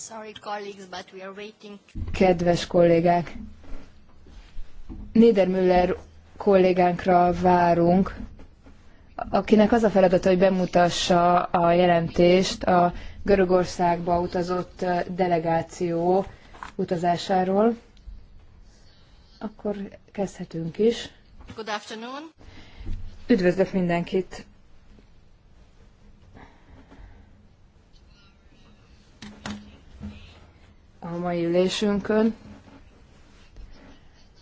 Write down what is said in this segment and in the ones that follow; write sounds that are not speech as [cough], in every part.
Sorry, colleagues, but we are waiting. Kedves kollégák, Niedermüller kollégánkra várunk, akinek az a feladata, hogy bemutassa a jelentést a Görögországba utazott delegáció utazásáról. Akkor kezdhetünk is. Good afternoon. Üdvözlök mindenkit a mai ülésünkön.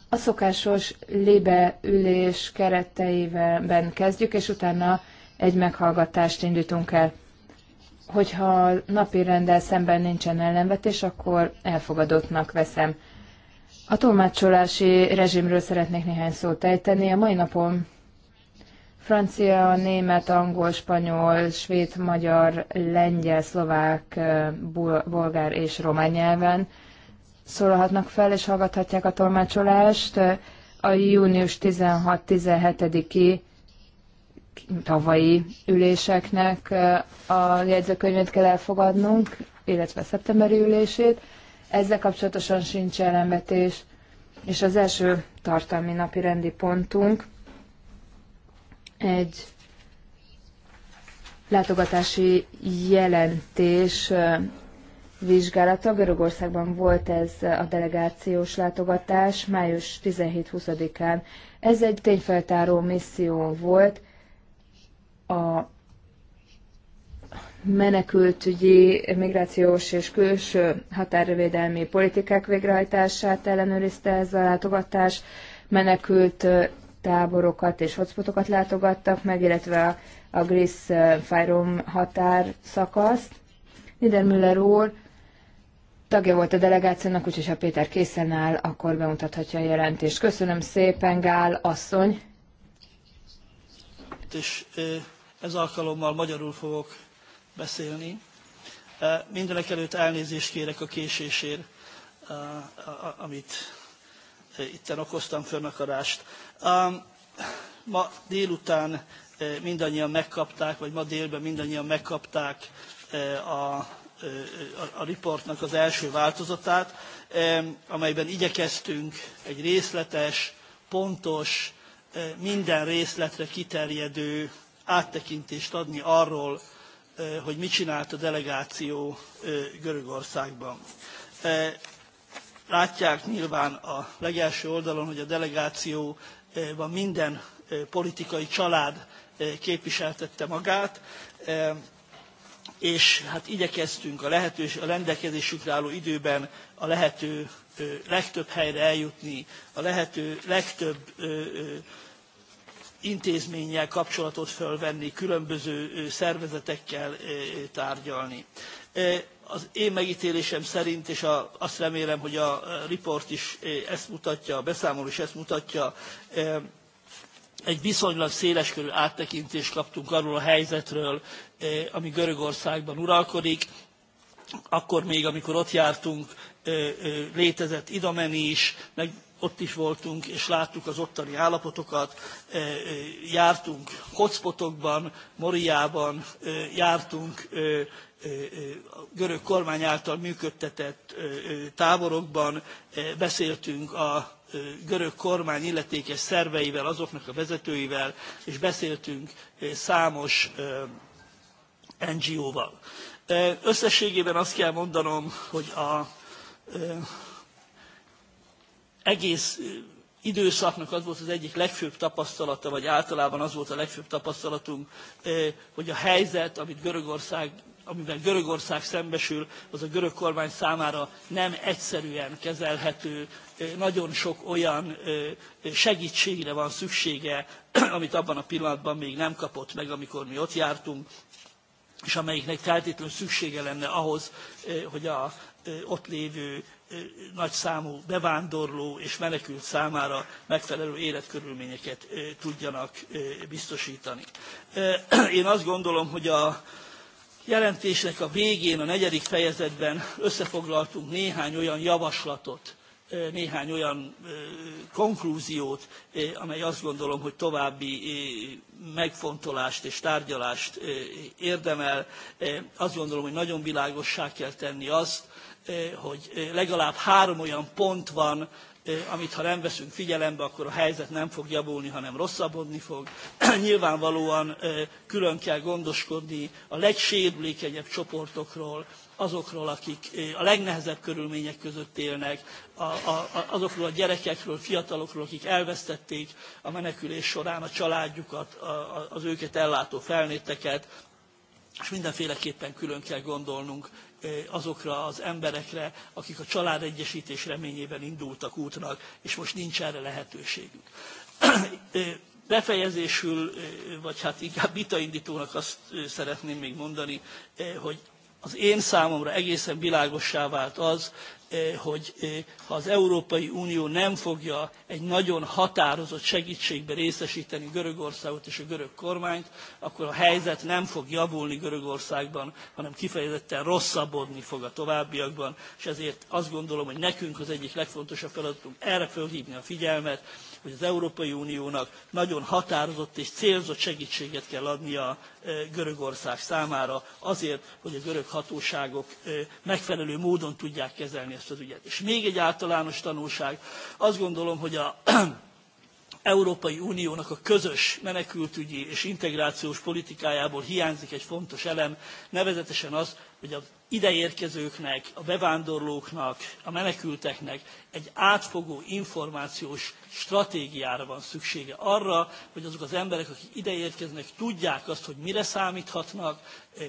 A szokásos lébe ülés kereteiben kezdjük, és utána egy meghallgatást indítunk el. Hogyha napi rendel szemben nincsen ellenvetés, akkor elfogadottnak veszem. A tolmácsolási rezsimről szeretnék néhány szót ejteni. A mai napon francia, német, angol, spanyol, svéd, magyar, lengyel, szlovák, bolgár és román nyelven szólhatnak fel, és hallgathatják a tolmácsolást. A június 16-17-i tavalyi üléseknek a jegyzőkönyvet kell elfogadnunk, illetve a szeptemberi ülését. Ezzel kapcsolatosan sincs ellenvetés, és az első tartalmi napi rendi pontunk – egy látogatási jelentés vizsgálata. Görögországban volt ez a delegációs látogatás május 17-20-án. Ez egy tényfeltáró misszió volt a menekültügyi, migrációs és külső határvédelmi politikák végrehajtását ellenőrizte ez a látogatás, menekült táborokat és hotspotokat látogattak meg, illetve a, a Gris-Fajrom határ szakaszt. Niedermüller úr tagja volt a delegációnak, úgyhogy ha Péter készen áll, akkor bemutathatja a jelentést. Köszönöm szépen, Gál asszony! És ez alkalommal magyarul fogok beszélni. Mindenek előtt elnézést kérek a késésért, amit itten okoztam fönnakarást. Ma délután e, mindannyian megkapták, vagy ma délben mindannyian megkapták e, e, a, a riportnak az első változatát, amelyben igyekeztünk egy részletes, pontos, minden részletre kiterjedő áttekintést adni arról, hogy mit csinált a delegáció Görögországban. Látják nyilván a legelső oldalon, hogy a delegáció van minden politikai család képviseltette magát, és hát igyekeztünk a, lehetős, a rendelkezésükre álló időben a lehető legtöbb helyre eljutni, a lehető legtöbb intézménnyel kapcsolatot fölvenni, különböző szervezetekkel tárgyalni az én megítélésem szerint, és a, azt remélem, hogy a riport is e, ezt mutatja, a beszámoló is ezt mutatja, e, egy viszonylag széleskörű áttekintést kaptunk arról a helyzetről, e, ami Görögországban uralkodik. Akkor még, amikor ott jártunk, létezett idomeni is, meg ott is voltunk, és láttuk az ottani állapotokat, jártunk hotspotokban, Moriában, jártunk görög kormány által működtetett táborokban beszéltünk a görög kormány illetékes szerveivel, azoknak a vezetőivel, és beszéltünk számos NGO-val. Összességében azt kell mondanom, hogy a egész időszaknak az volt az egyik legfőbb tapasztalata, vagy általában az volt a legfőbb tapasztalatunk, hogy a helyzet, amit Görögország amivel Görögország szembesül, az a görög kormány számára nem egyszerűen kezelhető, nagyon sok olyan segítségre van szüksége, [clears throat] amit abban a pillanatban még nem kapott meg, amikor mi ott jártunk, és amelyiknek feltétlenül szüksége lenne ahhoz, hogy a ott lévő nagyszámú bevándorló és menekült számára megfelelő életkörülményeket tudjanak biztosítani. [clears throat] Én azt gondolom, hogy a jelentésnek a végén, a negyedik fejezetben összefoglaltunk néhány olyan javaslatot, néhány olyan konklúziót, amely azt gondolom, hogy további megfontolást és tárgyalást érdemel. Azt gondolom, hogy nagyon világossá kell tenni azt, hogy legalább három olyan pont van, amit ha nem veszünk figyelembe, akkor a helyzet nem fog javulni, hanem rosszabbodni fog. [clears throat] Nyilvánvalóan külön kell gondoskodni a legsérülékenyebb csoportokról, azokról, akik a legnehezebb körülmények között élnek, a, a, azokról a gyerekekről, fiatalokról, akik elvesztették a menekülés során a családjukat, a, az őket ellátó felnőtteket, és mindenféleképpen külön kell gondolnunk azokra az emberekre, akik a családegyesítés reményében indultak útnak, és most nincs erre lehetőségük. [clears throat] Befejezésül, vagy hát inkább vitaindítónak azt szeretném még mondani, hogy az én számomra egészen világossá vált az, Eh, hogy eh, ha az Európai Unió nem fogja egy nagyon határozott segítségbe részesíteni Görögországot és a görög kormányt, akkor a helyzet nem fog javulni Görögországban, hanem kifejezetten rosszabbodni fog a továbbiakban, és ezért azt gondolom, hogy nekünk az egyik legfontosabb feladatunk erre fölhívni a figyelmet, hogy az Európai Uniónak nagyon határozott és célzott segítséget kell adnia e, Görögország számára azért, hogy a görög hatóságok e, megfelelő módon tudják kezelni ezt az ügyet. És még egy általános tanulság. Azt gondolom, hogy a Európai Uniónak a közös menekültügyi és integrációs politikájából hiányzik egy fontos elem, nevezetesen az, hogy az ideérkezőknek, a bevándorlóknak, a menekülteknek egy átfogó információs stratégiára van szüksége arra, hogy azok az emberek, akik ideérkeznek, tudják azt, hogy mire számíthatnak,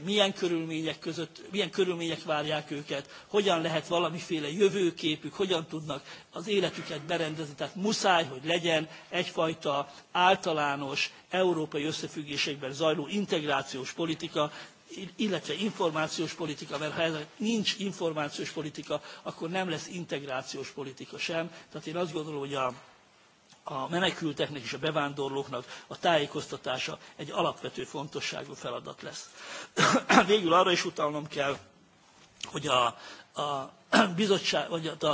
milyen körülmények között, milyen körülmények várják őket, hogyan lehet valamiféle jövőképük, hogyan tudnak az életüket berendezni. Tehát muszáj, hogy legyen egyfajta általános európai összefüggésekben zajló integrációs politika, illetve információs politika, mert ha ez nincs információs politika, akkor nem lesz integrációs politika sem. Tehát én azt gondolom, hogy a a menekülteknek és a bevándorlóknak a tájékoztatása egy alapvető fontosságú feladat lesz. [clears throat] Végül arra is utalnom kell, hogy a a [clears throat] bizottság, vagy a, a,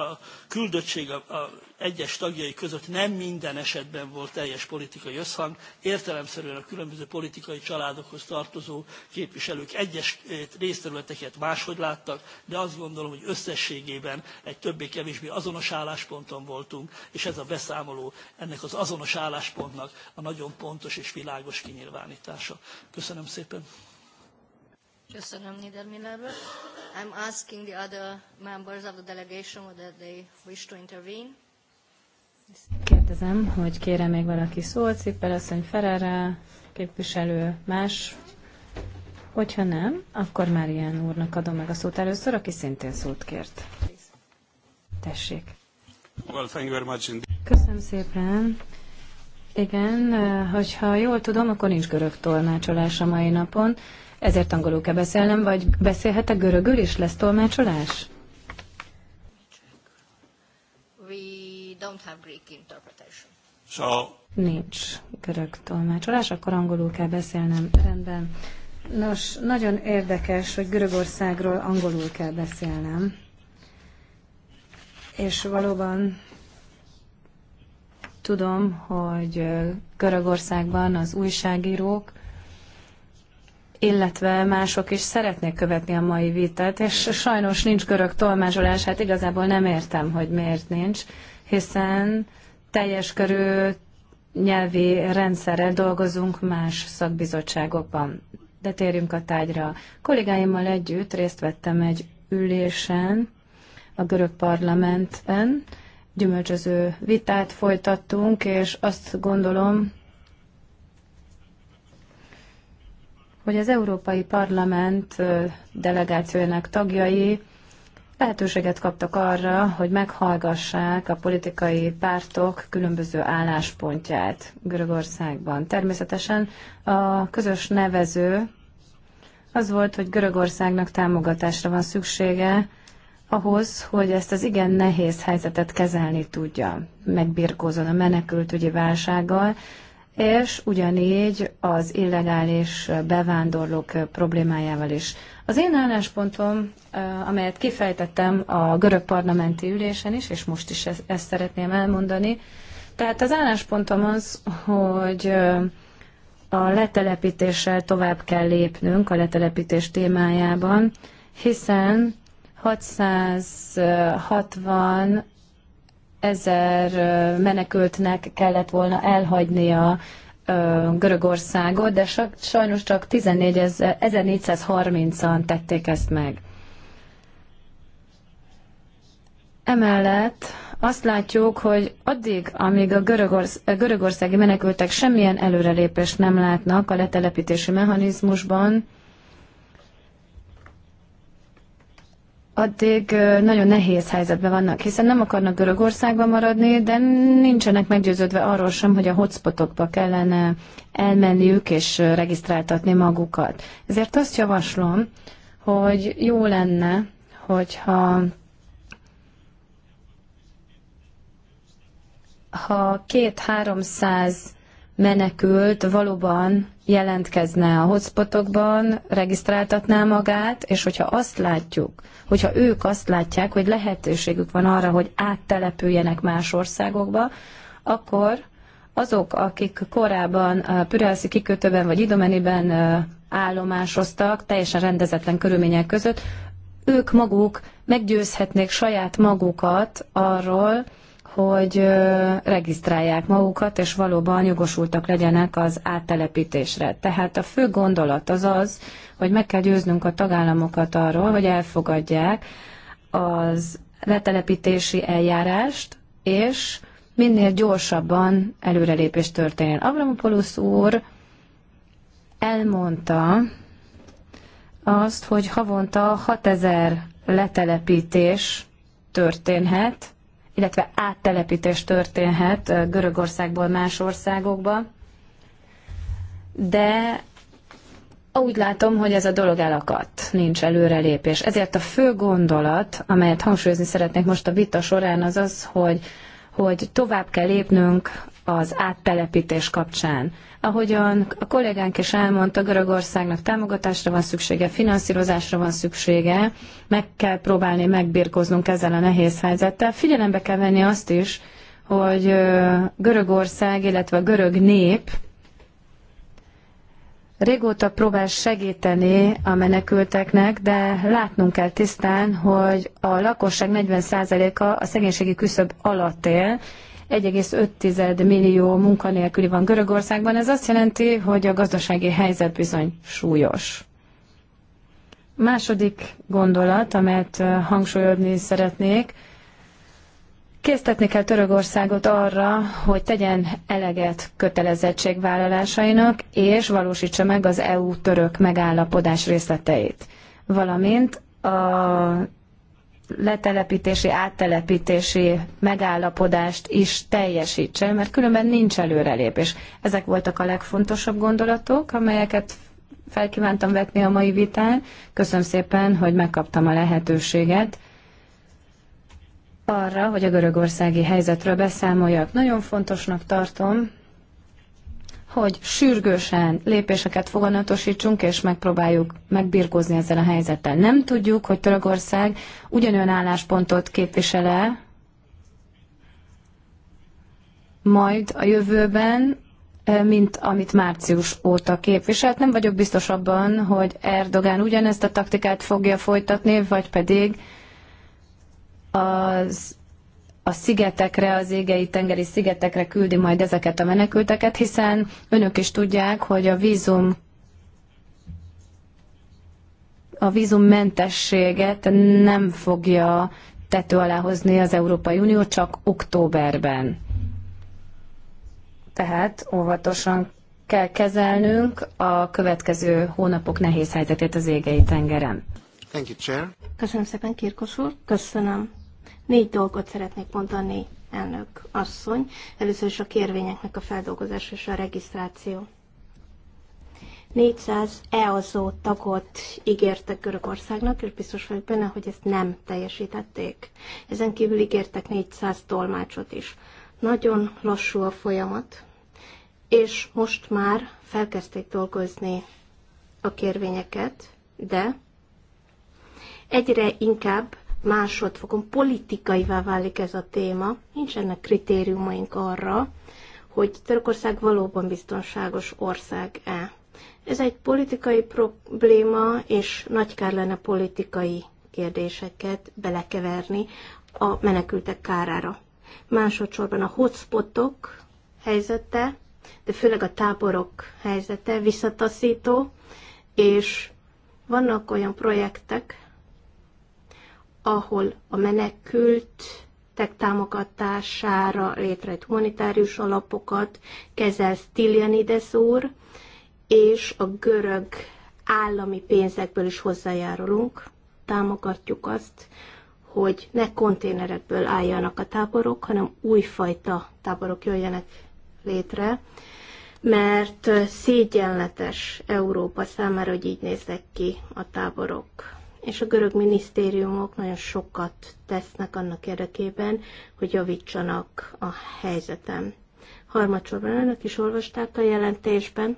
a küldöttség a, a egyes tagjai között nem minden esetben volt teljes politikai összhang, értelemszerűen a különböző politikai családokhoz tartozó képviselők egyes eh, részterületeket máshogy láttak, de azt gondolom, hogy összességében egy többé-kevésbé azonos állásponton voltunk, és ez a beszámoló ennek az azonos álláspontnak a nagyon pontos és világos kinyilvánítása. Köszönöm szépen! Köszönöm, Niedermiller. I'm asking the other members of the delegation whether they wish to intervene. Kérdezem, hogy kérem még valaki szót, Cippel asszony Ferrara, képviselő más. Hogyha nem, akkor már ilyen úrnak adom meg a szót először, aki szintén szót kért. Tessék. Well, thank you very much Köszönöm szépen. Igen, eh, hogyha jól tudom, akkor nincs görög tolmácsolás a mai napon ezért angolul kell beszélnem, vagy beszélhetek görögül is? Lesz tolmácsolás? We don't have Greek interpretation. So. Nincs görög tolmácsolás, akkor angolul kell beszélnem. Rendben. Nos, nagyon érdekes, hogy Görögországról angolul kell beszélnem. És valóban tudom, hogy Görögországban az újságírók illetve mások is szeretnék követni a mai vitát, és sajnos nincs görög tolmázsolás, hát igazából nem értem, hogy miért nincs, hiszen teljes körű nyelvi rendszerrel dolgozunk más szakbizottságokban. De térjünk a tárgyra. Kollégáimmal együtt részt vettem egy ülésen a görög parlamentben, gyümölcsöző vitát folytattunk, és azt gondolom, hogy az Európai Parlament delegációjának tagjai lehetőséget kaptak arra, hogy meghallgassák a politikai pártok különböző álláspontját Görögországban. Természetesen a közös nevező az volt, hogy Görögországnak támogatásra van szüksége ahhoz, hogy ezt az igen nehéz helyzetet kezelni tudja, megbirkózon a menekültügyi válsággal, és ugyanígy az illegális bevándorlók problémájával is. Az én álláspontom, amelyet kifejtettem a görög parlamenti ülésen is, és most is ezt szeretném elmondani, tehát az álláspontom az, hogy a letelepítéssel tovább kell lépnünk a letelepítés témájában, hiszen 660 ezer menekültnek kellett volna elhagynia Görögországot, de sajnos csak 14, 1430-an tették ezt meg. Emellett azt látjuk, hogy addig, amíg a, görögorsz, a görögországi menekültek semmilyen előrelépést nem látnak a letelepítési mechanizmusban, addig nagyon nehéz helyzetben vannak, hiszen nem akarnak Görögországban maradni, de nincsenek meggyőződve arról sem, hogy a hotspotokba kellene elmenniük és regisztráltatni magukat. Ezért azt javaslom, hogy jó lenne, hogyha ha két-háromszáz menekült valóban jelentkezne a hotspotokban, regisztráltatná magát, és hogyha azt látjuk, hogyha ők azt látják, hogy lehetőségük van arra, hogy áttelepüljenek más országokba, akkor azok, akik korábban a Pürelszi kikötőben vagy Idomeniben állomásoztak, teljesen rendezetlen körülmények között, ők maguk meggyőzhetnék saját magukat arról, hogy regisztrálják magukat, és valóban jogosultak legyenek az áttelepítésre. Tehát a fő gondolat az az, hogy meg kell győznünk a tagállamokat arról, hogy elfogadják az letelepítési eljárást, és minél gyorsabban előrelépés történjen. Avramopoulos úr elmondta azt, hogy havonta 6000 letelepítés történhet, illetve áttelepítés történhet Görögországból más országokba, de úgy látom, hogy ez a dolog elakadt, nincs előrelépés. Ezért a fő gondolat, amelyet hangsúlyozni szeretnék most a vita során, az az, hogy, hogy tovább kell lépnünk az áttelepítés kapcsán. Ahogyan a kollégánk is elmondta, Görögországnak támogatásra van szüksége, finanszírozásra van szüksége, meg kell próbálni megbírkoznunk ezzel a nehéz helyzettel. Figyelembe kell venni azt is, hogy Görögország, illetve a görög nép régóta próbál segíteni a menekülteknek, de látnunk kell tisztán, hogy a lakosság 40%-a a szegénységi küszöb alatt él, 1,5 millió munkanélküli van Görögországban. Ez azt jelenti, hogy a gazdasági helyzet bizony súlyos. Második gondolat, amelyet hangsúlyozni szeretnék, Késztetni kell Törökországot arra, hogy tegyen eleget kötelezettségvállalásainak, és valósítsa meg az EU-török megállapodás részleteit, valamint a letelepítési, áttelepítési megállapodást is teljesítse, mert különben nincs előrelépés. Ezek voltak a legfontosabb gondolatok, amelyeket felkívántam vetni a mai vitán. Köszönöm szépen, hogy megkaptam a lehetőséget arra, hogy a görögországi helyzetről beszámoljak. Nagyon fontosnak tartom, hogy sürgősen lépéseket foganatosítsunk, és megpróbáljuk megbirkózni ezzel a helyzettel. Nem tudjuk, hogy Törökország ugyanolyan álláspontot képes-e, majd a jövőben, eh, mint amit március óta képviselt. Nem vagyok biztos abban, hogy Erdogán ugyanezt a taktikát fogja folytatni, vagy pedig az a szigetekre, az égei tengeri szigetekre küldi majd ezeket a menekülteket, hiszen önök is tudják, hogy a vízum a vízummentességet nem fogja tető alá hozni az Európai Unió csak októberben. Tehát óvatosan kell kezelnünk a következő hónapok nehéz helyzetét az égei tengeren. Thank you, Chair. Köszönöm szépen, Kirkos úr. Köszönöm Négy dolgot szeretnék mondani, elnök asszony. Először is a kérvényeknek a feldolgozása és a regisztráció. 400 EAZO tagot ígértek Görögországnak, és biztos vagyok benne, hogy ezt nem teljesítették. Ezen kívül ígértek 400 tolmácsot is. Nagyon lassú a folyamat, és most már felkezdték dolgozni a kérvényeket, de egyre inkább másodfokon politikaivá válik ez a téma. Nincsenek kritériumaink arra, hogy Törökország valóban biztonságos ország-e. Ez egy politikai probléma, és nagy kár lenne politikai kérdéseket belekeverni a menekültek kárára. Másodszorban a hotspotok helyzete, de főleg a táborok helyzete visszataszító, és vannak olyan projektek, ahol a menekültek támogatására létrejött humanitárius alapokat kezel Stylianides úr, és a görög állami pénzekből is hozzájárulunk, támogatjuk azt, hogy ne konténerekből álljanak a táborok, hanem újfajta táborok jöjjenek létre, mert szégyenletes Európa számára, hogy így néznek ki a táborok és a görög minisztériumok nagyon sokat tesznek annak érdekében, hogy javítsanak a helyzetem. Harmadsorban önök is olvasták a jelentésben.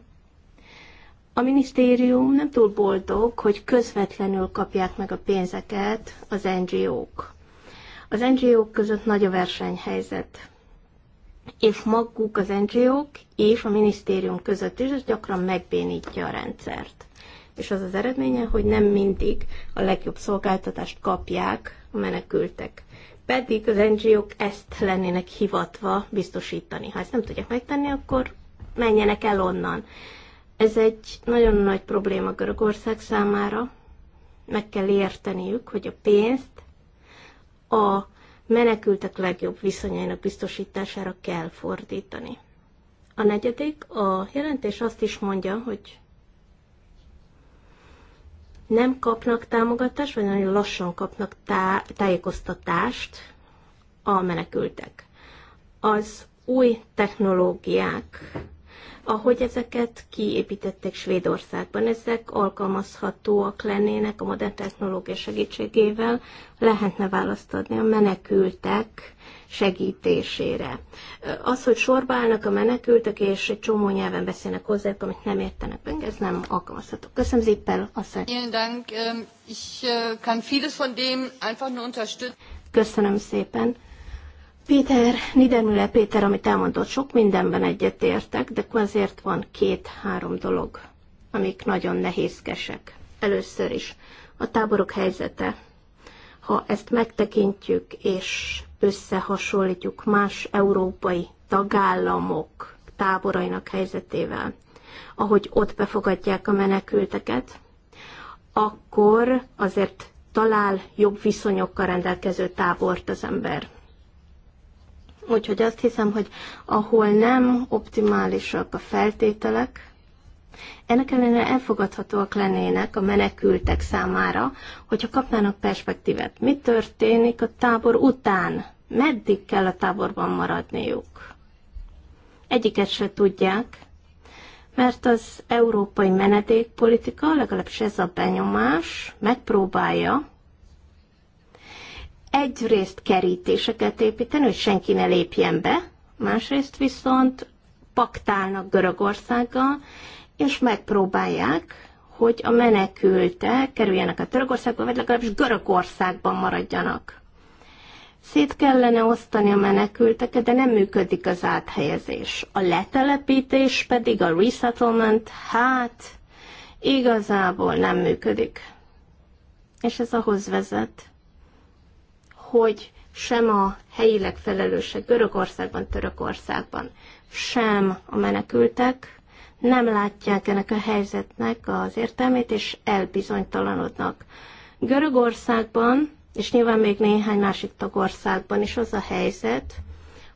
A minisztérium nem túl boldog, hogy közvetlenül kapják meg a pénzeket az NGO-k. Az NGO-k között nagy a versenyhelyzet. És maguk az NGO-k és a minisztérium között is, ez gyakran megbénítja a rendszert és az az eredménye, hogy nem mindig a legjobb szolgáltatást kapják a menekültek. Pedig az NGO-k ezt lennének hivatva biztosítani. Ha ezt nem tudják megtenni, akkor menjenek el onnan. Ez egy nagyon nagy probléma Görögország számára. Meg kell érteniük, hogy a pénzt a menekültek legjobb viszonyainak biztosítására kell fordítani. A negyedik, a jelentés azt is mondja, hogy nem kapnak támogatást, vagy nagyon lassan kapnak tá- tájékoztatást a menekültek. Az új technológiák, ahogy ezeket kiépítették Svédországban, ezek alkalmazhatóak lennének a modern technológia segítségével, lehetne választ adni a menekültek segítésére. Az, hogy sorba állnak a menekültek, és egy csomó nyelven beszélnek hozzá, amit nem értenek meg, ez nem alkalmazható. Köszönöm szépen, asszony. Ähm, äh, Köszönöm szépen. Péter, Niedermüller Péter, amit elmondott, sok mindenben egyetértek, de azért van két-három dolog, amik nagyon nehézkesek. Először is a táborok helyzete. Ha ezt megtekintjük és összehasonlítjuk más európai tagállamok táborainak helyzetével, ahogy ott befogadják a menekülteket, akkor azért talál jobb viszonyokkal rendelkező tábort az ember. Úgyhogy azt hiszem, hogy ahol nem optimálisak a feltételek, ennek ellenére elfogadhatóak lennének a menekültek számára, hogyha kapnának perspektívet. Mi történik a tábor után? meddig kell a táborban maradniuk. Egyiket se tudják, mert az európai menedékpolitika, legalábbis ez a benyomás, megpróbálja egyrészt kerítéseket építeni, hogy senki ne lépjen be, másrészt viszont paktálnak Görögországgal, és megpróbálják, hogy a menekültek kerüljenek a Törökországba, vagy legalábbis Görögországban maradjanak. Szét kellene osztani a menekülteket, de nem működik az áthelyezés. A letelepítés pedig a resettlement, hát igazából nem működik. És ez ahhoz vezet, hogy sem a helyileg felelősek Görögországban, Törökországban, sem a menekültek nem látják ennek a helyzetnek az értelmét, és elbizonytalanodnak. Görögországban és nyilván még néhány másik tagországban is az a helyzet,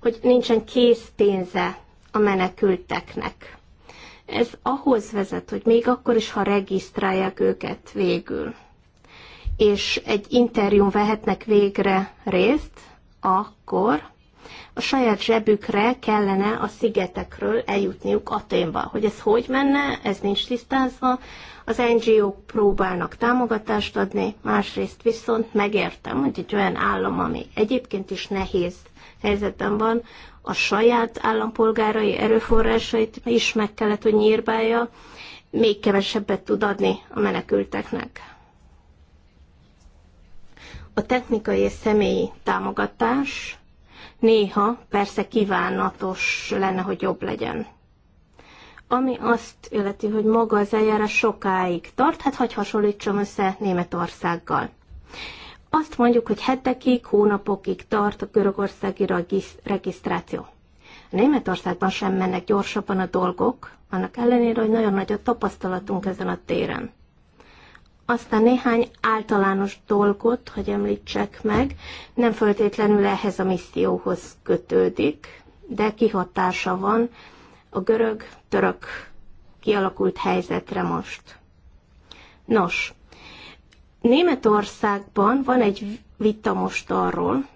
hogy nincsen kész pénze a menekülteknek. Ez ahhoz vezet, hogy még akkor is, ha regisztrálják őket végül, és egy interjún vehetnek végre részt, akkor a saját zsebükre kellene a szigetekről eljutniuk Aténba. Hogy ez hogy menne, ez nincs tisztázva. Az NGO-k próbálnak támogatást adni, másrészt viszont megértem, hogy egy olyan állam, ami egyébként is nehéz helyzetben van, a saját állampolgárai erőforrásait is meg kellett, hogy nyírbálja, még kevesebbet tud adni a menekülteknek. A technikai és személyi támogatás Néha persze kívánatos lenne, hogy jobb legyen. Ami azt illeti, hogy maga az eljárás sokáig tart, hát hogy hasonlítsam össze Németországgal. Azt mondjuk, hogy hetekig, hónapokig tart a görögországi regisztráció. A Németországban sem mennek gyorsabban a dolgok, annak ellenére, hogy nagyon nagy a tapasztalatunk ezen a téren. Aztán néhány általános dolgot, hogy említsek meg, nem föltétlenül ehhez a misszióhoz kötődik, de kihatása van a görög-török kialakult helyzetre most. Nos, Németországban van egy vita most arról,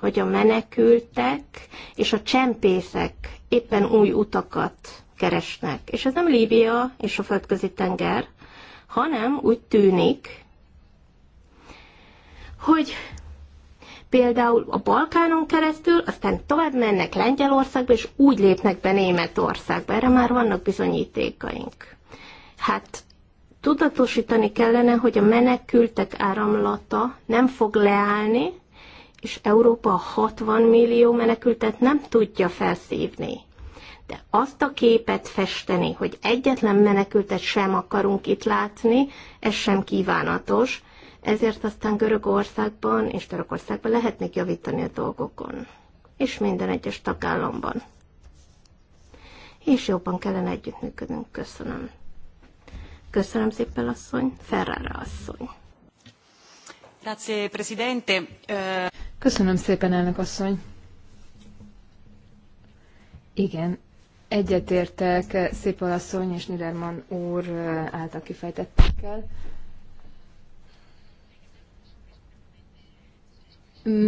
hogy a menekültek és a csempészek éppen új utakat keresnek. És ez nem Líbia és a földközi tenger, hanem úgy tűnik, hogy például a Balkánon keresztül, aztán tovább mennek Lengyelországba, és úgy lépnek be Németországba. Erre már vannak bizonyítékaink. Hát tudatosítani kellene, hogy a menekültek áramlata nem fog leállni, és Európa 60 millió menekültet nem tudja felszívni. De azt a képet festeni, hogy egyetlen menekültet sem akarunk itt látni, ez sem kívánatos, ezért aztán Görögországban és Törökországban lehet még javítani a dolgokon, és minden egyes tagállamban. És jobban kellene együttműködnünk. Köszönöm. Köszönöm szépen, asszony. Ferrara asszony. Köszönöm szépen, elnök asszony. Igen, Egyetértek Szépol asszony és Niderman úr által kifejtettekkel.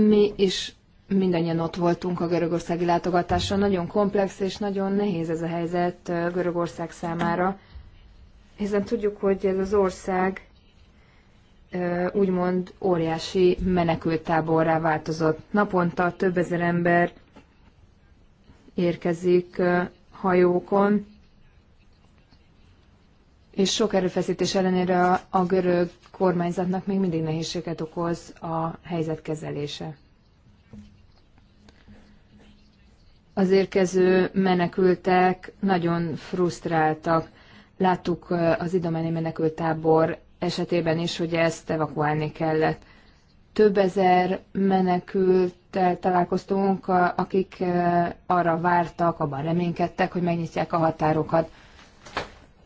Mi is mindannyian ott voltunk a görögországi látogatáson. Nagyon komplex és nagyon nehéz ez a helyzet Görögország számára, hiszen tudjuk, hogy ez az ország úgymond óriási menekültáborrá változott. Naponta több ezer ember érkezik hajókon, és sok erőfeszítés ellenére a görög kormányzatnak még mindig nehézséget okoz a helyzet kezelése. Az érkező menekültek nagyon frusztráltak. Láttuk eh, az idomeni menekültábor esetében is, hogy ezt evakuálni kellett több ezer menekülttel találkoztunk, akik arra vártak, abban reménykedtek, hogy megnyitják a határokat.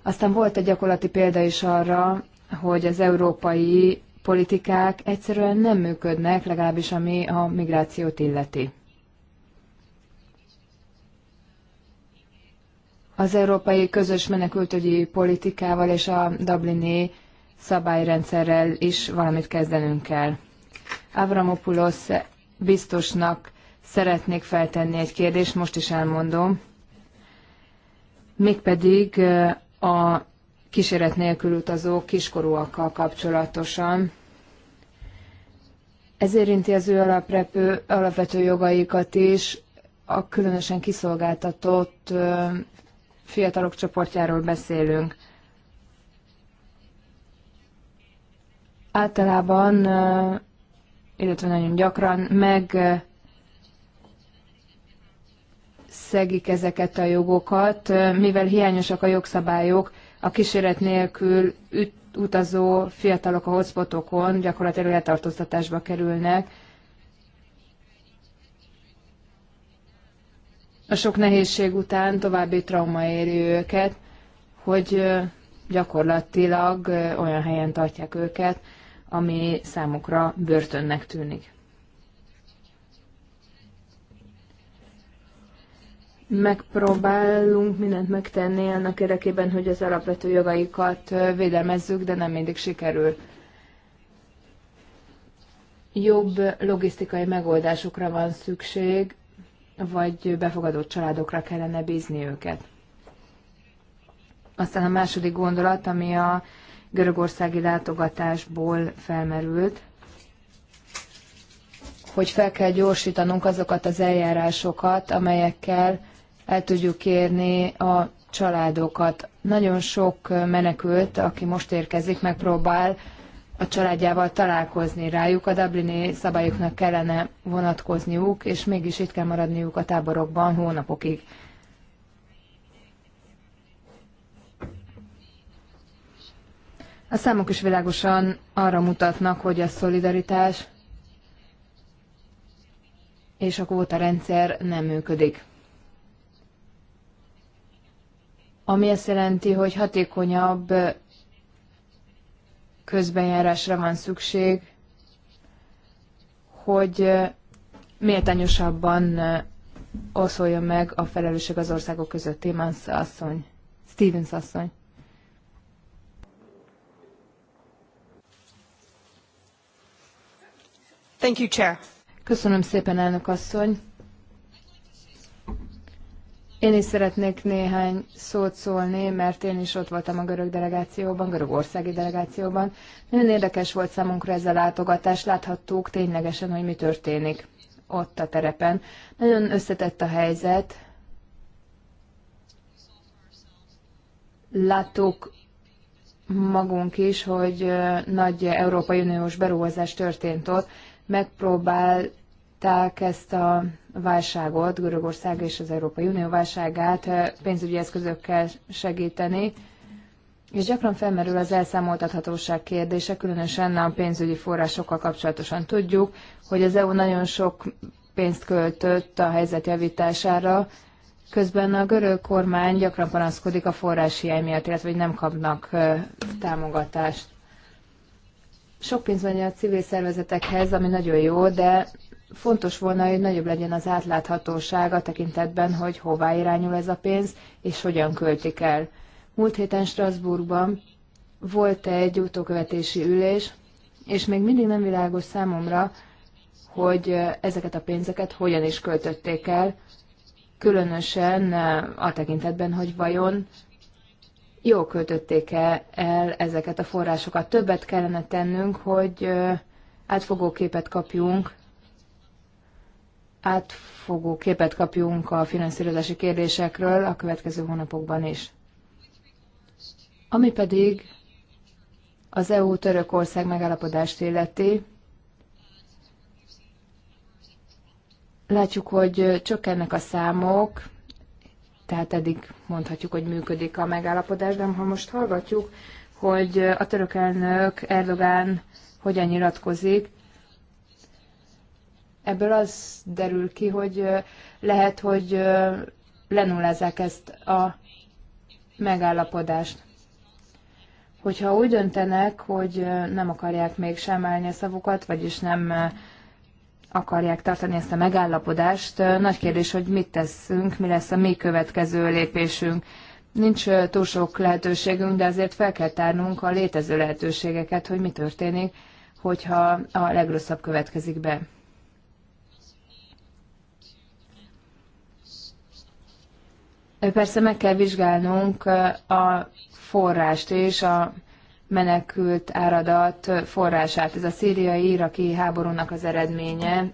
Aztán volt egy gyakorlati példa is arra, hogy az európai politikák egyszerűen nem működnek, legalábbis ami a migrációt illeti. Az európai közös menekültügyi politikával és a Dublini szabályrendszerrel is valamit kezdenünk kell. Avramopoulos biztosnak szeretnék feltenni egy kérdést, most is elmondom. Mégpedig eh, a kíséret nélkül utazó kiskorúakkal kapcsolatosan. Ez érinti az ő alaprepő, alapvető jogaikat is, a különösen kiszolgáltatott eh, fiatalok csoportjáról beszélünk. Általában eh, illetve nagyon gyakran meg szegik ezeket a jogokat, mivel hiányosak a jogszabályok, a kíséret nélkül üt, utazó fiatalok a hotspotokon gyakorlatilag letartóztatásba kerülnek. A sok nehézség után további trauma éri őket, hogy gyakorlatilag olyan helyen tartják őket, ami számukra börtönnek tűnik. Megpróbálunk mindent megtenni annak érdekében, hogy az alapvető jogaikat védelmezzük, de nem mindig sikerül. Jobb logisztikai megoldásokra van szükség, vagy befogadott családokra kellene bízni őket. Aztán a második gondolat, ami a görögországi látogatásból felmerült, hogy fel kell gyorsítanunk azokat az eljárásokat, amelyekkel el tudjuk kérni a családokat. Nagyon sok menekült, aki most érkezik, megpróbál a családjával találkozni rájuk, a Dublini szabályoknak kellene vonatkozniuk, és mégis itt kell maradniuk a táborokban hónapokig. A számok is világosan arra mutatnak, hogy a szolidaritás és a kvóta rendszer nem működik. Ami azt jelenti, hogy hatékonyabb közbenjárásra van szükség, hogy méltányosabban oszoljon meg a felelősség az országok között. Témansz asszony, Stevens asszony. Thank you, Chair. Köszönöm szépen, elnök asszony. Én is szeretnék néhány szót szólni, mert én is ott voltam a görög delegációban, görögországi delegációban. Nagyon érdekes volt számunkra ez a látogatás, láthattuk ténylegesen, hogy mi történik ott a terepen. Nagyon összetett a helyzet. Láttuk magunk is, hogy nagy Európai Uniós beruházás történt ott, megpróbálták ezt a válságot, Görögország és az Európai Unió válságát eh, pénzügyi eszközökkel segíteni, és gyakran felmerül az elszámoltathatóság kérdése, különösen a pénzügyi forrásokkal kapcsolatosan tudjuk, hogy az EU nagyon sok pénzt költött a helyzet javítására, közben a görög kormány gyakran panaszkodik a hiány miatt, illetve hogy nem kapnak eh, támogatást sok pénz van a civil szervezetekhez, ami nagyon jó, de fontos volna, hogy nagyobb legyen az átláthatóság a tekintetben, hogy hová irányul ez a pénz, és hogyan költik el. Múlt héten Strasbourgban volt egy utókövetési ülés, és még mindig nem világos számomra, hogy ezeket a pénzeket hogyan is költötték el, különösen a tekintetben, hogy vajon jól költötték -e el ezeket a forrásokat. Többet kellene tennünk, hogy átfogó képet kapjunk, átfogó képet kapjunk a finanszírozási kérdésekről a következő hónapokban is. Ami pedig az EU-Törökország megállapodást illeti, látjuk, hogy csökkennek a számok, tehát eddig mondhatjuk, hogy működik a megállapodás, de ha most hallgatjuk, hogy a török elnök Erdogán hogyan nyilatkozik, ebből az derül ki, hogy lehet, hogy lenullázzák ezt a megállapodást. Hogyha úgy döntenek, hogy nem akarják még sem állni a szavukat, vagyis nem akarják tartani ezt a megállapodást. Nagy kérdés, hogy mit teszünk, mi lesz a mi következő lépésünk. Nincs túl sok lehetőségünk, de azért fel kell tárnunk a létező lehetőségeket, hogy mi történik, hogyha a legrosszabb következik be. Persze meg kell vizsgálnunk a forrást és a menekült áradat forrását. Ez a szíriai-iraki háborúnak az eredménye,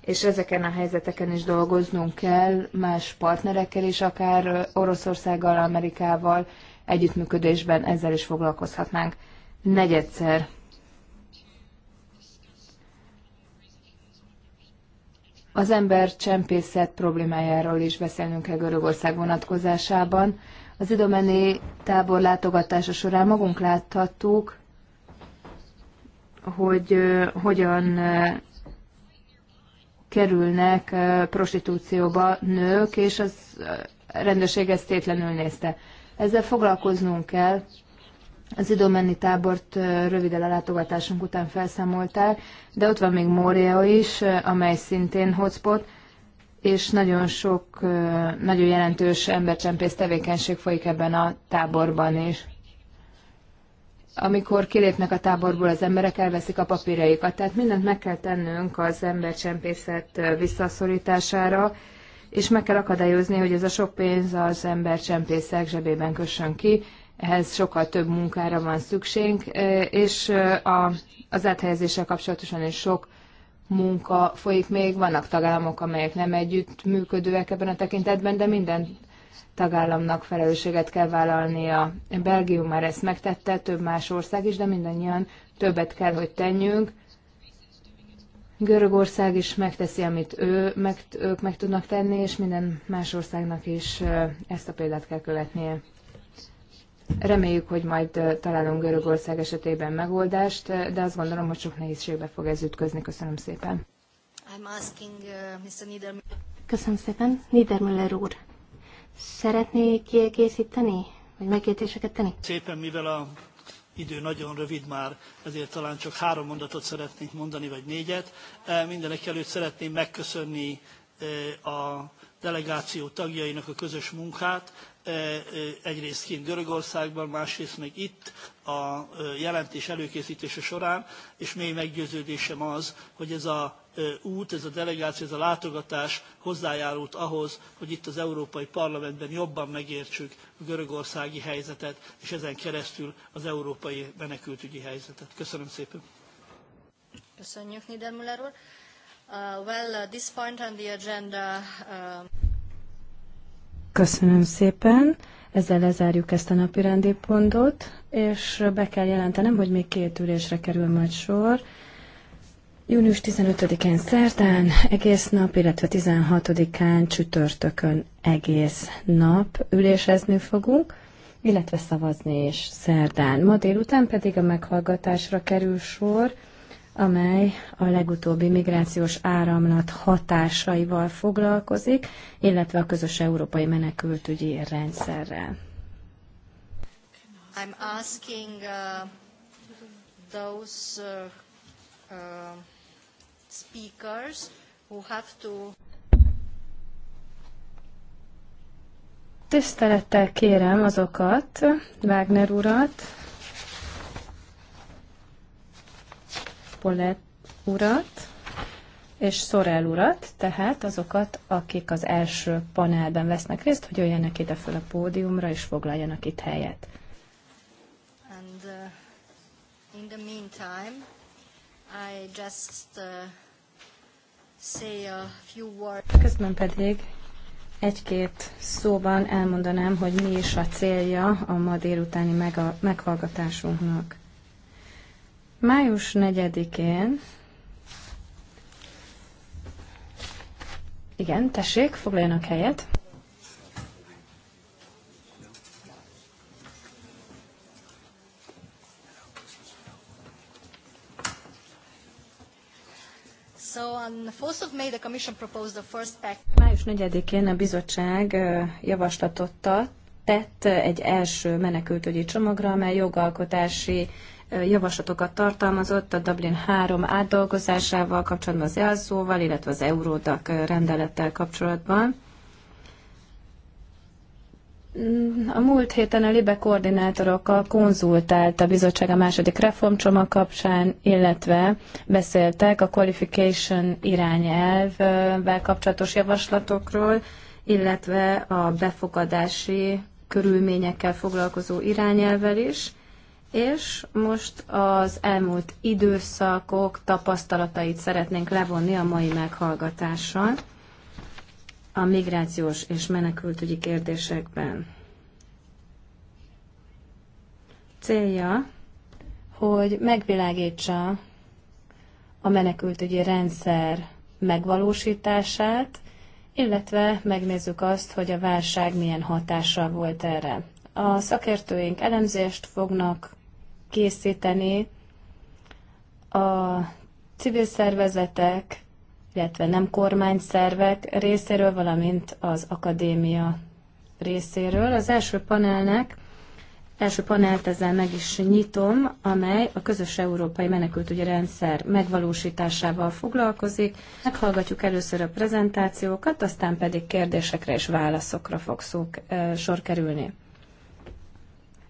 és ezeken a helyzeteken is dolgoznunk kell, más partnerekkel is, akár Oroszországgal, Amerikával együttműködésben ezzel is foglalkozhatnánk. Negyedszer Az ember csempészet problémájáról is beszélnünk kell Görögország vonatkozásában. Az idomeni tábor látogatása során magunk láthattuk, hogy hogyan kerülnek prostitúcióba nők, és az rendőrség ezt tétlenül nézte. Ezzel foglalkoznunk kell. Az idomeni tábort röviden a látogatásunk után felszámolták, de ott van még Mória is, amely szintén hotspot és nagyon sok, nagyon jelentős embercsempész tevékenység folyik ebben a táborban is. Amikor kilépnek a táborból, az emberek elveszik a papíreikat. tehát mindent meg kell tennünk az embercsempészet visszaszorítására, és meg kell akadályozni, hogy ez a sok pénz az embercsempészek zsebében kössön ki, ehhez sokkal több munkára van szükség, és a, az áthelyezéssel kapcsolatosan is sok munka folyik még, vannak tagállamok, amelyek nem együtt működőek ebben a tekintetben, de minden tagállamnak felelősséget kell vállalnia. Belgium már ezt megtette, több más ország is, de mindannyian többet kell, hogy tenjünk. Görögország is megteszi, amit ő, meg, ők meg tudnak tenni, és minden más országnak is ezt a példát kell követnie. Reméljük, hogy majd találunk Görögország esetében megoldást, de azt gondolom, hogy sok nehézségbe fog ez ütközni. Köszönöm szépen. Uh, Köszönöm szépen. Niedermüller úr, szeretné kiegészíteni, vagy megkérdéseket tenni? Szépen, mivel a idő nagyon rövid már, ezért talán csak három mondatot szeretnék mondani, vagy négyet. E, mindenek előtt szeretném megköszönni e, a delegáció tagjainak a közös munkát, egyrészt kint Görögországban, másrészt meg itt a jelentés előkészítése során, és mély meggyőződésem az, hogy ez a út, ez a delegáció, ez a látogatás hozzájárult ahhoz, hogy itt az Európai Parlamentben jobban megértsük a görögországi helyzetet, és ezen keresztül az európai menekültügyi helyzetet. Köszönöm szépen. Köszönjük, Niedermüller úr. Uh, well, uh, this point on the agenda... Uh... Köszönöm szépen. Ezzel lezárjuk ezt a napi rendépontot, pontot, és be kell jelentenem, hogy még két ülésre kerül majd sor. Június 15-én szerdán egész nap, illetve 16-án csütörtökön egész nap ülésezni fogunk, illetve szavazni is szerdán. Ma délután pedig a meghallgatásra kerül sor amely a legutóbbi migrációs áramlat hatásaival foglalkozik, illetve a közös európai menekültügyi rendszerrel. I'm asking uh, those uh, uh, speakers who have to Tisztelettel kérem azokat, Wagner urat, Polet urat és sorel urat, tehát azokat, akik az első panelben vesznek részt, hogy jöjjenek ide föl a pódiumra és foglaljanak itt helyet. And, uh, in the meantime, I just, uh, say a few words. Közben pedig egy-két szóban elmondanám, hogy mi is a célja a ma délutáni meg a meghallgatásunknak. Május 4-én Igen, tessék, foglaljanak helyet. Május 4-én a bizottság javaslatot tett egy első menekültügyi csomagra, amely jogalkotási javaslatokat tartalmazott a Dublin 3 átdolgozásával kapcsolatban az elszóval, illetve az Euródak rendelettel kapcsolatban. Mm, a múlt héten a LIBE koordinátorokkal konzultált a bizottság a második reformcsomag kapcsán, illetve beszéltek a qualification irányelvvel kapcsolatos javaslatokról, illetve a befogadási körülményekkel foglalkozó irányelvel is. És most az elmúlt időszakok tapasztalatait szeretnénk levonni a mai meghallgatással a migrációs és menekültügyi kérdésekben. Célja, hogy megvilágítsa a menekültügyi rendszer megvalósítását, illetve megnézzük azt, hogy a válság milyen hatással volt erre. A szakértőink elemzést fognak készíteni a civil szervezetek, illetve nem kormányszervek részéről, valamint az akadémia részéről. Az első panelnek, első panelt ezzel meg is nyitom, amely a közös európai menekültügyi rendszer megvalósításával foglalkozik. Meghallgatjuk először a prezentációkat, aztán pedig kérdésekre és válaszokra fog szó, sor kerülni.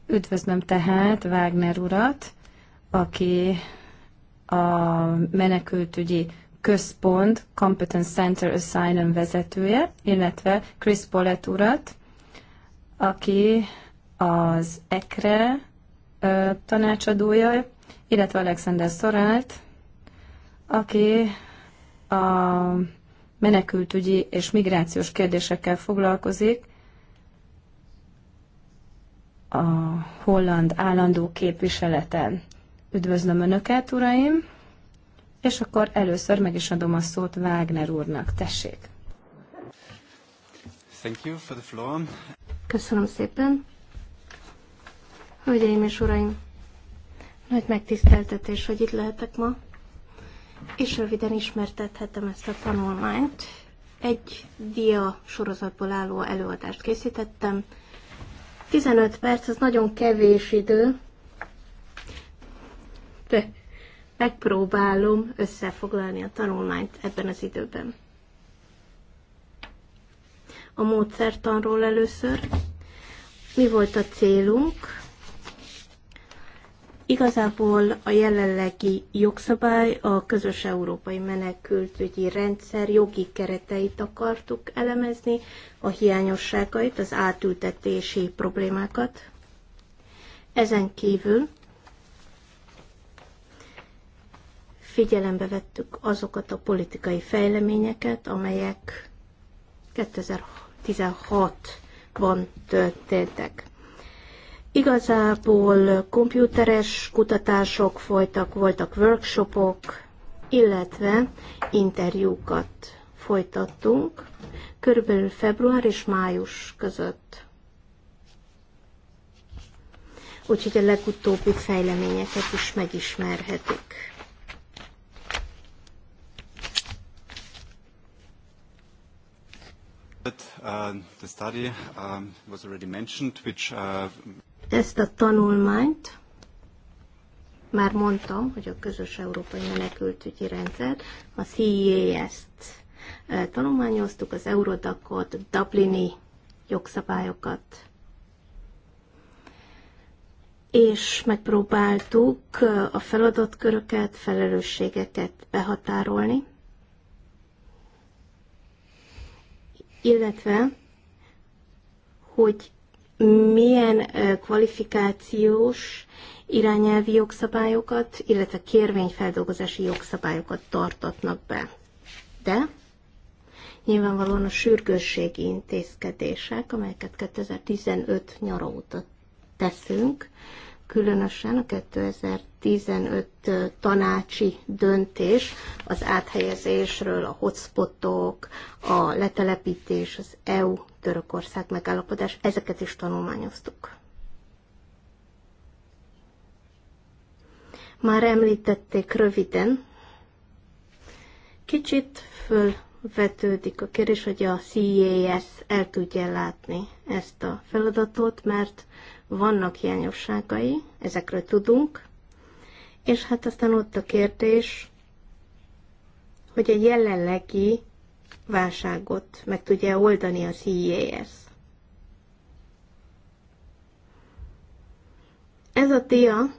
Üdvözlöm tehát Wagner urat, aki a menekültügyi központ Competence Center Asylum vezetője, illetve Chris Pollett urat, aki az ECRE tanácsadója, illetve Alexander Szorált, aki a menekültügyi és migrációs kérdésekkel foglalkozik, a holland állandó képviseleten. Üdvözlöm Önöket, uraim! És akkor először meg is adom a szót Wagner úrnak. Tessék! Thank you for the floor. Köszönöm szépen! Hölgyeim és uraim! Nagy megtiszteltetés, hogy itt lehetek ma, és röviden ismertethetem ezt a tanulmányt. Egy dia sorozatból álló előadást készítettem, 15 perc, az nagyon kevés idő, de megpróbálom összefoglalni a tanulmányt ebben az időben. A módszertanról először. Mi volt a célunk? Igazából a jelenlegi jogszabály a közös európai menekültügyi rendszer jogi kereteit akartuk elemezni, a hiányosságait, az átültetési problémákat. Ezen kívül figyelembe vettük azokat a politikai fejleményeket, amelyek 2016-ban történtek. Igazából komputeres kutatások folytak, voltak workshopok, illetve interjúkat folytattunk, körülbelül február és május között. Úgyhogy a legutóbbi fejleményeket is megismerhetik. Uh, the study um, was already mentioned, which uh, ezt a tanulmányt, már mondtam, hogy a közös európai menekültügyi rendszer, a cia e t eh, tanulmányoztuk, az Eurodacot, Dublini jogszabályokat, és megpróbáltuk eh, a feladatköröket, felelősségeket behatárolni, illetve hogy milyen kvalifikációs irányelvi jogszabályokat, illetve kérvényfeldolgozási jogszabályokat tartatnak be. De nyilvánvalóan a sürgősségi intézkedések, amelyeket 2015 nyara óta teszünk, különösen a 2015 tanácsi döntés az áthelyezésről, a hotspotok, a letelepítés, az EU Törökország megállapodás, ezeket is tanulmányoztuk. Már említették röviden, kicsit fölvetődik a kérdés, hogy a CES el tudja látni ezt a feladatot, mert vannak hiányosságai, ezekről tudunk, és hát aztán ott a kérdés, hogy a jelenlegi válságot meg tudja oldani a CIAS. E Ez a dia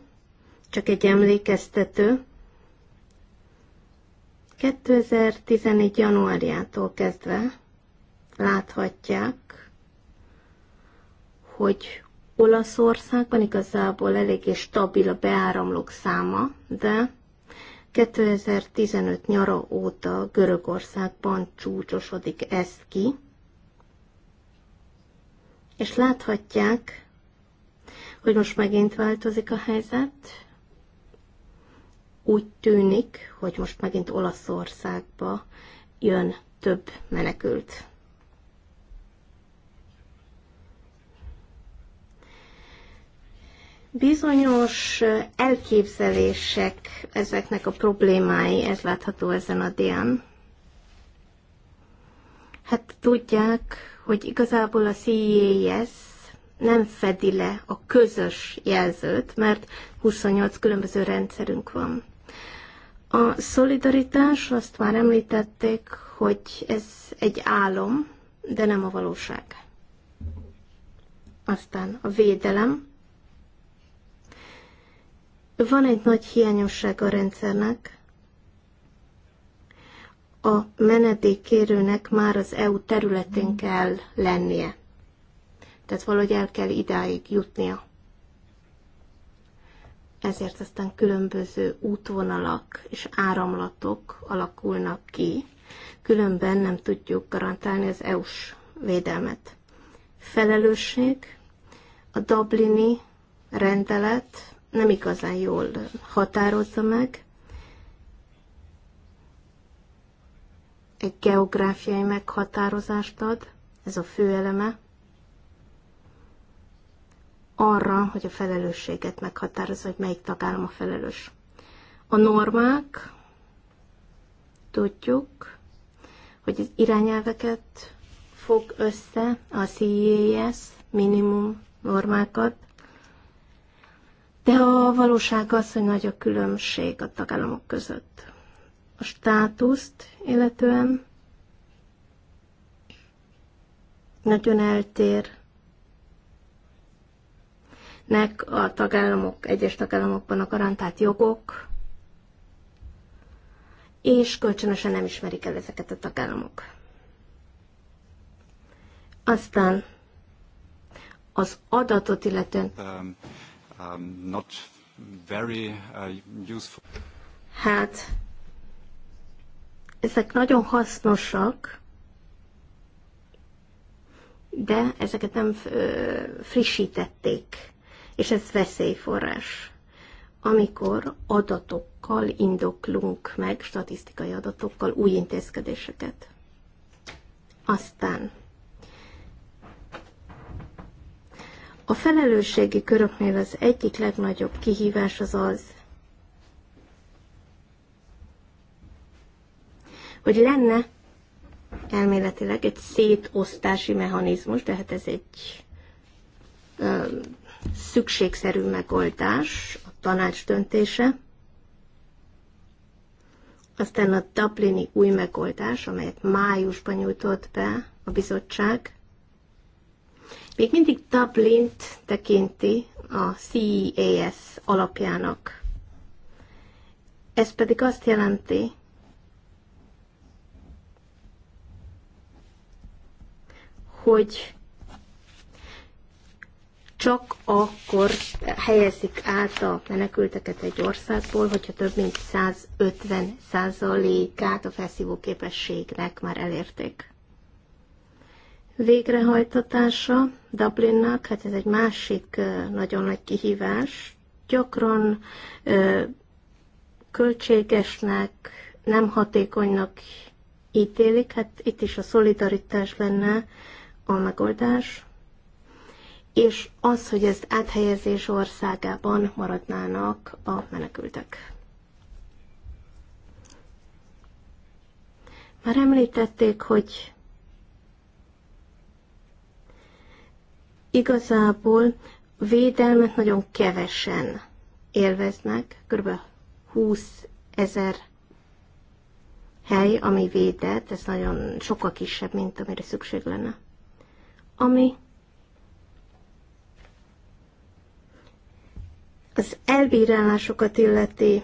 csak egy emlékeztető. 2014. januárjától kezdve láthatják, hogy Olaszországban igazából eléggé stabil a beáramlók száma, de 2015 nyara óta Görögországban csúcsosodik ez ki, és láthatják, hogy most megint változik a helyzet. Úgy tűnik, hogy most megint Olaszországba jön több menekült. bizonyos elképzelések ezeknek a problémái, ez látható ezen a dián. Hát tudják, hogy igazából a CES nem fedi le a közös jelzőt, mert 28 különböző rendszerünk van. A szolidaritás, azt már említették, hogy ez egy álom, de nem a valóság. Aztán a védelem, van egy nagy hiányosság a rendszernek. A menedékkérőnek már az EU területén kell lennie. Tehát valahogy el kell idáig jutnia. Ezért aztán különböző útvonalak és áramlatok alakulnak ki, különben nem tudjuk garantálni az EU-s védelmet. Felelősség, a Dublini rendelet nem igazán jól határozza meg. Egy geográfiai meghatározást ad, ez a fő eleme, arra, hogy a felelősséget meghatározza, hogy melyik tagállam a felelős. A normák, tudjuk, hogy az irányelveket fog össze a CES minimum normákat, de a valóság az, hogy nagy a különbség a tagállamok között. A státuszt illetően nagyon eltér nek a tagállamok, egyes tagállamokban a garantált jogok, és kölcsönösen nem ismerik el ezeket a tagállamok. Aztán az adatot illetően. Um, Um, not very uh, useful. Hát, ezek nagyon hasznosak, de ezeket nem frissítették, és ez veszélyforrás. Amikor adatokkal indoklunk meg, statisztikai adatokkal új intézkedéseket. Aztán A felelősségi köröknél az egyik legnagyobb kihívás az az, hogy lenne elméletileg egy szétosztási mechanizmus, tehát ez egy ö, szükségszerű megoldás, a tanács döntése. Aztán a Dublini új megoldás, amelyet májusban nyújtott be a bizottság, még mindig Dublint tekinti a CES alapjának. Ez pedig azt jelenti, hogy csak akkor helyezik át a menekülteket egy országból, hogyha több mint 150 százalékát a felszívó képességnek már elérték végrehajtatása Dublinnak, hát ez egy másik nagyon nagy kihívás. Gyakran költségesnek, nem hatékonynak ítélik, hát itt is a szolidaritás lenne a megoldás, és az, hogy ezt áthelyezés országában maradnának a menekültek. Már említették, hogy Igazából védelmet nagyon kevesen élveznek, kb. 20 ezer hely, ami védett, ez nagyon sokkal kisebb, mint amire szükség lenne. Ami az elbírálásokat illeti,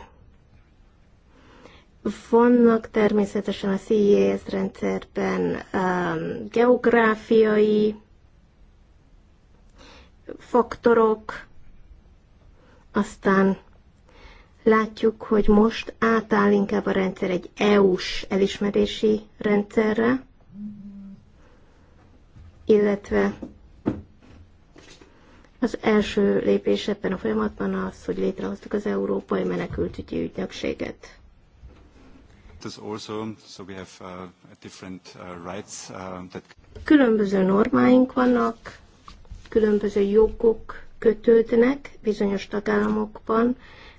vannak természetesen a CIS e rendszerben um, geográfiai faktorok, aztán látjuk, hogy most átáll inkább a rendszer egy EU-s elismerési rendszerre, illetve az első lépés ebben a folyamatban az, hogy létrehoztuk az Európai Menekültügyi Ügynökséget. Uh, uh, uh, Különböző normáink vannak, különböző jogok kötődnek bizonyos tagállamokban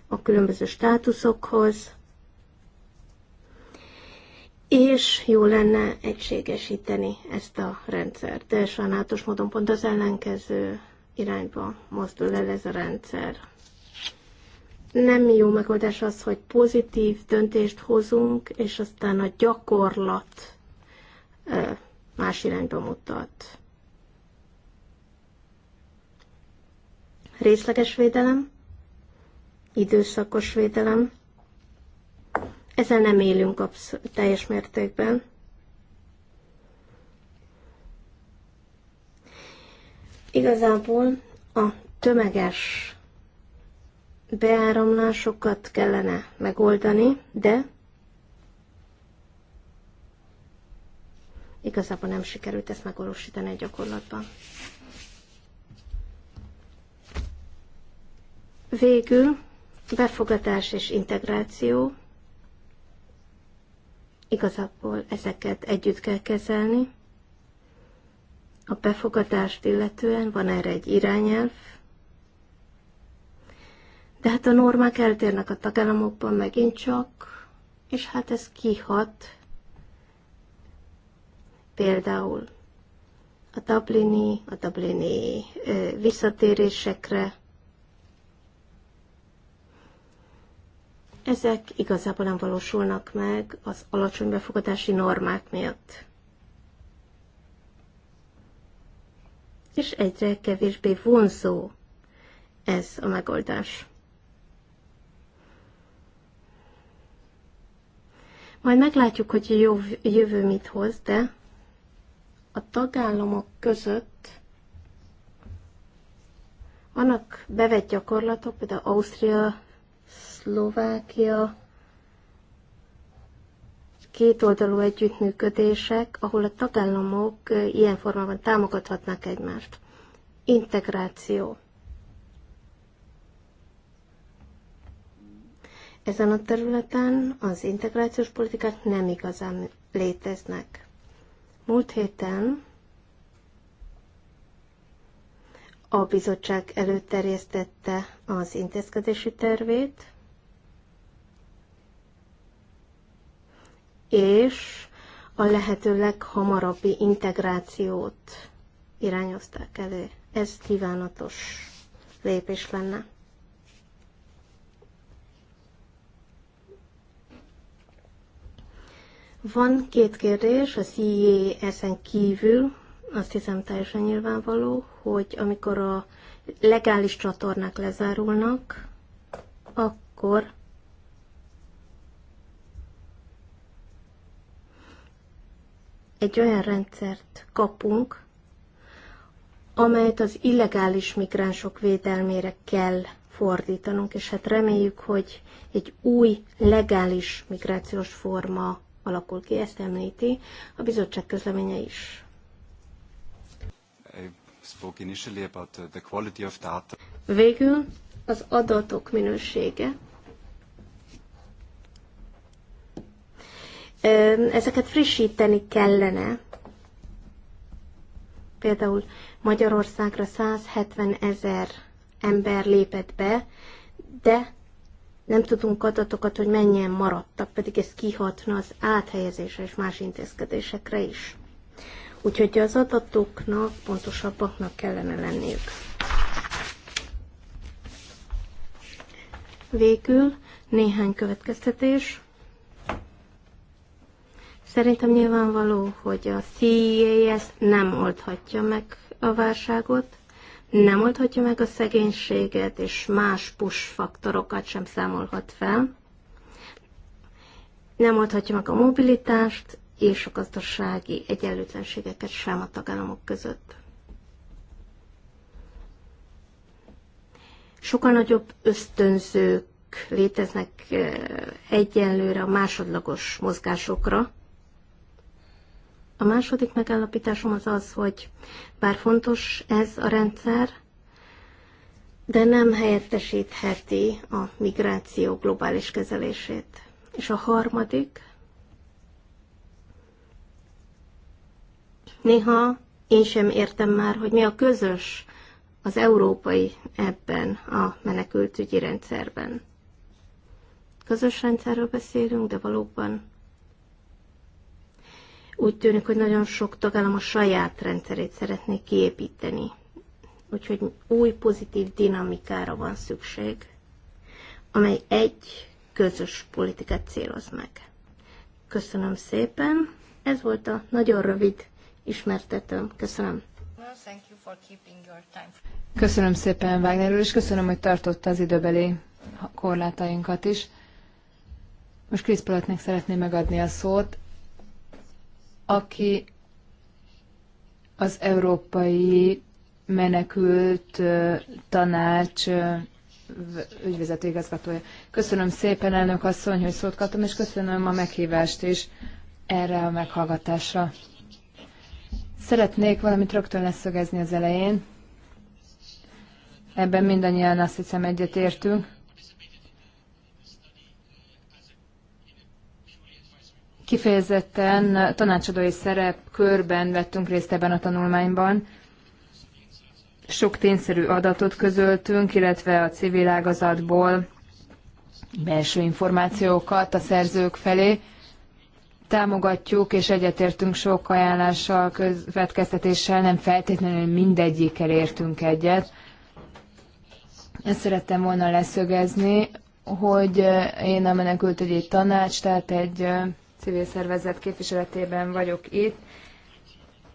a különböző státuszokhoz, és jó lenne egységesíteni ezt a rendszert. De sajnálatos módon pont az ellenkező irányba mozdul el ez a rendszer. Nem jó megoldás az, hogy pozitív döntést hozunk, és aztán a gyakorlat más irányba mutat. részleges védelem, időszakos védelem. Ezzel nem élünk absz- teljes mértékben. Igazából a tömeges beáramlásokat kellene megoldani, de igazából nem sikerült ezt megvalósítani a gyakorlatban. Végül befogadás és integráció. Igazából ezeket együtt kell kezelni. A befogadást illetően van erre egy irányelv, de hát a normák eltérnek a tagállamokban megint csak, és hát ez kihat például a dublini, a dublini visszatérésekre, Ezek igazából nem valósulnak meg az alacsony befogadási normák miatt. És egyre kevésbé vonzó ez a megoldás. Majd meglátjuk, hogy a jövő mit hoz, de a tagállamok között vannak bevett gyakorlatok, például Ausztria, Szlovákia, kétoldalú együttműködések, ahol a tagállamok ilyen formában támogathatnak egymást. Integráció. Ezen a területen az integrációs politikák nem igazán léteznek. Múlt héten a bizottság előterjesztette az intézkedési tervét, és a lehető leghamarabbi integrációt irányozták elő. Ez kívánatos lépés lenne. Van két kérdés, a cia e en kívül, azt hiszem teljesen nyilvánvaló, hogy amikor a legális csatornák lezárulnak, akkor egy olyan rendszert kapunk, amelyet az illegális migránsok védelmére kell fordítanunk, és hát reméljük, hogy egy új legális migrációs forma alakul ki, ezt említi a bizottság közleménye is. Végül az adatok minősége ezeket frissíteni kellene. Például Magyarországra 170 ezer ember lépett be, de nem tudunk adatokat, hogy mennyien maradtak, pedig ez kihatna az áthelyezésre és más intézkedésekre is. Úgyhogy az adatoknak pontosabbaknak kellene lenniük. Végül néhány következtetés. Szerintem nyilvánvaló, hogy a CES nem oldhatja meg a válságot, nem oldhatja meg a szegénységet, és más push faktorokat sem számolhat fel. Nem oldhatja meg a mobilitást, és a gazdasági egyenlőtlenségeket sem a tagállamok között. Sokkal nagyobb ösztönzők léteznek eh, egyenlőre a másodlagos mozgásokra, a második megállapításom az az, hogy bár fontos ez a rendszer, de nem helyettesítheti a migráció globális kezelését. És a harmadik, néha én sem értem már, hogy mi a közös az európai ebben a menekültügyi rendszerben. Közös rendszerről beszélünk, de valóban úgy tűnik, hogy nagyon sok tagállam a saját rendszerét szeretné kiépíteni. Úgyhogy új pozitív dinamikára van szükség, amely egy közös politikát céloz meg. Köszönöm szépen. Ez volt a nagyon rövid ismertetőm. Köszönöm. Köszönöm szépen, Wagner úr, és köszönöm, hogy tartotta az időbeli korlátainkat is. Most Krisz szeretném megadni a szót aki az Európai Menekült Tanács ügyvezető igazgatója. Köszönöm szépen, elnök asszony, hogy szót kaptam, és köszönöm a meghívást is erre a meghallgatásra. Szeretnék valamit rögtön leszögezni az elején. Ebben mindannyian azt hiszem egyetértünk. Kifejezetten tanácsadói szerep körben vettünk részt ebben a tanulmányban. Sok tényszerű adatot közöltünk, illetve a civil ágazatból belső információkat a szerzők felé. Támogatjuk és egyetértünk sok ajánlással, következtetéssel, nem feltétlenül mindegyikkel értünk egyet. Ezt szerettem volna leszögezni, hogy én a menekültügyi tanács, tehát egy civil szervezet képviseletében vagyok itt.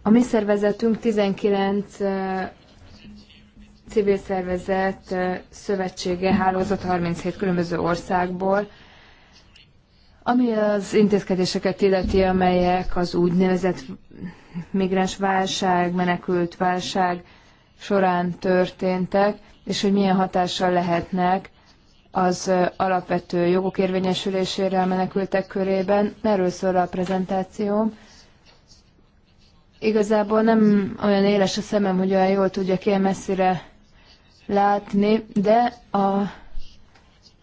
A mi szervezetünk 19 civil szervezet szövetsége hálózat 37 különböző országból, ami az intézkedéseket illeti, amelyek az úgynevezett migráns válság, menekült válság során történtek, és hogy milyen hatással lehetnek az alapvető jogok érvényesülésére a menekültek körében. Erről szól a prezentációm. Igazából nem olyan éles a szemem, hogy olyan jól tudja ki messzire látni, de a,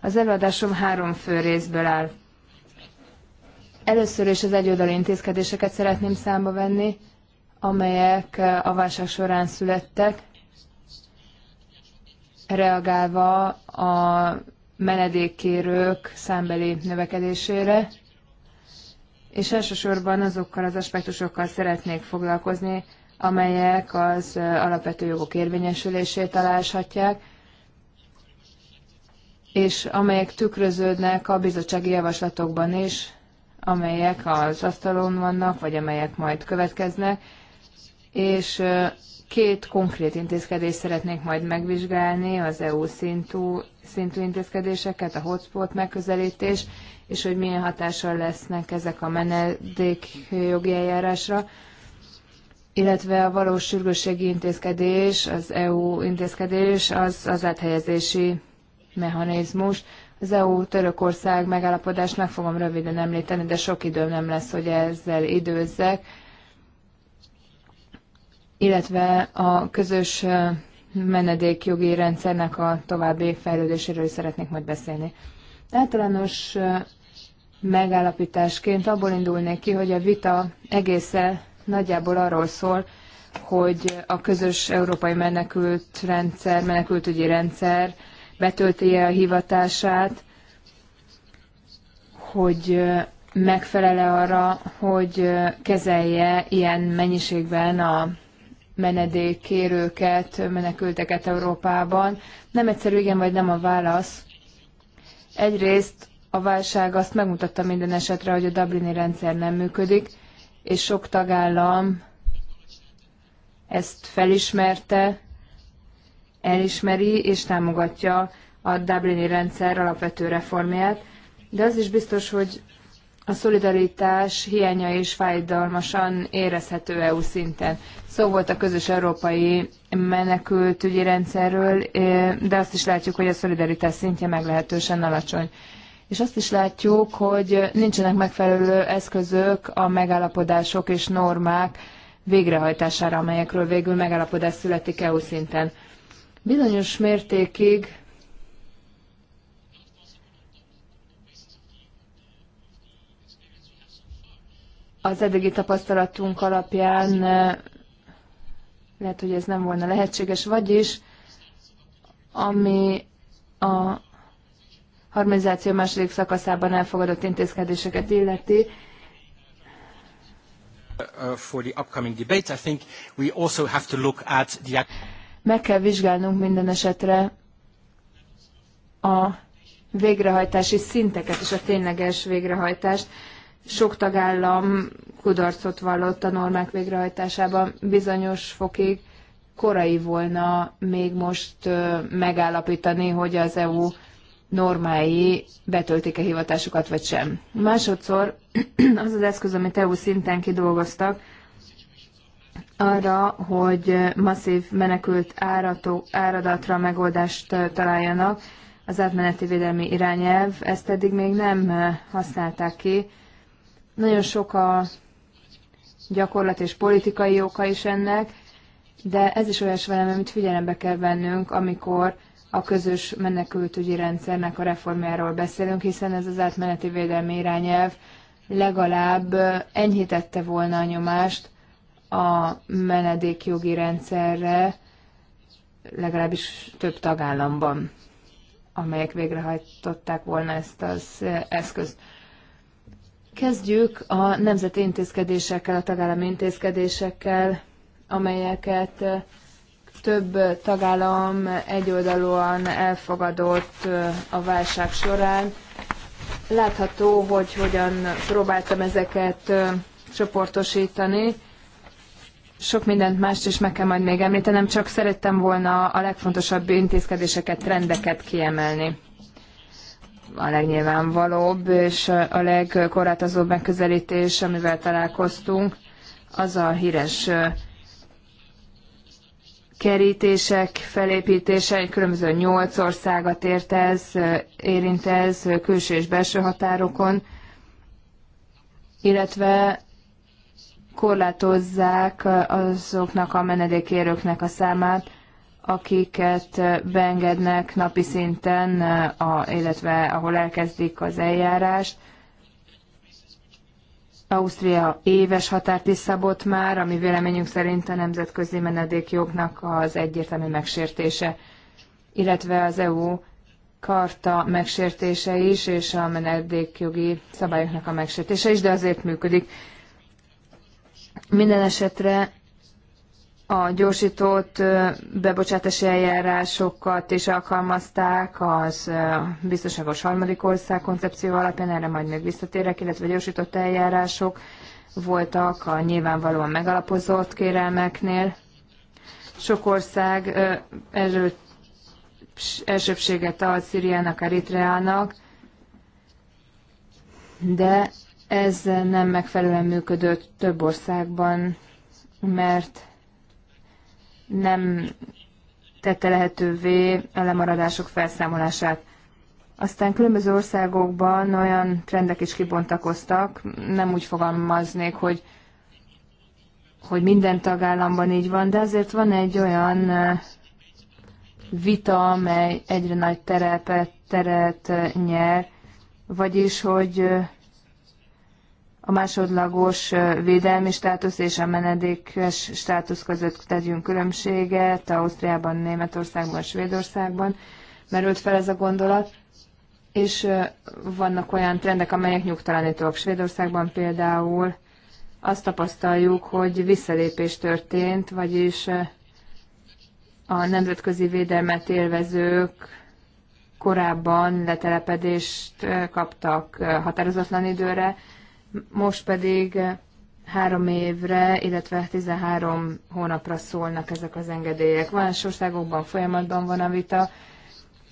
az előadásom három fő részből áll. Először is az egyoldali intézkedéseket szeretném számba venni, amelyek a válság során születtek, reagálva a menedékkérők számbeli növekedésére, és elsősorban azokkal az aspektusokkal szeretnék foglalkozni, amelyek az alapvető jogok érvényesülését találhatják, és amelyek tükröződnek a bizottsági javaslatokban is, amelyek az asztalon vannak, vagy amelyek majd következnek, és két konkrét intézkedést szeretnék majd megvizsgálni, az EU szintú, szintű intézkedéseket, a hotspot megközelítés, és hogy milyen hatással lesznek ezek a menedék jogi eljárásra, illetve a valós sürgősségi intézkedés, az EU intézkedés, az az áthelyezési mechanizmus. Az EU-Törökország megállapodást meg fogom röviden említeni, de sok időm nem lesz, hogy ezzel időzzek illetve a közös menedékjogi rendszernek a további fejlődéséről is szeretnék majd beszélni. Általános megállapításként abból indulnék ki, hogy a vita egésze nagyjából arról szól, hogy a közös európai menekült rendszer, menekültügyi rendszer betölti-e a hivatását, hogy megfelele arra, hogy kezelje ilyen mennyiségben a menedékkérőket, menekülteket Európában. Nem egyszerű igen vagy nem a válasz. Egyrészt a válság azt megmutatta minden esetre, hogy a Dublini rendszer nem működik, és sok tagállam ezt felismerte, elismeri és támogatja a Dublini rendszer alapvető reformját. De az is biztos, hogy a szolidaritás hiánya és fájdalmasan érezhető EU szinten. Szó volt a közös európai menekültügyi rendszerről, eh, de azt is látjuk, hogy a szolidaritás szintje meglehetősen alacsony. És azt is látjuk, hogy nincsenek megfelelő eszközök a megállapodások és normák végrehajtására, amelyekről végül megállapodás születik EU szinten. Bizonyos mértékig az eddigi tapasztalatunk alapján eh, lehet, hogy ez nem volna lehetséges, vagyis ami a harmonizáció második szakaszában elfogadott intézkedéseket illeti, uh, for the upcoming debate, I think we also have to look at the... Meg kell vizsgálnunk minden esetre a végrehajtási szinteket és a tényleges végrehajtást sok tagállam kudarcot vallott a normák végrehajtásában bizonyos fokig, korai volna még most megállapítani, hogy az EU normái betöltik-e hivatásukat, vagy sem. Másodszor [clears throat] az az eszköz, amit EU szinten kidolgoztak, arra, hogy masszív menekült árató, áradatra megoldást találjanak, az átmeneti védelmi irányelv, ezt eddig még nem használták ki, nagyon sok a gyakorlat és politikai oka is ennek, de ez is olyas velem, amit figyelembe kell vennünk, amikor a közös menekültügyi rendszernek a reformjáról beszélünk, hiszen ez az átmeneti védelmi irányelv legalább enyhítette volna a nyomást a menedékjogi rendszerre, legalábbis több tagállamban, amelyek végrehajtották volna ezt az eszközt. Kezdjük a nemzeti intézkedésekkel, a tagállami intézkedésekkel, amelyeket több tagállam egyoldalúan elfogadott a válság során. Látható, hogy hogyan próbáltam ezeket csoportosítani. Sok mindent mást is meg kell majd még említenem, csak szerettem volna a legfontosabb intézkedéseket, trendeket kiemelni a legnyilvánvalóbb és a legkorlátozóbb megközelítés, amivel találkoztunk, az a híres kerítések felépítése, különböző nyolc országot ért ez, érint ez külső és belső határokon, illetve korlátozzák azoknak a menedékérőknek a számát, akiket beengednek napi szinten, a, illetve ahol elkezdik az eljárást. Ausztria éves határt is szabott már, ami véleményünk szerint a nemzetközi menedékjognak az egyértelmű megsértése, illetve az EU karta megsértése is, és a menedékjogi szabályoknak a megsértése is, de azért működik. Minden esetre a gyorsított bebocsátási eljárásokat is alkalmazták az biztonságos harmadik ország koncepció alapján, erre majd még visszatérek, illetve gyorsított eljárások voltak a nyilvánvalóan megalapozott kérelmeknél. Sok ország elő, elsőbséget ad Szíriának, Eritreának, de ez nem megfelelően működött több országban, mert nem tette lehetővé a lemaradások felszámolását. Aztán különböző országokban olyan trendek is kibontakoztak, nem úgy fogalmaznék, hogy, hogy minden tagállamban így van, de azért van egy olyan vita, amely egyre nagy terepet, teret nyer, vagyis, hogy a másodlagos védelmi státusz és a menedékes státusz között tegyünk különbséget Ausztriában, Németországban, Svédországban. Merült fel ez a gondolat, és vannak olyan trendek, amelyek nyugtalanítók. Svédországban például azt tapasztaljuk, hogy visszalépés történt, vagyis a nemzetközi védelmet élvezők korábban letelepedést kaptak határozatlan időre, most pedig eh, három évre, illetve 13 hónapra szólnak ezek az engedélyek. Más országokban folyamatban van a vita,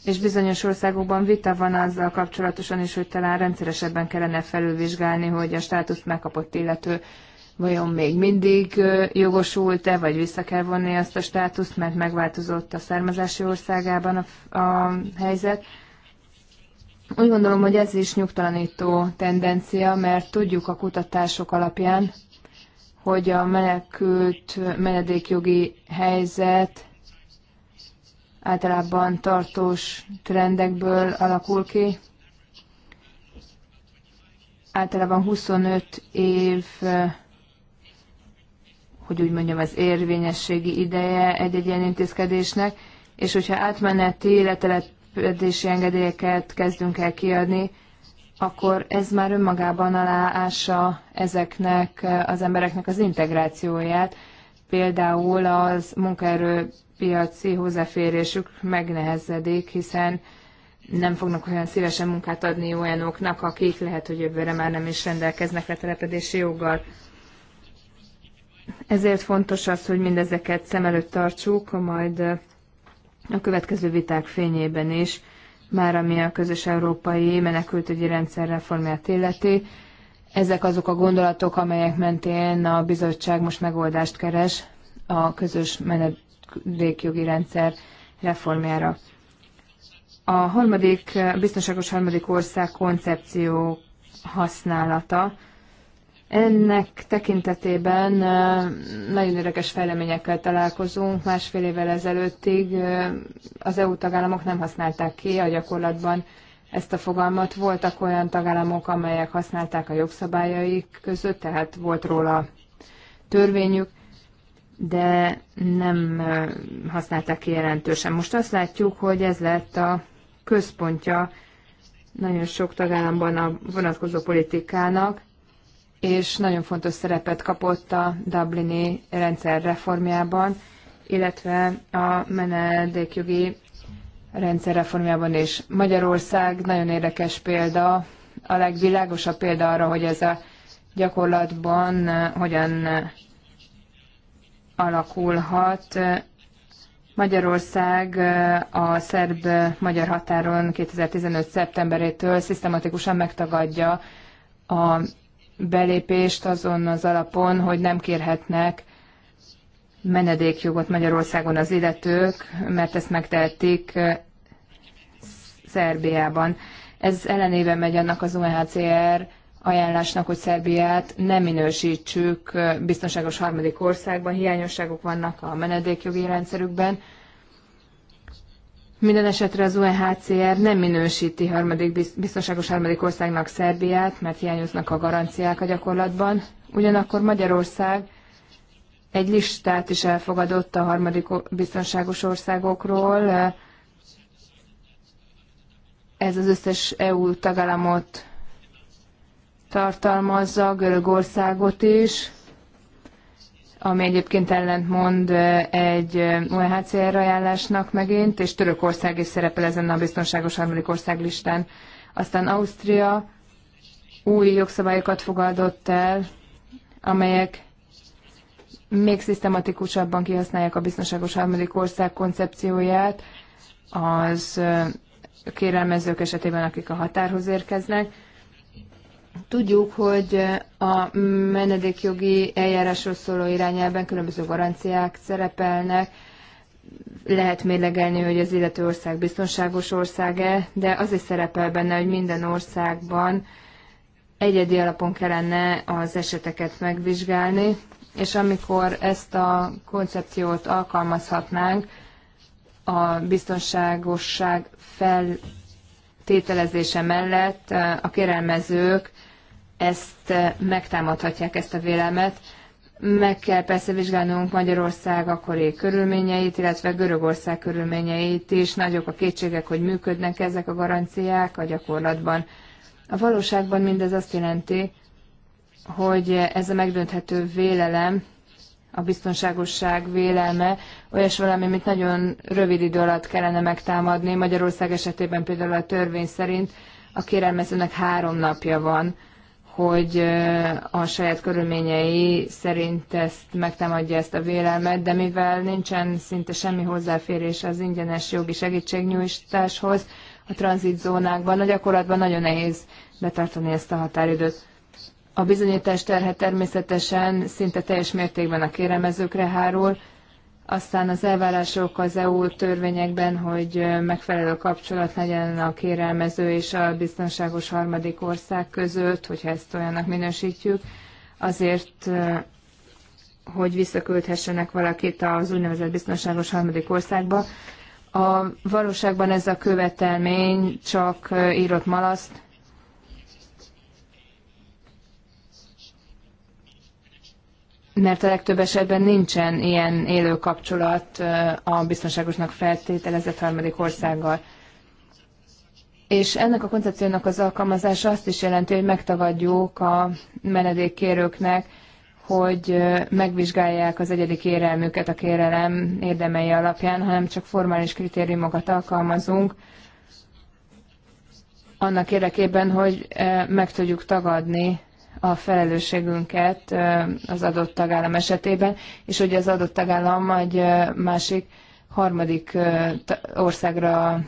és bizonyos országokban vita van azzal kapcsolatosan is, hogy talán rendszeresebben kellene felülvizsgálni, hogy a státuszt megkapott illető vajon még mindig eh, jogosult-e, vagy vissza kell vonni azt a státuszt, mert megváltozott a származási országában a, a helyzet. Úgy gondolom, hogy ez is nyugtalanító tendencia, mert tudjuk a kutatások alapján, hogy a menekült menedékjogi helyzet általában tartós trendekből alakul ki. Általában 25 év, hogy úgy mondjam, az érvényességi ideje egy-egy ilyen intézkedésnek, és hogyha átmeneti letelet települési engedélyeket kezdünk el kiadni, akkor ez már önmagában aláássa ezeknek az embereknek az integrációját. Például az munkaerőpiaci hozzáférésük megnehezedik, hiszen nem fognak olyan szívesen munkát adni olyanoknak, akik lehet, hogy jövőre már nem is rendelkeznek letelepedési joggal. Ezért fontos az, hogy mindezeket szem előtt tartsuk, majd a következő viták fényében is, már ami a közös európai menekültügyi rendszer reformját illeti. Ezek azok a gondolatok, amelyek mentén a bizottság most megoldást keres a közös menedékjogi rendszer reformjára. A harmadik, biztonságos harmadik ország koncepció használata ennek tekintetében nagyon érdekes fejleményekkel találkozunk. Másfél évvel ezelőttig az EU tagállamok nem használták ki a gyakorlatban ezt a fogalmat. Voltak olyan tagállamok, amelyek használták a jogszabályaik között, tehát volt róla törvényük, de nem használták ki jelentősen. Most azt látjuk, hogy ez lett a központja nagyon sok tagállamban a vonatkozó politikának, és nagyon fontos szerepet kapott a Dublini rendszer reformjában, illetve a menedékjogi rendszer reformjában is. Magyarország nagyon érdekes példa, a legvilágosabb példa arra, hogy ez a gyakorlatban hogyan alakulhat. Magyarország a szerb-magyar határon 2015. szeptemberétől szisztematikusan megtagadja a belépést azon az alapon, hogy nem kérhetnek menedékjogot Magyarországon az illetők, mert ezt megtehetik Szerbiában. Ez ellenében megy annak az UNHCR ajánlásnak, hogy Szerbiát nem minősítsük biztonságos harmadik országban, hiányosságok vannak a menedékjogi rendszerükben, minden esetre az UNHCR e nem minősíti harmadik, biztonságos harmadik országnak Szerbiát, mert hiányoznak a garanciák a gyakorlatban. Ugyanakkor Magyarország egy listát is elfogadott a harmadik biztonságos országokról. Ez az összes EU tagállamot tartalmazza, Görögországot is ami egyébként ellentmond egy OHCR ajánlásnak megint, és Törökország is szerepel ezen a biztonságos harmadik ország listán. Aztán Ausztria új jogszabályokat fogadott el, amelyek még szisztematikusabban kihasználják a biztonságos harmadik ország koncepcióját az kérelmezők esetében, akik a határhoz érkeznek. Tudjuk, hogy a menedékjogi eljárásról szóló irányelben különböző garanciák szerepelnek, lehet mérlegelni, hogy az illető ország biztonságos ország-e, de az is szerepel benne, hogy minden országban egyedi alapon kellene az eseteket megvizsgálni, és amikor ezt a koncepciót alkalmazhatnánk, a biztonságosság fel tételezése mellett eh, a kérelmezők ezt eh, megtámadhatják, ezt a vélemet, Meg kell persze vizsgálnunk Magyarország akkori körülményeit, illetve Görögország körülményeit is. Nagyok a kétségek, hogy működnek ezek a garanciák a gyakorlatban. A valóságban mindez azt jelenti, hogy ez a megdönthető vélelem a biztonságosság vélelme olyas valami, amit nagyon rövid idő alatt kellene megtámadni. Magyarország esetében például a törvény szerint a kérelmezőnek három napja van, hogy a saját körülményei szerint ezt megtámadja ezt a vélelmet, de mivel nincsen szinte semmi hozzáférés az ingyenes jogi segítségnyújtáshoz a tranzitzónákban, a gyakorlatban nagyon nehéz betartani ezt a határidőt. A bizonyítás terhe természetesen szinte teljes mértékben a kérelmezőkre hárul, aztán az elvárások az EU törvényekben, hogy megfelelő kapcsolat legyen a kérelmező és a biztonságos harmadik ország között, hogyha ezt olyannak minősítjük, azért, hogy visszaküldhessenek valakit az úgynevezett biztonságos harmadik országba. A valóságban ez a követelmény csak írott malaszt, mert a legtöbb esetben nincsen ilyen élő kapcsolat a biztonságosnak feltételezett harmadik országgal. És ennek a koncepciónak az alkalmazása azt is jelenti, hogy megtagadjuk a menedékkérőknek, hogy megvizsgálják az egyedi kérelmüket a kérelem érdemei alapján, hanem csak formális kritériumokat alkalmazunk, annak érdekében, hogy meg tudjuk tagadni a felelősségünket az adott tagállam esetében, és hogy az adott tagállam egy másik harmadik országra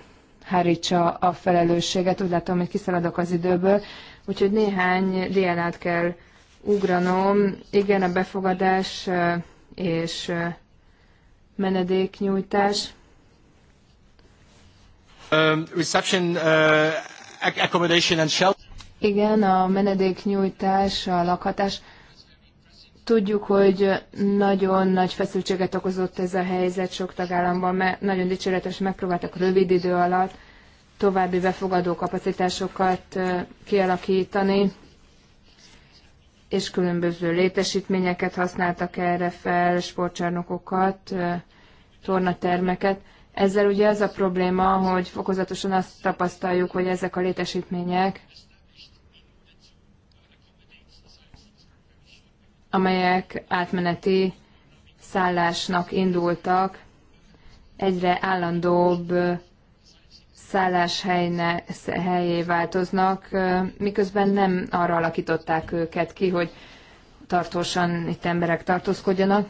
hárítsa a felelősséget. Úgy látom, hogy kiszaladok az időből, úgyhogy néhány DNA-t kell ugranom. Igen, a befogadás és menedéknyújtás. Um, reception, uh, accommodation and shelter. Igen, a menedéknyújtás, a lakhatás. Tudjuk, hogy nagyon nagy feszültséget okozott ez a helyzet sok tagállamban, mert nagyon dicséretes megpróbáltak rövid idő alatt további befogadó kapacitásokat kialakítani, és különböző létesítményeket használtak erre fel, sportcsarnokokat, tornatermeket. Ezzel ugye az a probléma, hogy fokozatosan azt tapasztaljuk, hogy ezek a létesítmények amelyek átmeneti szállásnak indultak, egyre állandóbb szálláshelyé változnak, miközben nem arra alakították őket ki, hogy tartósan itt emberek tartózkodjanak.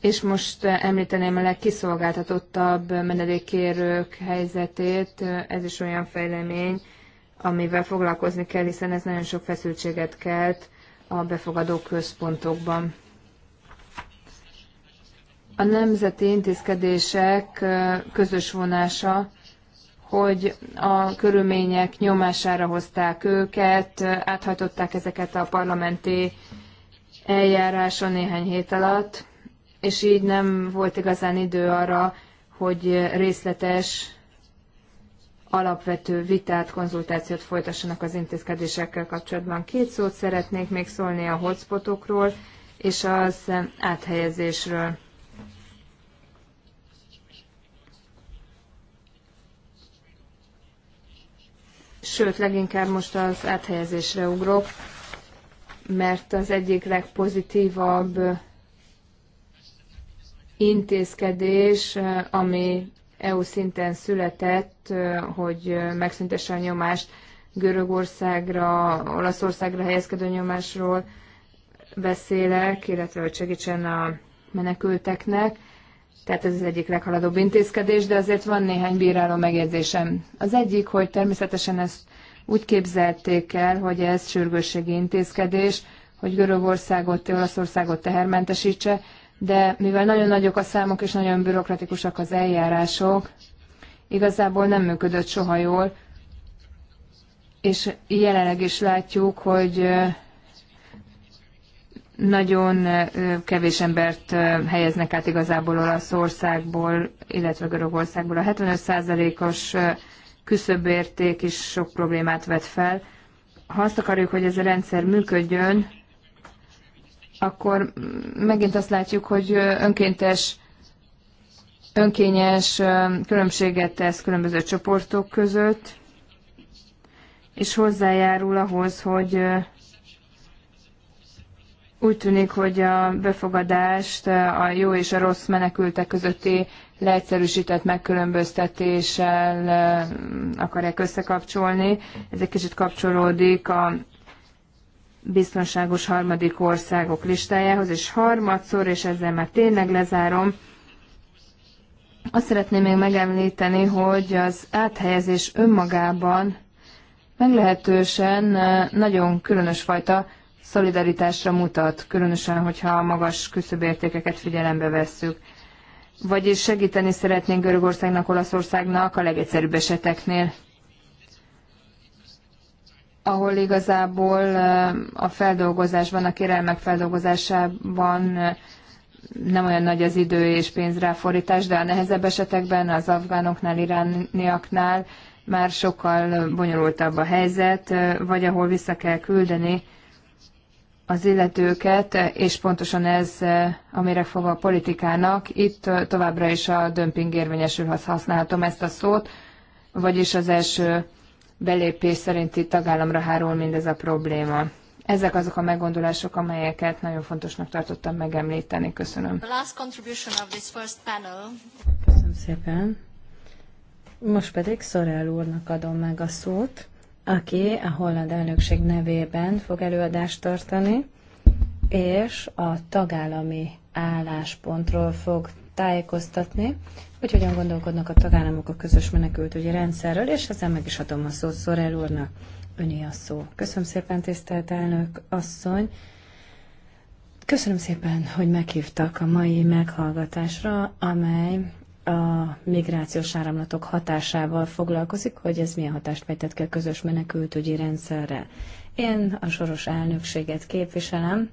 És most említeném a legkiszolgáltatottabb menedékkérők helyzetét, ez is olyan fejlemény, amivel foglalkozni kell, hiszen ez nagyon sok feszültséget kelt a befogadó központokban. A nemzeti intézkedések közös vonása, hogy a körülmények nyomására hozták őket, áthajtották ezeket a parlamenti eljáráson néhány hét alatt, és így nem volt igazán idő arra, hogy részletes alapvető vitát, konzultációt folytassanak az intézkedésekkel kapcsolatban. Két szót szeretnék még szólni a hotspotokról és az áthelyezésről. Sőt, leginkább most az áthelyezésre ugrok, mert az egyik legpozitívabb intézkedés, ami EU szinten született, hogy megszüntesse a nyomást Görögországra, Olaszországra helyezkedő nyomásról beszélek, illetve hogy segítsen a menekülteknek. Tehát ez az egyik leghaladóbb intézkedés, de azért van néhány bíráló megjegyzésem. Az egyik, hogy természetesen ezt úgy képzelték el, hogy ez sürgősségi intézkedés, hogy Görögországot, Olaszországot tehermentesítse, de mivel nagyon nagyok a számok és nagyon bürokratikusak az eljárások, igazából nem működött soha jól, és jelenleg is látjuk, hogy nagyon kevés embert helyeznek át igazából Olaszországból, illetve Görögországból. A 75%-os küszöbérték is sok problémát vet fel. Ha azt akarjuk, hogy ez a rendszer működjön, akkor megint azt látjuk, hogy önkéntes, önkényes különbséget tesz különböző csoportok között, és hozzájárul ahhoz, hogy úgy tűnik, hogy a befogadást a jó és a rossz menekültek közötti leegyszerűsített megkülönböztetéssel akarják összekapcsolni. Ez egy kicsit kapcsolódik a biztonságos harmadik országok listájához, és harmadszor, és ezzel már tényleg lezárom, azt szeretném még megemlíteni, hogy az áthelyezés önmagában meglehetősen nagyon különös fajta szolidaritásra mutat, különösen, hogyha a magas küszöbértékeket figyelembe vesszük. Vagyis segíteni szeretnénk Görögországnak, Olaszországnak a legegyszerűbb eseteknél ahol igazából a feldolgozásban, a kérelmek feldolgozásában nem olyan nagy az idő és pénzráfordítás, de a nehezebb esetekben, az afgánoknál, irániaknál már sokkal bonyolultabb a helyzet, vagy ahol vissza kell küldeni az illetőket, és pontosan ez, amire fog a politikának, itt továbbra is a dömping érvényesül, ha használhatom ezt a szót, vagyis az első belépés szerinti tagállamra hárul mindez a probléma. Ezek azok a meggondolások, amelyeket nagyon fontosnak tartottam megemlíteni. Köszönöm. Köszönöm szépen. Most pedig Szorel úrnak adom meg a szót, aki a holland elnökség nevében fog előadást tartani, és a tagállami álláspontról fog tájékoztatni, hogy hogyan gondolkodnak a tagállamok a közös menekültügyi rendszerről, és ezzel meg is adom a szót Szorel úrnak. Öné a szó. Köszönöm szépen, tisztelt elnök asszony. Köszönöm szépen, hogy meghívtak a mai meghallgatásra, amely a migrációs áramlatok hatásával foglalkozik, hogy ez milyen hatást fejtett ki a közös menekültügyi rendszerre. Én a soros elnökséget képviselem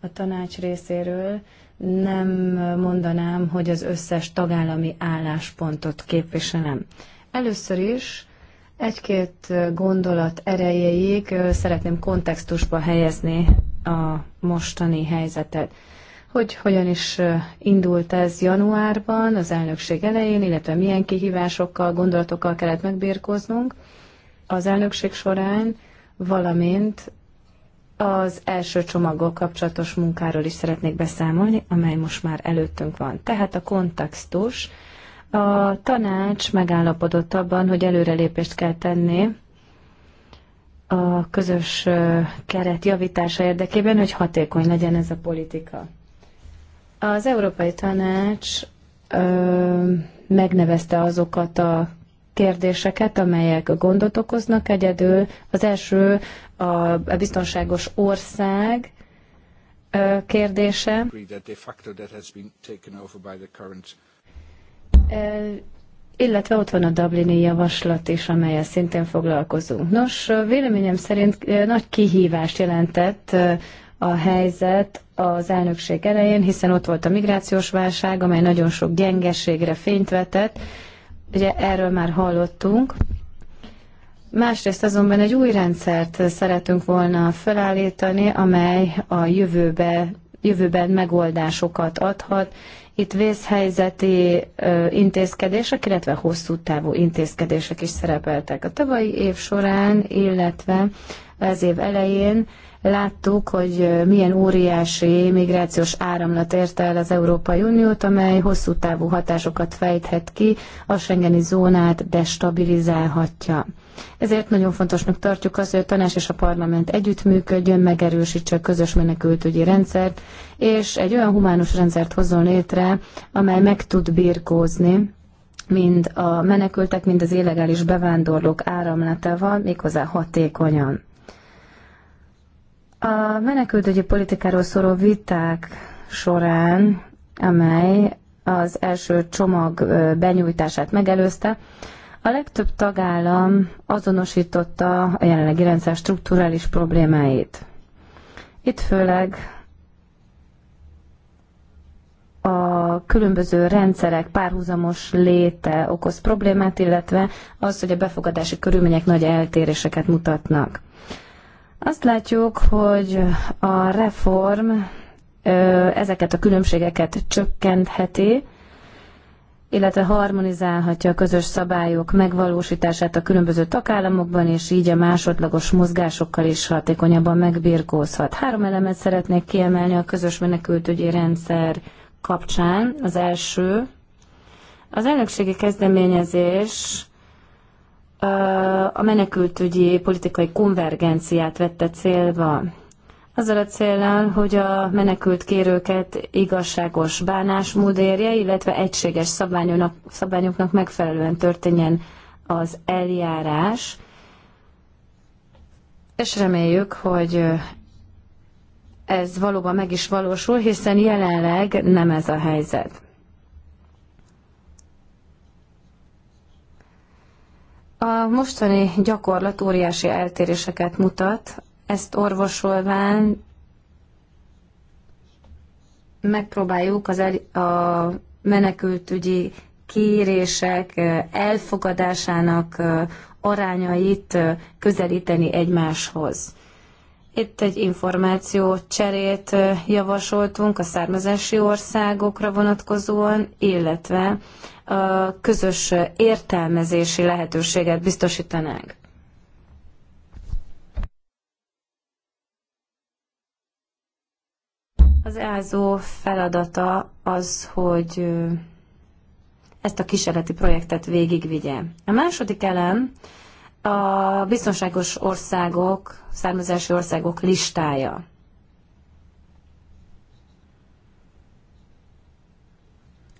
a tanács részéről, nem mondanám, hogy az összes tagállami álláspontot képviselem. Először is egy-két gondolat erejéig szeretném kontextusba helyezni a mostani helyzetet. Hogy hogyan is indult ez januárban, az elnökség elején, illetve milyen kihívásokkal, gondolatokkal kellett megbírkoznunk az elnökség során, valamint az első csomaggal kapcsolatos munkáról is szeretnék beszámolni, amely most már előttünk van. Tehát a kontextus. A tanács megállapodott abban, hogy előrelépést kell tenni a közös keret javítása érdekében, hogy hatékony legyen ez a politika. Az Európai Tanács ö, megnevezte azokat a kérdéseket, amelyek gondot okoznak egyedül. Az első a biztonságos ország kérdése. Illetve ott van a Dublini javaslat is, amelyel szintén foglalkozunk. Nos, véleményem szerint nagy kihívást jelentett a helyzet az elnökség elején, hiszen ott volt a migrációs válság, amely nagyon sok gyengeségre fényt vetett. Ugye erről már hallottunk. Másrészt azonban egy új rendszert szeretünk volna felállítani, amely a jövőbe, jövőben megoldásokat adhat. Itt vészhelyzeti intézkedések, illetve hosszú távú intézkedések is szerepeltek a tavalyi év során, illetve az év elején láttuk, hogy milyen óriási migrációs áramlat érte el az Európai Uniót, amely hosszú távú hatásokat fejthet ki, a Schengeni zónát destabilizálhatja. Ezért nagyon fontosnak tartjuk azt, hogy a tanács és a parlament együttműködjön, megerősítse a közös menekültügyi rendszert, és egy olyan humánus rendszert hozzon létre, amely meg tud birkózni mind a menekültek, mind az illegális bevándorlók áramlatával, méghozzá hatékonyan. A menekültügyi politikáról szóló viták során, amely az első csomag benyújtását megelőzte, a legtöbb tagállam azonosította a jelenlegi rendszer strukturális problémáit. Itt főleg a különböző rendszerek párhuzamos léte okoz problémát, illetve az, hogy a befogadási körülmények nagy eltéréseket mutatnak. Azt látjuk, hogy a reform ezeket a különbségeket csökkentheti, illetve harmonizálhatja a közös szabályok megvalósítását a különböző tagállamokban, és így a másodlagos mozgásokkal is hatékonyabban megbirkózhat. Három elemet szeretnék kiemelni a közös menekültügyi rendszer kapcsán. Az első, az elnökségi kezdeményezés a menekültügyi politikai konvergenciát vette célba. Azzal a célnal, hogy a menekült kérőket igazságos bánásmód érje, illetve egységes szabványoknak, szabványoknak megfelelően történjen az eljárás, és reméljük, hogy ez valóban meg is valósul, hiszen jelenleg nem ez a helyzet. A mostani gyakorlat óriási eltéréseket mutat, ezt orvosolván megpróbáljuk az el, a menekültügyi kérések elfogadásának arányait közelíteni egymáshoz. Itt egy információ cserét javasoltunk a származási országokra vonatkozóan, illetve közös értelmezési lehetőséget biztosítanánk. Az EASO feladata az, hogy ezt a kísérleti projektet végigvigye. A második elem a biztonságos országok, származási országok listája.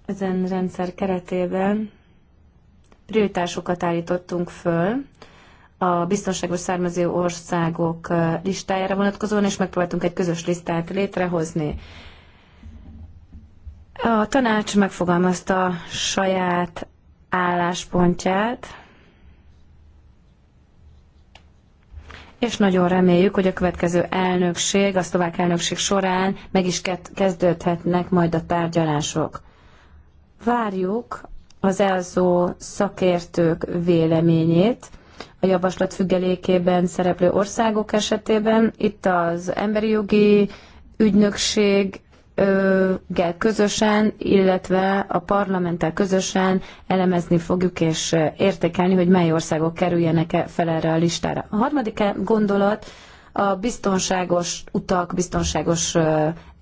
Ezen rendszer keretében prioritásokat állítottunk föl a biztonságos származó országok listájára vonatkozóan, és megpróbáltunk egy közös listát létrehozni. A tanács megfogalmazta saját álláspontját, és nagyon reméljük, hogy a következő elnökség, a szlovák elnökség során meg is kezdődhetnek majd a tárgyalások. Várjuk az elzó szakértők véleményét a javaslat függelékében szereplő országok esetében. Itt az emberi jogi ügynökség közösen, illetve a parlamenttel közösen elemezni fogjuk és értékelni, hogy mely országok kerüljenek -e fel erre a listára. A harmadik gondolat a biztonságos utak, biztonságos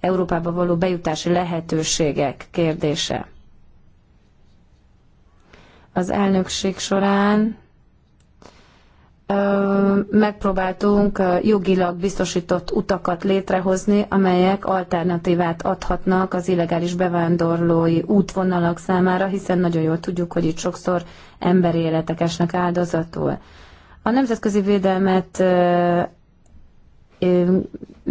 Európába való bejutási lehetőségek kérdése az elnökség során megpróbáltunk jogilag biztosított utakat létrehozni, amelyek alternatívát adhatnak az illegális bevándorlói útvonalak számára, hiszen nagyon jól tudjuk, hogy itt sokszor emberi életek esnek áldozatul. A nemzetközi védelmet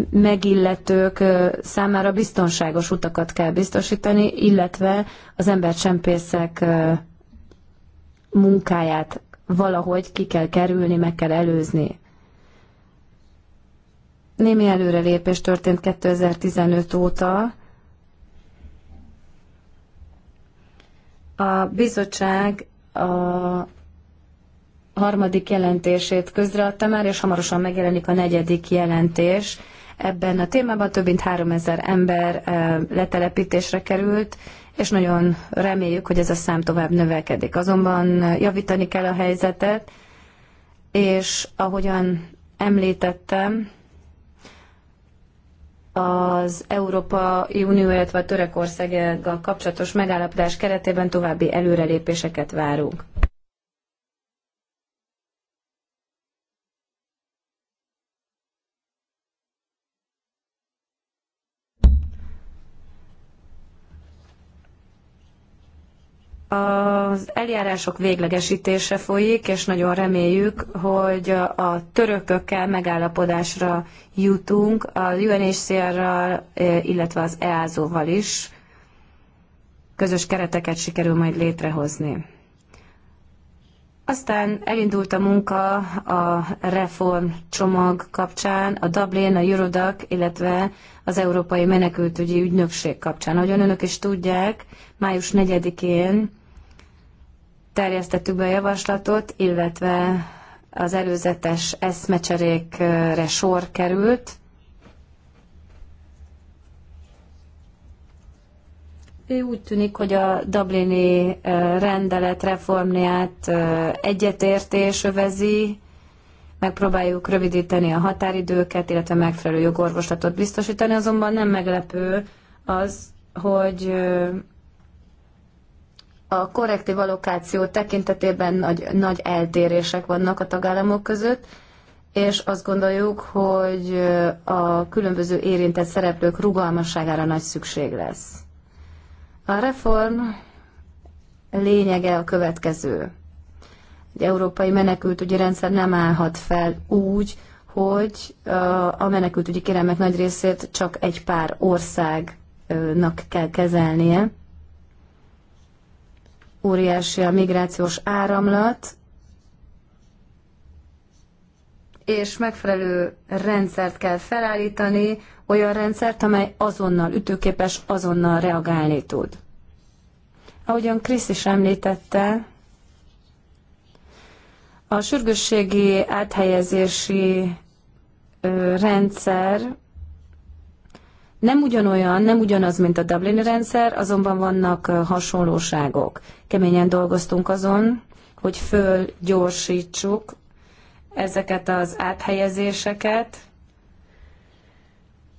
megilletők számára biztonságos utakat kell biztosítani, illetve az embercsempészek munkáját valahogy ki kell kerülni, meg kell előzni. Némi előrelépés történt 2015 óta. A bizottság a harmadik jelentését közreadta már, és hamarosan megjelenik a negyedik jelentés. Ebben a témában több mint 3000 ember eh, letelepítésre került, és nagyon reméljük, hogy ez a szám tovább növekedik. Azonban javítani kell a helyzetet, és ahogyan említettem, az Európai Unió, illetve a Törökországgal kapcsolatos megállapodás keretében további előrelépéseket várunk. az eljárások véglegesítése folyik, és nagyon reméljük, hogy a törökökkel megállapodásra jutunk, a UNHCR-ral, eh, illetve az EASO-val is közös kereteket sikerül majd létrehozni. Aztán elindult a munka a reform csomag kapcsán, a Dublin, a Eurodac, illetve az Európai Menekültügyi Ügynökség kapcsán. Ahogyan önök is tudják, május 4-én terjesztettük be a javaslatot, illetve az előzetes eszmecserékre sor került. Úgy tűnik, hogy a Dublini rendelet reformját egyetértés övezi, megpróbáljuk rövidíteni a határidőket, illetve megfelelő jogorvoslatot biztosítani, azonban nem meglepő az, hogy a korrektív allokáció tekintetében nagy, nagy eltérések vannak a tagállamok között, és azt gondoljuk, hogy a különböző érintett szereplők rugalmasságára nagy szükség lesz. A reform lényege a következő. Egy európai menekültügyi rendszer nem állhat fel úgy, hogy a menekültügyi kérelmek nagy részét csak egy pár országnak kell kezelnie, óriási a migrációs áramlat, és megfelelő rendszert kell felállítani, olyan rendszert, amely azonnal ütőképes, azonnal reagálni tud. Ahogyan Krisz is említette, a sürgősségi áthelyezési rendszer nem ugyanolyan, nem ugyanaz, mint a Dublin rendszer, azonban vannak hasonlóságok. Keményen dolgoztunk azon, hogy fölgyorsítsuk ezeket az áthelyezéseket.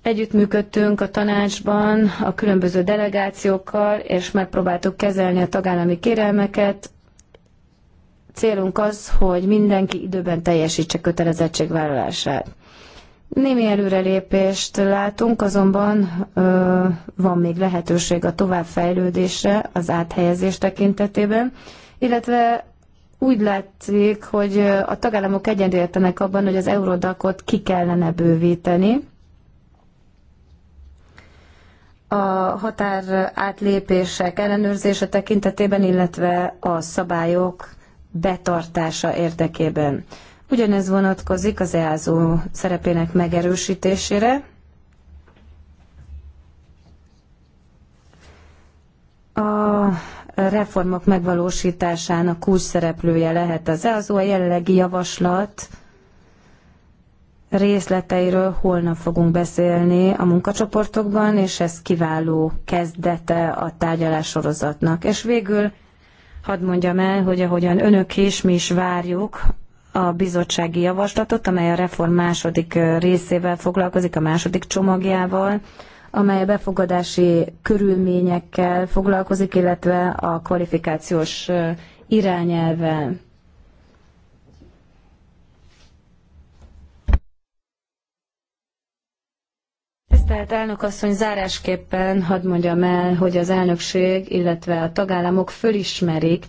Együttműködtünk a tanácsban a különböző delegációkkal, és megpróbáltuk kezelni a tagállami kérelmeket. Célunk az, hogy mindenki időben teljesítse kötelezettségvállalását. Némi előrelépést látunk, azonban ö, van még lehetőség a továbbfejlődésre az áthelyezés tekintetében, illetve úgy látszik, hogy a tagállamok egyenértenek abban, hogy az eurodakot ki kellene bővíteni. A határ átlépések ellenőrzése tekintetében, illetve a szabályok betartása érdekében. Ugyanez vonatkozik az EASO szerepének megerősítésére. A reformok megvalósításának kulcs szereplője lehet az EASO, a jelenlegi javaslat részleteiről holnap fogunk beszélni a munkacsoportokban, és ez kiváló kezdete a tárgyalássorozatnak. És végül hadd mondjam el, hogy ahogyan önök is, mi is várjuk a bizottsági javaslatot, amely a reform második részével foglalkozik, a második csomagjával, amely a befogadási körülményekkel foglalkozik, illetve a kvalifikációs irányelvel. Tisztelt elnök asszony, zárásképpen hadd mondjam el, hogy az elnökség, illetve a tagállamok fölismerik,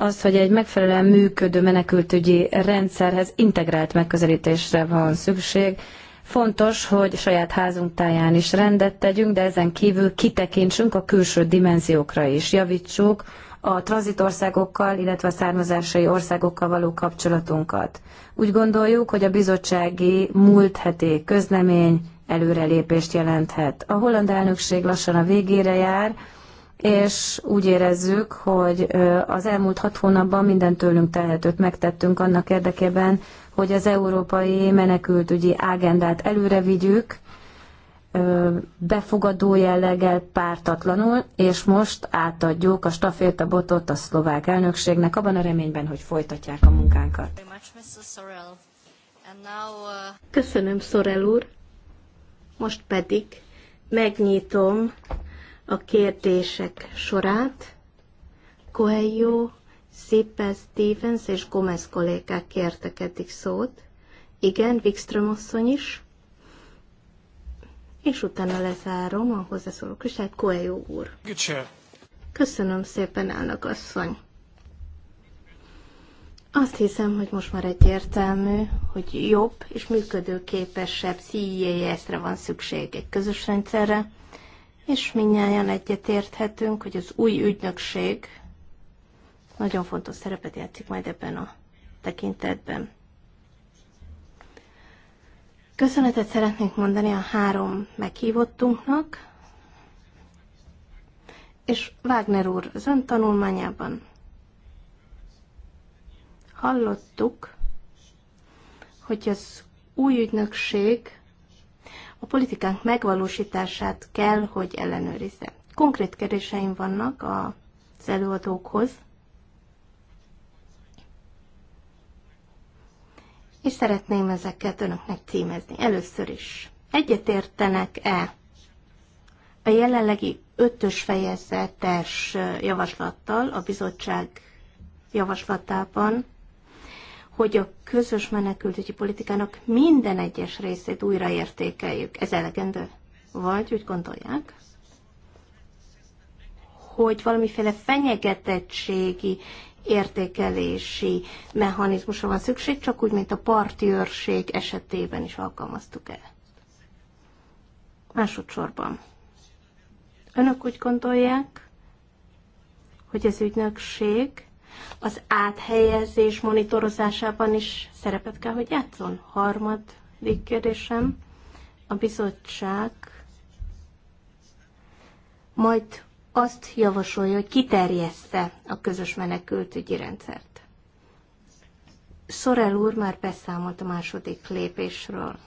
az, hogy egy megfelelően működő menekültügyi rendszerhez integrált megközelítésre van szükség. Fontos, hogy saját házunk táján is rendet tegyünk, de ezen kívül kitekintsünk a külső dimenziókra is, javítsuk a tranzitországokkal, illetve a származásai országokkal való kapcsolatunkat. Úgy gondoljuk, hogy a bizottsági múlt heti közlemény előrelépést jelenthet. A holland elnökség lassan a végére jár, és úgy érezzük, hogy az elmúlt hat hónapban minden tőlünk tehetőt megtettünk annak érdekében, hogy az európai menekültügyi agendát előre vigyük, befogadó jelleggel pártatlanul, és most átadjuk a stafétabotot a szlovák elnökségnek, abban a reményben, hogy folytatják a munkánkat. Köszönöm, Szorel úr. Most pedig megnyitom a kérdések sorát. Coelho, Szippel, Stevens és Gomez kollégák kértek eddig szót. Igen, Wikström asszony is. És utána lezárom a hozzászólók is, tehát Coelho úr. Köszönöm szépen, elnök asszony. Azt hiszem, hogy most már egyértelmű, hogy jobb és működőképesebb cia re van szükség egy közös rendszerre, és minnyáján egyetérthetünk, hogy az új ügynökség nagyon fontos szerepet játszik majd ebben a tekintetben. Köszönetet szeretnénk mondani a három meghívottunknak, és Wagner úr az ön tanulmányában hallottuk, hogy az új ügynökség a politikánk megvalósítását kell, hogy ellenőrizze. Konkrét kérdéseim vannak az előadókhoz, és szeretném ezeket önöknek címezni. Először is, egyetértenek-e a jelenlegi ötös fejezetes javaslattal a bizottság javaslatában hogy a közös menekültügyi politikának minden egyes részét újraértékeljük. Ez elegendő? Vagy úgy gondolják, hogy valamiféle fenyegetettségi értékelési mechanizmusra van szükség, csak úgy, mint a parti őrség esetében is alkalmaztuk el. Másodszorban. Önök úgy gondolják, hogy az ügynökség az áthelyezés monitorozásában is szerepet kell, hogy játszon. Harmadik kérdésem, a bizottság majd azt javasolja, hogy kiterjeszte a közös menekültügyi rendszert. Szorel úr már beszámolt a második lépésről.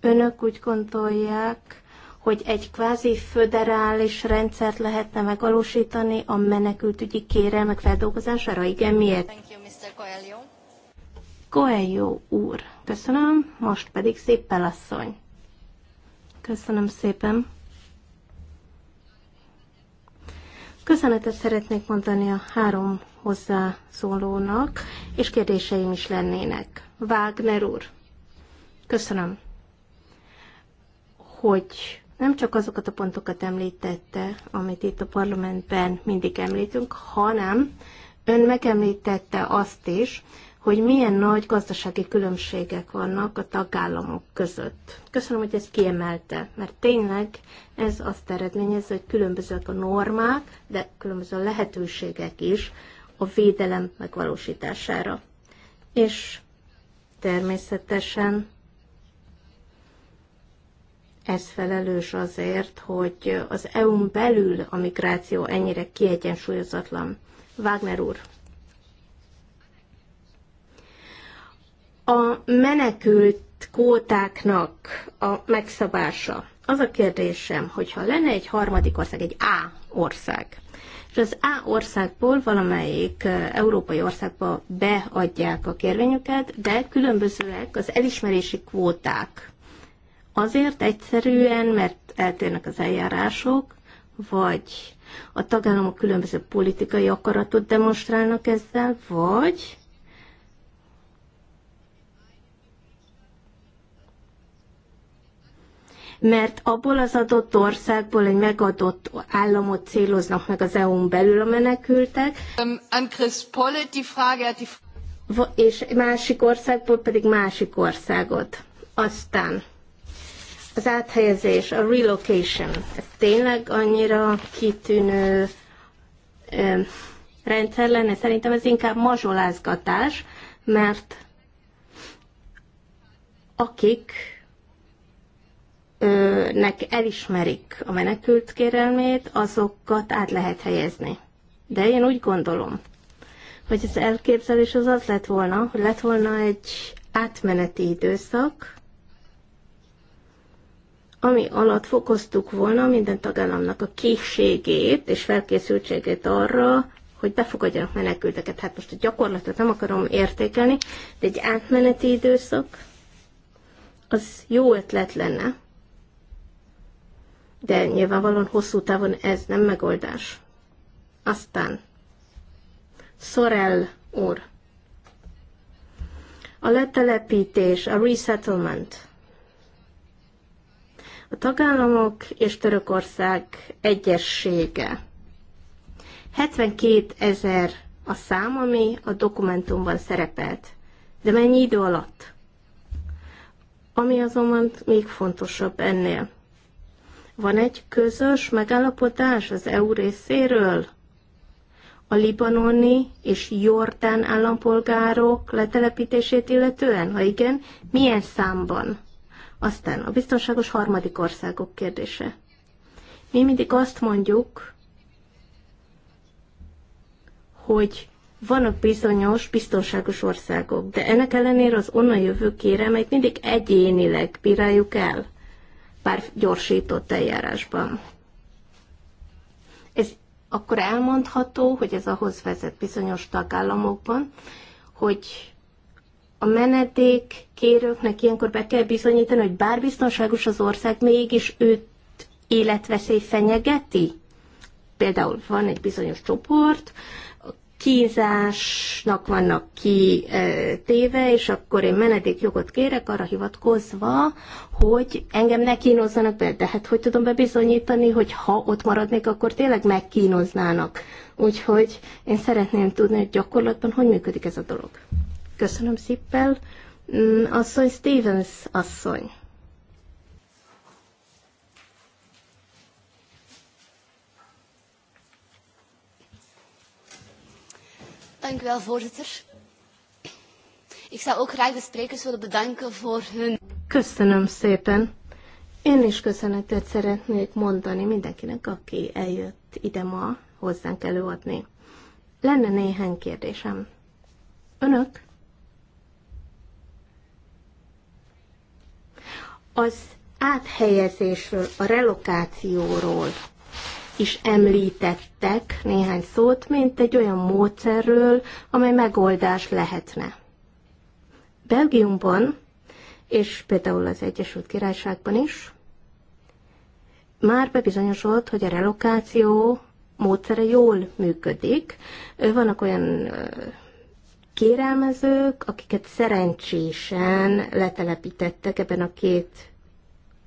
Önök úgy gondolják, hogy egy kvázi föderális rendszert lehetne megvalósítani a menekültügyi kérelmek feldolgozására? Igen, miért? Thank you, Mr. Coelho. Coelho úr, köszönöm, most pedig szépen asszony. Köszönöm szépen. Köszönetet szeretnék mondani a három hozzászólónak, és kérdéseim is lennének. Wagner úr, köszönöm, hogy nem csak azokat a pontokat említette, amit itt a parlamentben mindig említünk, hanem ön megemlítette azt is, hogy milyen nagy gazdasági különbségek vannak a tagállamok között. Köszönöm, hogy ezt kiemelte, mert tényleg ez azt eredményezze, hogy különbözőek a normák, de különböző a lehetőségek is a védelem megvalósítására. És természetesen ez felelős azért, hogy az EU-n belül a migráció ennyire kiegyensúlyozatlan. Wagner úr. A menekült kótáknak a megszabása. Az a kérdésem, hogyha lenne egy harmadik ország, egy A ország, és az A országból valamelyik eh, európai országba beadják a kérvényüket, de különbözőek az elismerési kvóták. Azért egyszerűen, mert eltérnek az eljárások, vagy a tagállamok különböző politikai akaratot demonstrálnak ezzel, vagy mert abból az adott országból egy megadott államot céloznak meg az EU-n belül a menekültek. Um, an Chris Pollitt, die Frage er die... És másik országból pedig másik országot. Aztán az áthelyezés, a relocation, ez tényleg annyira kitűnő rendszer lenne. Szerintem ez inkább mazsolázgatás, mert akik nek elismerik a menekült kérelmét, azokat át lehet helyezni. De én úgy gondolom, hogy az elképzelés az az lett volna, hogy lett volna egy átmeneti időszak, ami alatt fokoztuk volna minden tagállamnak a készségét és felkészültségét arra, hogy befogadjanak menekülteket. Hát most a gyakorlatot nem akarom értékelni, de egy átmeneti időszak az jó ötlet lenne, de nyilvánvalóan hosszú távon ez nem megoldás. Aztán Sorel úr. A letelepítés, a resettlement – a tagállamok és Törökország egyessége. 72 ezer a szám, ami a dokumentumban szerepelt. De mennyi idő alatt? Ami azonban még fontosabb ennél. Van egy közös megállapodás az EU részéről? A libanoni és jordán állampolgárok letelepítését illetően? Ha igen, milyen számban? Aztán a biztonságos harmadik országok kérdése. Mi mindig azt mondjuk, hogy vannak bizonyos biztonságos országok, de ennek ellenére az onnan jövő kérelmeit mindig egyénileg bíráljuk el, pár gyorsított eljárásban. Ez akkor elmondható, hogy ez ahhoz vezet bizonyos tagállamokban, hogy a menedék kérőknek ilyenkor be kell bizonyítani, hogy bár biztonságos az ország, mégis őt életveszély fenyegeti? Például van egy bizonyos csoport, kínzásnak vannak ki e, téve, és akkor én menedékjogot kérek arra hivatkozva, hogy engem ne kínozzanak be, de hát hogy tudom bebizonyítani, hogy ha ott maradnék, akkor tényleg megkínoznának. Úgyhogy én szeretném tudni, hogy gyakorlatban hogy működik ez a dolog. Köszönöm szépen. Mm, asszony Stevens asszony. Dank u wel, voorzitter. Ik zou ook graag de sprekers willen bedanken voor hun... Köszönöm szépen. Én is köszönetet szeretnék mondani mindenkinek, aki eljött ide ma hozzánk előadni. Lenne néhány kérdésem. Önök az áthelyezésről, a relokációról is említettek néhány szót, mint egy olyan módszerről, amely megoldás lehetne. Belgiumban, és például az Egyesült Királyságban is, már bebizonyosodott, hogy a relokáció módszere jól működik. Vannak olyan kérelmezők, akiket szerencsésen letelepítettek ebben a két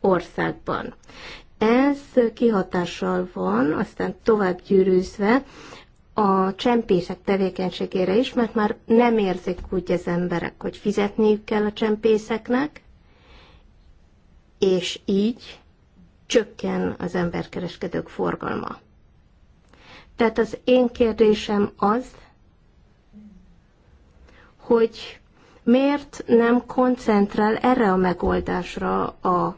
országban. Ez kihatással van, aztán tovább gyűrűzve a csempészek tevékenységére is, mert már nem érzik úgy az emberek, hogy fizetniük kell a csempészeknek, és így csökken az emberkereskedők forgalma. Tehát az én kérdésem az, hogy miért nem koncentrál erre a megoldásra a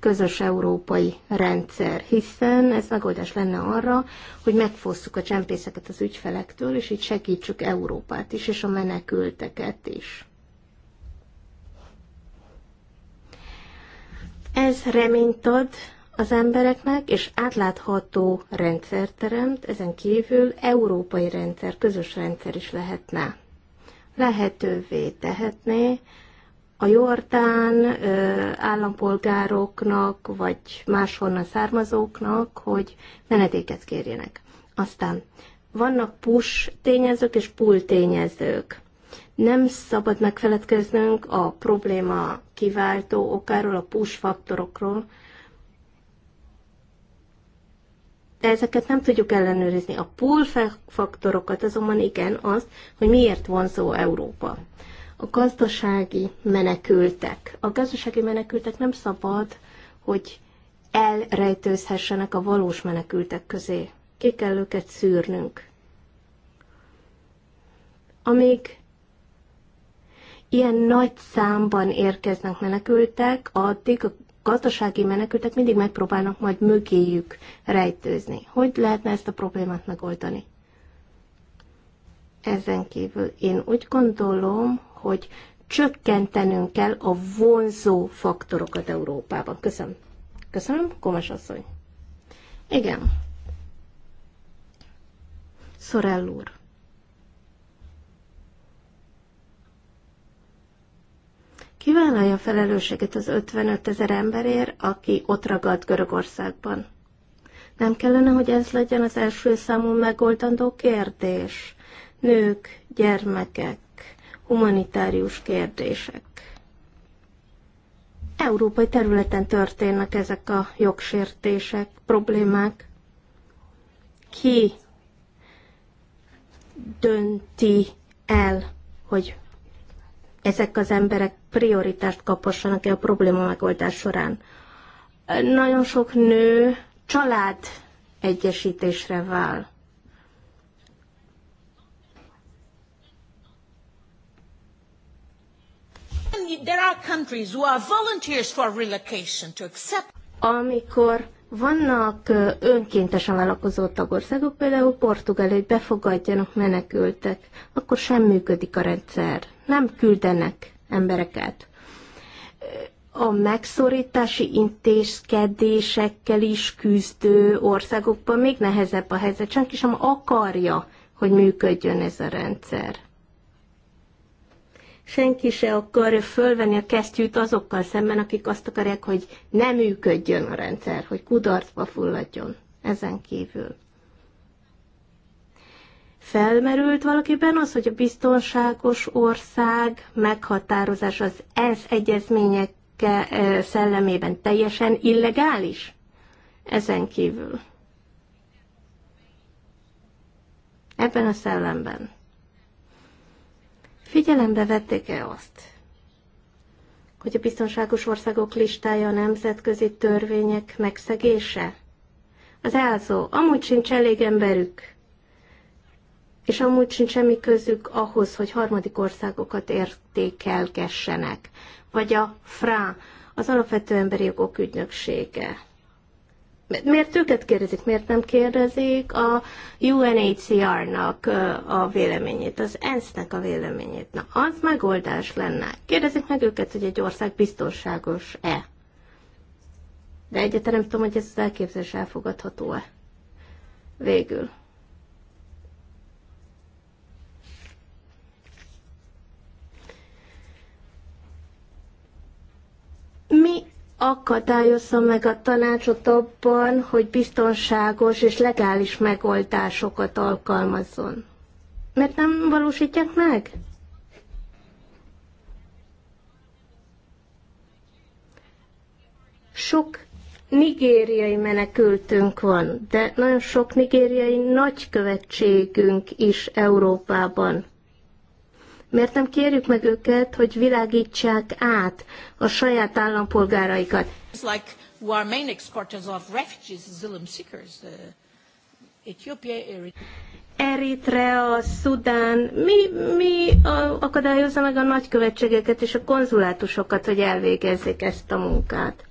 közös európai rendszer, hiszen ez megoldás lenne arra, hogy megfosszuk a csempészeket az ügyfelektől, és így segítsük Európát is, és a menekülteket is. Ez reményt ad az embereknek, és átlátható rendszer teremt, ezen kívül európai rendszer, közös rendszer is lehetne. Lehetővé tehetné, a jordán állampolgároknak, vagy máshonnan származóknak, hogy menedéket kérjenek. Aztán vannak push tényezők és pull tényezők. Nem szabad megfeledkeznünk a probléma kiváltó okáról, a push faktorokról, de ezeket nem tudjuk ellenőrizni. A pull faktorokat azonban igen, az, hogy miért vonzó Európa. A gazdasági menekültek. A gazdasági menekültek nem szabad, hogy elrejtőzhessenek a valós menekültek közé. Ki kell őket szűrnünk. Amíg ilyen nagy számban érkeznek menekültek, addig a gazdasági menekültek mindig megpróbálnak majd mögéjük rejtőzni. Hogy lehetne ezt a problémát megoldani? Ezen kívül én úgy gondolom, hogy csökkentenünk kell a vonzó faktorokat Európában. Köszönöm. Köszönöm, Komas asszony. Igen. Szorell úr. Kivállalja felelősséget az 55 ezer emberért, aki ott ragadt Görögországban. Nem kellene, hogy ez legyen az első számú megoldandó kérdés. Nők, gyermekek, humanitárius kérdések. Európai területen történnek ezek a jogsértések, problémák. Ki dönti el, hogy ezek az emberek prioritást kaphassanak-e a probléma megoldás során. Nagyon sok nő család egyesítésre vál. there are countries who are volunteers for relocation to accept. Amikor vannak önkéntesen vállalkozó tagországok, például Portugál, hogy befogadjanak menekültek, akkor sem működik a rendszer. Nem küldenek embereket. A megszorítási intézkedésekkel is küzdő országokban még nehezebb a helyzet. Senki sem akarja, hogy működjön ez a rendszer senki se akar fölvenni a kesztyűt azokkal szemben, akik azt akarják, hogy nem működjön a rendszer, hogy kudarcba fulladjon ezen kívül. Felmerült valakiben az, hogy a biztonságos ország meghatározás az ez egyezmények szellemében teljesen illegális? Ezen kívül. Ebben a szellemben. Figyelembe vették-e azt, hogy a biztonságos országok listája a nemzetközi törvények megszegése? Az elzó, amúgy sincs elég emberük, és amúgy sincs semmi közük ahhoz, hogy harmadik országokat értékelgessenek. Vagy a FRA, az Alapvető Emberi Jogok Ügynöksége. Miért őket kérdezik, miért nem kérdezik a UNHCR-nak a véleményét, az ENSZ-nek a véleményét? Na, az megoldás lenne. Kérdezik meg őket, hogy egy ország biztonságos-e. De egyáltalán nem tudom, hogy ez az elképzelés elfogadható-e. Végül. akadályozza meg a tanácsot abban, hogy biztonságos és legális megoldásokat alkalmazzon. Mert nem valósítják meg? Sok nigériai menekültünk van, de nagyon sok nigériai nagykövetségünk is Európában. Miért nem kérjük meg őket, hogy világítsák át a saját állampolgáraikat? It's like who are main exporters of refugees, asylum seekers, uh, Ethiopia, Eritrea. Szudán, mi, mi a, akadályozza meg a nagykövetségeket és a konzulátusokat, hogy elvégezzék ezt a munkát?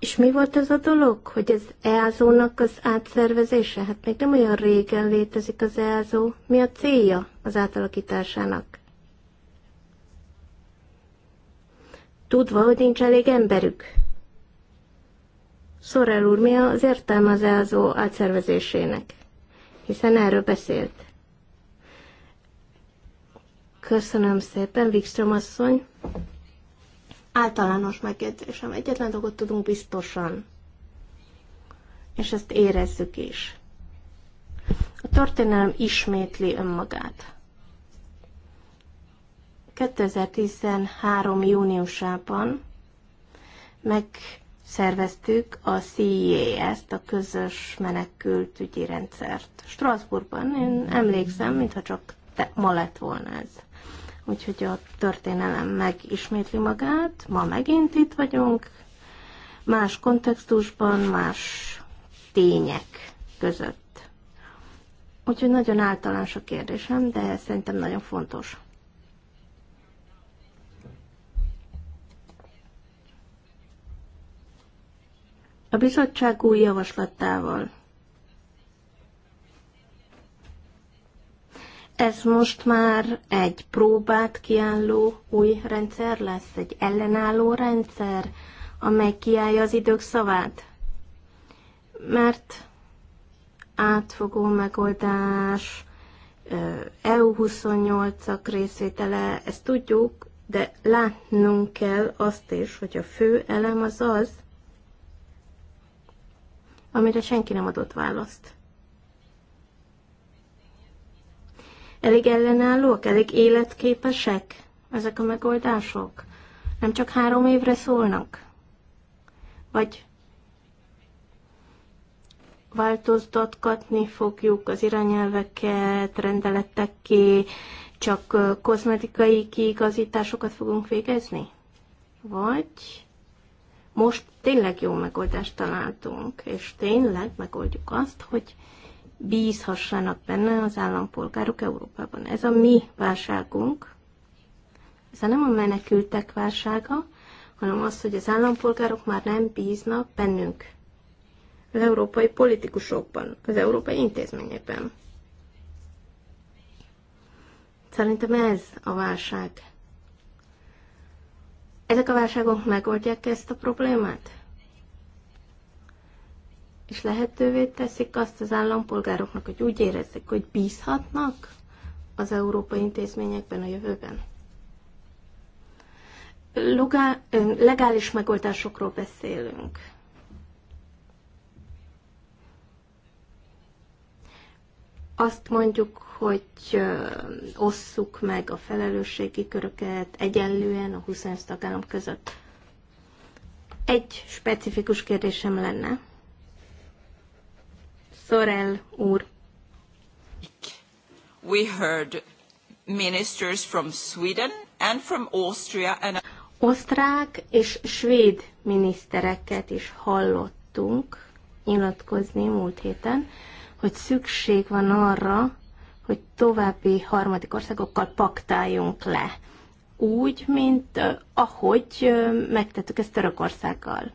És mi volt ez a dolog, hogy az eazo nak az átszervezése? Hát még nem olyan régen létezik az EAZO. Mi a célja az átalakításának? Tudva, hogy nincs elég emberük. Szorel úr, mi az értelme az EAZO átszervezésének? Hiszen erről beszélt. Köszönöm szépen, Wikström asszony általános megjegyzésem. Egyetlen dolgot tudunk biztosan, és ezt érezzük is. A történelem ismétli önmagát. 2013. júniusában megszerveztük a CIE-ezt, a közös menekültügyi rendszert. Strasbourgban én emlékszem, mintha csak te, ma lett volna ez úgyhogy a történelem megismétli magát, ma megint itt vagyunk, más kontextusban, más tények között. Úgyhogy nagyon általános a kérdésem, de szerintem nagyon fontos. A bizottság új javaslatával ez most már egy próbát kiálló új rendszer lesz, egy ellenálló rendszer, amely kiállja az idők szavát. Mert átfogó megoldás, EU28-ak részvétele, ezt tudjuk, de látnunk kell azt is, hogy a fő elem az az, amire senki nem adott választ. Elég ellenállóak, elég életképesek ezek a megoldások? Nem csak három évre szólnak? Vagy változtatkatni fogjuk az irányelveket, rendeletekké, csak kozmetikai kiigazításokat fogunk végezni? Vagy most tényleg jó megoldást találtunk, és tényleg megoldjuk azt, hogy bízhassanak benne az állampolgárok Európában. Ez a mi válságunk. Ez nem a menekültek válsága, hanem az, hogy az állampolgárok már nem bíznak bennünk. Az európai politikusokban, az európai intézményekben. Szerintem ez a válság. Ezek a válságok megoldják ezt a problémát? és lehetővé teszik azt az állampolgároknak, hogy úgy érezzék, hogy bízhatnak az európai intézményekben a jövőben. Lugá, legális megoldásokról beszélünk. Azt mondjuk, hogy osszuk meg a felelősségi köröket egyenlően a 25 tagállam között. Egy specifikus kérdésem lenne Sorel úr. We heard ministers from Sweden and from Austria and Osztrák és svéd minisztereket is hallottunk nyilatkozni múlt héten, hogy szükség van arra, hogy további harmadik országokkal paktáljunk le. Úgy, mint ahogy megtettük ezt Törökországgal.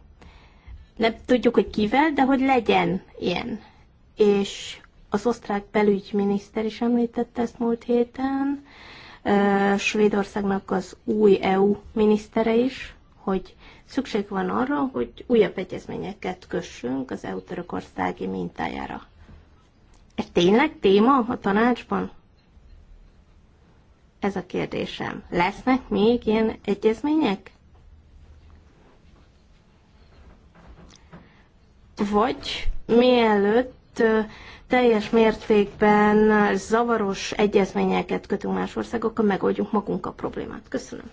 Nem tudjuk, hogy kivel, de hogy legyen ilyen és az osztrák belügyminiszter is említette ezt múlt héten, Svédországnak az új EU minisztere is, hogy szükség van arra, hogy újabb egyezményeket kössünk az EU törökországi mintájára. Ez tényleg téma a tanácsban? Ez a kérdésem. Lesznek még ilyen egyezmények? Vagy mielőtt itt teljes mértékben zavaros egyezményeket kötünk más országokkal, megoldjuk magunk a problémát. Köszönöm.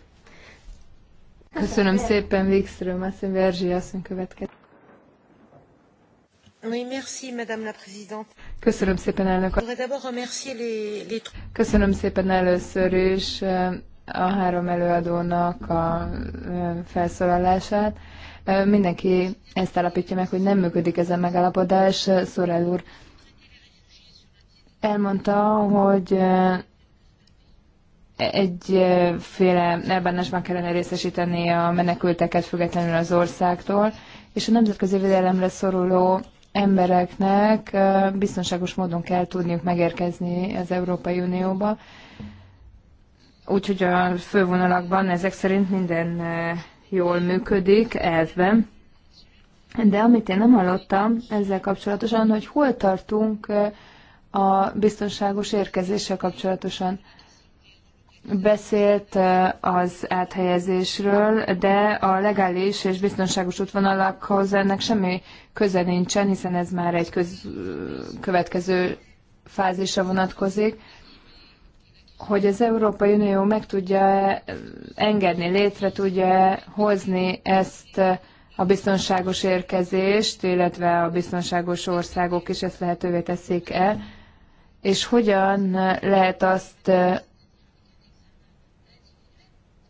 Köszönöm szépen, Wikström, asszony, Verzsi asszony következik. Oui, merci, Madame la Présidente. Köszönöm szépen, elnök. Köszönöm szépen először is a három előadónak a felszólalását. Mindenki ezt állapítja meg, hogy nem működik ez a megállapodás. Szorel úr elmondta, hogy egyféle elbánásban kellene részesíteni a menekülteket függetlenül az országtól, és a nemzetközi védelemre szoruló embereknek biztonságos módon kell tudniuk megérkezni az Európai Unióba. Úgyhogy a fővonalakban ezek szerint minden jól működik elvben, de amit én nem hallottam ezzel kapcsolatosan, hogy hol tartunk a biztonságos érkezéssel kapcsolatosan. Beszélt az áthelyezésről, de a legális és biztonságos útvonalakhoz ennek semmi köze nincsen, hiszen ez már egy köz, következő fázisra vonatkozik hogy az Európai Unió meg tudja engedni, létre tudja hozni ezt a biztonságos érkezést, illetve a biztonságos országok is ezt lehetővé teszik el, és hogyan lehet azt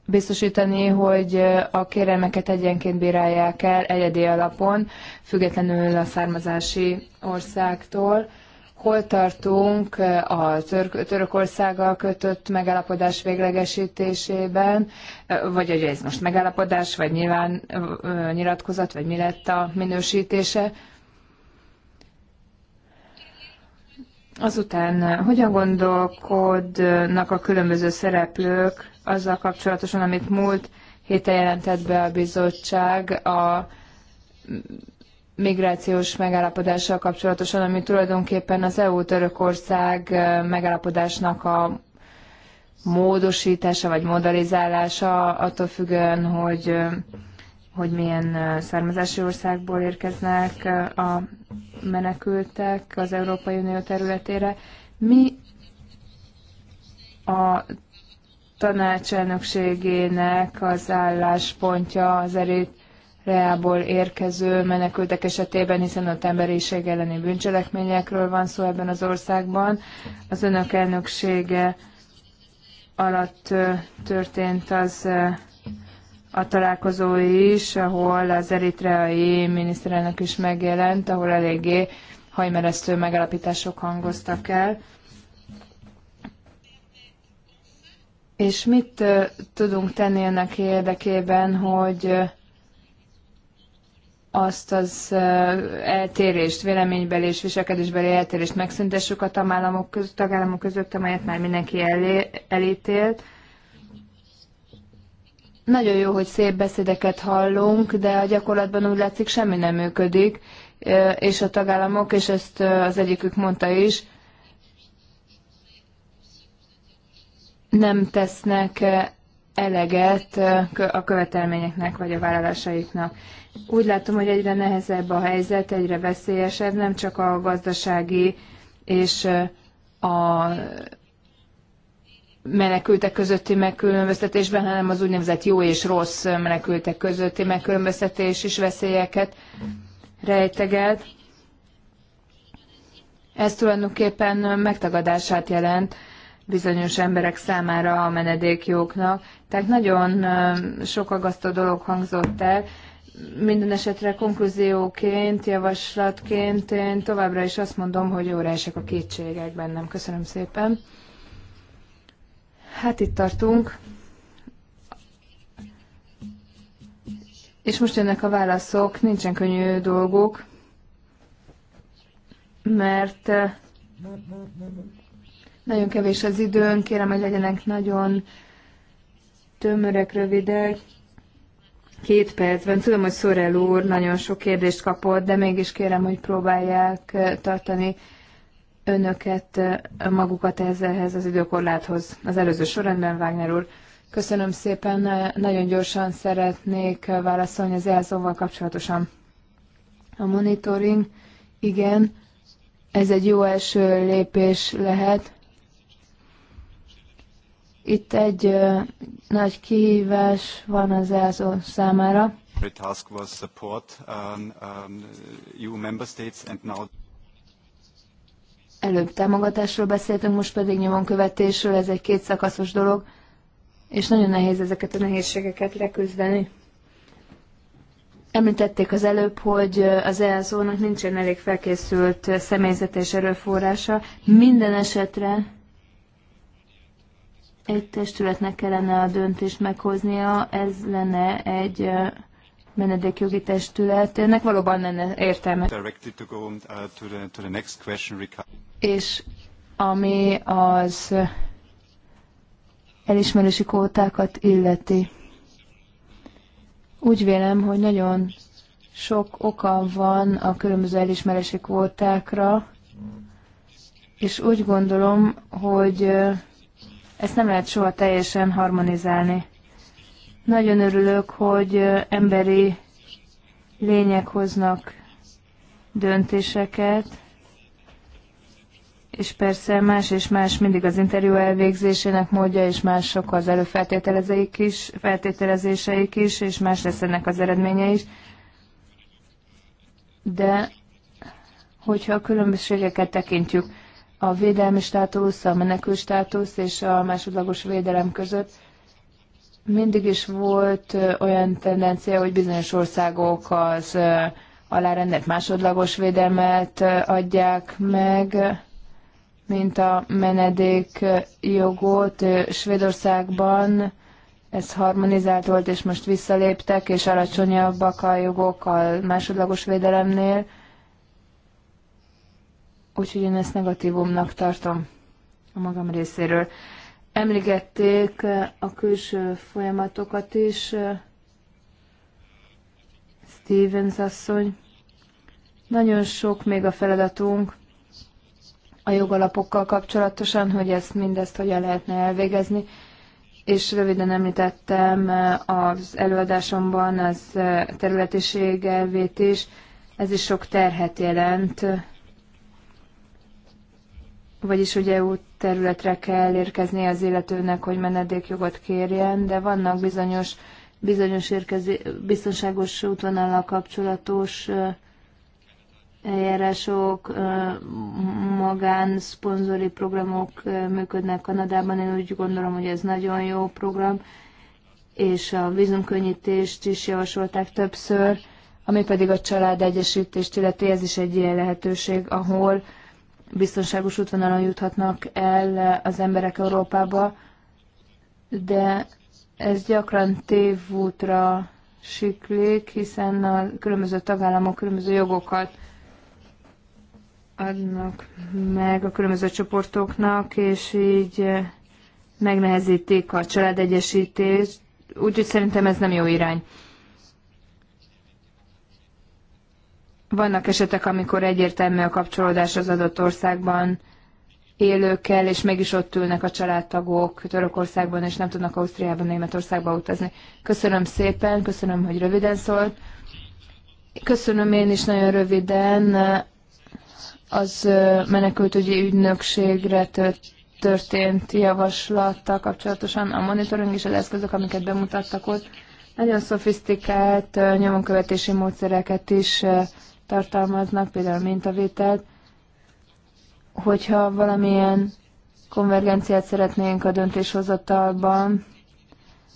biztosítani, hogy a kérelmeket egyenként bírálják el egyedi alapon, függetlenül a származási országtól, hol tartunk eh, a Törökországgal kötött megállapodás véglegesítésében, eh, vagy hogy ez most megállapodás, vagy nyilván eh, nyilatkozat, vagy mi lett a minősítése. Azután hogyan gondolkodnak a különböző szereplők azzal kapcsolatosan, amit múlt héten jelentett be a bizottság a migrációs megállapodással kapcsolatosan, ami tulajdonképpen az EU-Törökország megállapodásnak a módosítása vagy modalizálása, attól függően, hogy, hogy milyen származási országból érkeznek a menekültek az Európai Unió területére. Mi a tanácselnökségének az álláspontja az erét reából érkező menekültek esetében, hiszen ott emberiség elleni bűncselekményekről van szó ebben az országban. Az önök elnöksége alatt történt az a találkozó is, ahol az eritreai miniszterelnök is megjelent, ahol eléggé hajmeresztő megállapítások hangoztak el. És mit tudunk tenni ennek érdekében, hogy azt az eltérést, véleménybeli és viselkedésbeli eltérést megszüntessük a tagállamok között, tagállamok között amelyet már mindenki elé, elítélt. Nagyon jó, hogy szép beszédeket hallunk, de a gyakorlatban úgy látszik semmi nem működik, és a tagállamok, és ezt az egyikük mondta is, nem tesznek eleget a követelményeknek vagy a vállalásaiknak. Úgy látom, hogy egyre nehezebb a helyzet, egyre veszélyesebb, nem csak a gazdasági és a menekültek közötti megkülönböztetésben, hanem az úgynevezett jó és rossz menekültek közötti megkülönböztetés is veszélyeket rejtegelt. Ez tulajdonképpen megtagadását jelent bizonyos emberek számára a menedékjóknak. Tehát nagyon sok agasztó dolog hangzott el, minden esetre konklúzióként, javaslatként én továbbra is azt mondom, hogy órásek a kétségek bennem. Köszönöm szépen. Hát itt tartunk. És most jönnek a válaszok, nincsen könnyű dolgok, mert eh, nagyon kevés az időn, kérem, hogy legyenek nagyon tömörek, rövidek két percben. Tudom, hogy Szorel úr nagyon sok kérdést kapott, de mégis kérem, hogy próbálják tartani önöket, magukat ezzelhez az időkorláthoz. Az előző sorrendben, Wagner úr. Köszönöm szépen. Nagyon gyorsan szeretnék válaszolni az elszóval kapcsolatosan. A monitoring, igen, ez egy jó első lépés lehet. Itt egy uh, nagy kihívás van az ELSO számára. Task was support um, um, EU member states and now Előbb támogatásról beszéltünk, most pedig nyomon követésről, ez egy kétszakaszos dolog, és nagyon nehéz ezeket a nehézségeket leküzdeni. Említették az előbb, hogy az ELSZ-nak nincsen elég felkészült személyzet és erőforrása. Minden esetre egy testületnek kellene a döntést meghoznia, ez lenne egy menedékjogi testület. Ennek valóban lenne értelme. És ami az elismerési kótákat illeti. Úgy vélem, hogy nagyon sok oka van a különböző elismerési kvótákra, és úgy gondolom, hogy ezt nem lehet soha teljesen harmonizálni. Nagyon örülök, hogy emberi lények hoznak döntéseket, és persze más és más mindig az interjú elvégzésének módja, és mások az előfeltételezeik is, feltételezéseik is, és más lesz ennek az eredménye is. De hogyha a különbségeket tekintjük, a védelmi státusz, a menekül státusz és a másodlagos védelem között mindig is volt olyan tendencia, hogy bizonyos országok az alárendelt másodlagos védelmet adják meg, mint a menedék jogot Svédországban. Ez harmonizált volt, és most visszaléptek, és alacsonyabbak a jogok a másodlagos védelemnél úgyhogy én ezt negatívumnak tartom a magam részéről. Emlegették a külső folyamatokat is, Stevens asszony. Nagyon sok még a feladatunk a jogalapokkal kapcsolatosan, hogy ezt mindezt hogyan lehetne elvégezni, és röviden említettem az előadásomban az területiség elvét is, ez is sok terhet jelent vagyis ugye EU területre kell érkeznie az illetőnek, hogy menedékjogot kérjen, de vannak bizonyos, bizonyos érkezi, biztonságos útvonallal kapcsolatos eljárások, magán szponzori programok működnek Kanadában. Én úgy gondolom, hogy ez nagyon jó program, és a vízumkönnyítést is javasolták többször, ami pedig a család egyesítést illeti, ez is egy ilyen lehetőség, ahol biztonságos útvonalon juthatnak el az emberek Európába, de ez gyakran tévútra siklik, hiszen a különböző tagállamok különböző jogokat adnak meg a különböző csoportoknak, és így megnehezítik a családegyesítést, úgyhogy szerintem ez nem jó irány. Vannak esetek, amikor egyértelmű a kapcsolódás az adott országban élőkkel, és mégis ott ülnek a családtagok Törökországban, és nem tudnak Ausztriában, Németországba utazni. Köszönöm szépen, köszönöm, hogy röviden szólt. Köszönöm én is nagyon röviden az menekültügyi ügynökségre történt javaslattal kapcsolatosan a monitoring és az eszközök, amiket bemutattak ott. Nagyon szofisztikált nyomonkövetési módszereket is tartalmaznak, például mintavételt, hogyha valamilyen konvergenciát szeretnénk a döntéshozatalban,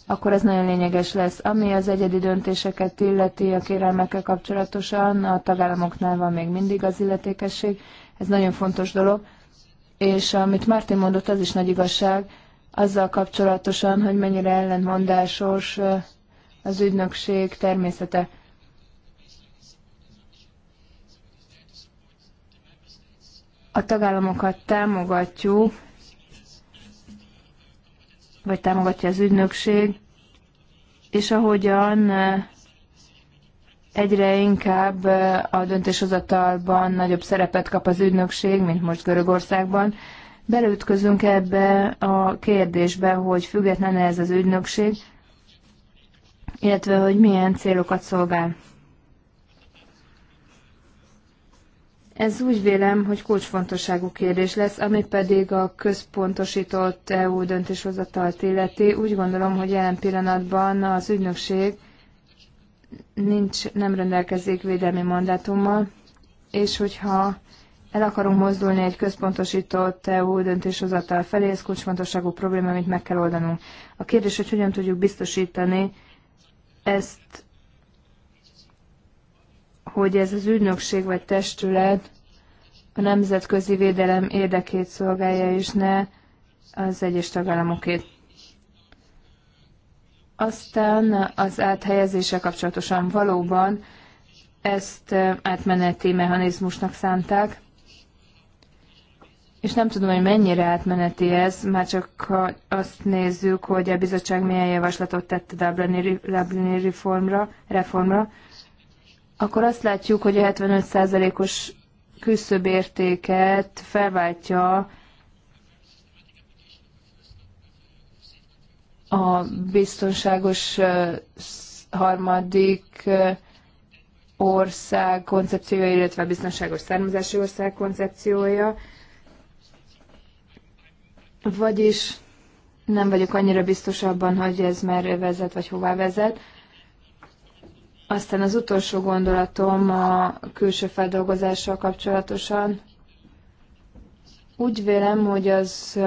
akkor ez nagyon lényeges lesz. Ami az egyedi döntéseket illeti a kérelmekkel kapcsolatosan, a tagállamoknál van még mindig az illetékesség, ez nagyon fontos dolog. És amit Martin mondott, az is nagy igazság, azzal kapcsolatosan, hogy mennyire ellentmondásos az ügynökség természete. a tagállamokat támogatjuk, vagy támogatja az ügynökség, és ahogyan egyre inkább a döntéshozatalban nagyobb szerepet kap az ügynökség, mint most Görögországban, belütközünk ebbe a kérdésbe, hogy független ez az ügynökség, illetve hogy milyen célokat szolgál. Ez úgy vélem, hogy kulcsfontosságú kérdés lesz, ami pedig a központosított EU döntéshozatalt illeti. Úgy gondolom, hogy jelen pillanatban az ügynökség nincs, nem rendelkezik védelmi mandátummal, és hogyha el akarunk mozdulni egy központosított EU döntéshozatal felé, ez kulcsfontosságú probléma, amit meg kell oldanunk. A kérdés, hogy hogyan tudjuk biztosítani ezt hogy ez az ügynökség vagy testület a nemzetközi védelem érdekét szolgálja, és ne az egyes tagállamokét. Aztán az áthelyezése kapcsolatosan valóban ezt átmeneti mechanizmusnak szánták, és nem tudom, hogy mennyire átmeneti ez, már csak ha azt nézzük, hogy a bizottság milyen javaslatot tett a Dublini, Dublini reformra, reformra, akkor azt látjuk, hogy a 75%-os értéket felváltja a biztonságos harmadik ország koncepciója, illetve a biztonságos származási ország koncepciója. Vagyis nem vagyok annyira biztos abban, hogy ez merre vezet, vagy hová vezet. Aztán az utolsó gondolatom a külső feldolgozással kapcsolatosan. Úgy vélem, hogy az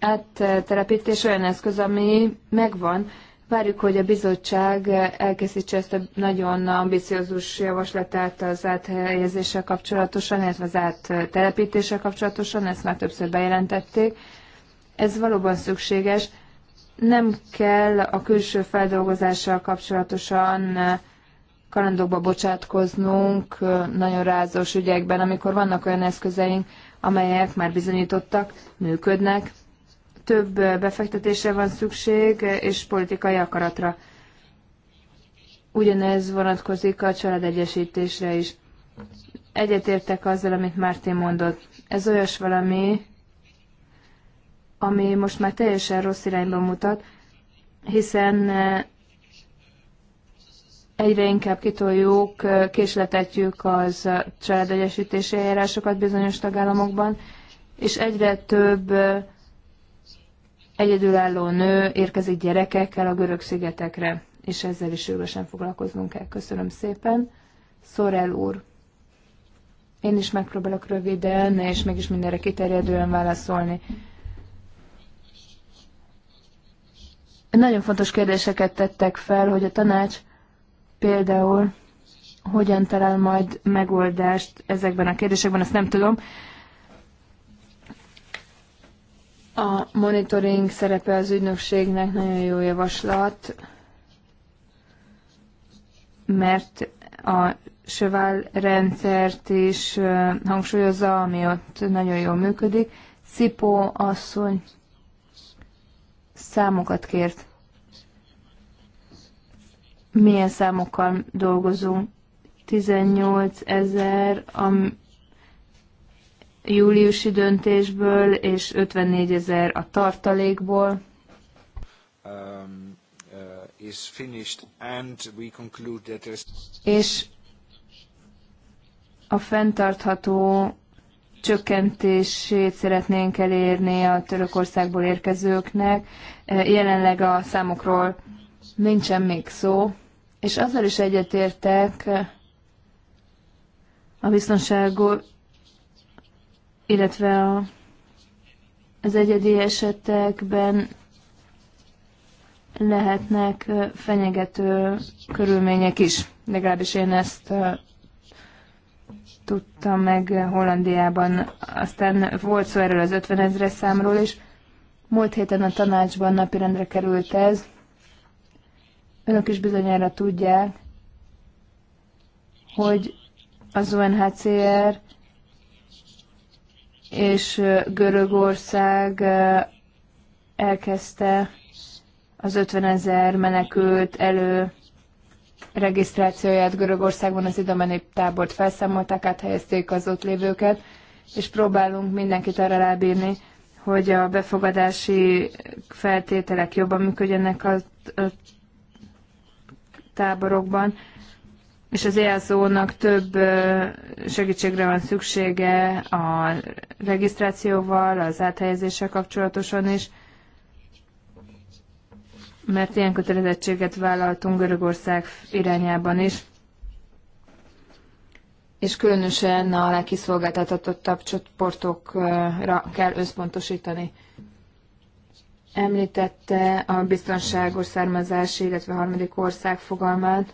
áttelepítés olyan eszköz, ami megvan. Várjuk, hogy a bizottság elkészítse ezt a nagyon ambiciózus javaslatát az áthelyezéssel kapcsolatosan, illetve az áttelepítéssel kapcsolatosan, ezt már többször bejelentették. Ez valóban szükséges nem kell a külső feldolgozással kapcsolatosan eh, kalandokba bocsátkoznunk eh, nagyon rázós ügyekben, amikor vannak olyan eszközeink, amelyek már bizonyítottak, működnek. Több eh, befektetésre van szükség, és politikai akaratra. Ugyanez vonatkozik a családegyesítésre is. Egyetértek azzal, amit Mártin mondott. Ez olyas valami, ami most már teljesen rossz irányba mutat, hiszen egyre inkább kitoljuk, késletetjük az családegyesítési eljárásokat bizonyos tagállamokban, és egyre több egyedülálló nő érkezik gyerekekkel a görög szigetekre, és ezzel is sürgősen foglalkoznunk kell. Köszönöm szépen. Szorel úr. Én is megpróbálok röviden, és mégis mindenre kiterjedően válaszolni. Nagyon fontos kérdéseket tettek fel, hogy a tanács például hogyan talál majd megoldást ezekben a kérdésekben, azt nem tudom. A monitoring szerepe az ügynökségnek nagyon jó javaslat, mert a Söval rendszert is hangsúlyozza, ami ott nagyon jól működik. Szipó asszony számokat kért. Milyen számokkal dolgozunk? 18 ezer a júliusi döntésből, és 54 ezer a tartalékból. Um, uh, is finished and we conclude that És a fenntartható csökkentését szeretnénk elérni a Törökországból érkezőknek. E, jelenleg a számokról nincsen még szó, és azzal is egyetértek a biztonságot, illetve a, az egyedi esetekben lehetnek e, fenyegető körülmények is. Legalábbis én ezt e, tudtam meg Hollandiában. Aztán volt szó erről az 50 ezres számról is. Múlt héten a tanácsban napirendre került ez. Önök is bizonyára tudják, hogy az UNHCR és Görögország eh, elkezdte az 50 ezer menekült elő regisztrációját Görögországban az idomeni tábort felszámolták, áthelyezték az ott lévőket, és próbálunk mindenkit arra rábírni, hogy a befogadási feltételek jobban működjenek a, a táborokban, és az easo több segítségre van szüksége a regisztrációval, az áthelyezéssel kapcsolatosan is, mert ilyen kötelezettséget vállaltunk Görögország irányában is, és különösen a legkiszolgáltatottabb csoportokra kell összpontosítani. Említette a biztonságos származási, illetve harmadik ország fogalmát,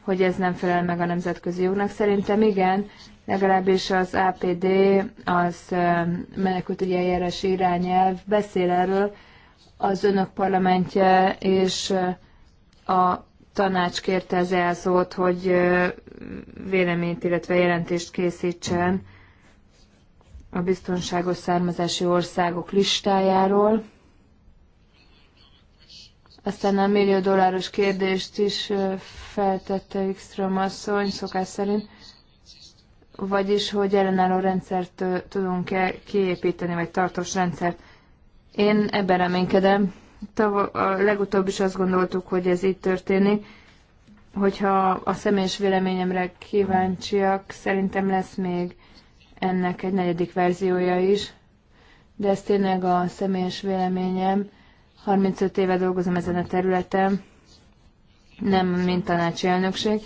hogy ez nem felel meg a nemzetközi jognak. Szerintem igen, legalábbis az APD, az menekültügyi eljárási irányelv beszél erről, az önök parlamentje és a tanács kérte az elszót, hogy véleményt, illetve jelentést készítsen a biztonságos származási országok listájáról. Aztán a millió dolláros kérdést is feltette Wikström asszony szokás szerint, vagyis hogy ellenálló rendszert tudunk-e kiépíteni, vagy tartós rendszert. Én ebben reménykedem. a legutóbb is azt gondoltuk, hogy ez így történik. Hogyha a személyes véleményemre kíváncsiak, szerintem lesz még ennek egy negyedik verziója is. De ez tényleg a személyes véleményem. 35 éve dolgozom ezen a területen, nem mint tanácsi elnökség.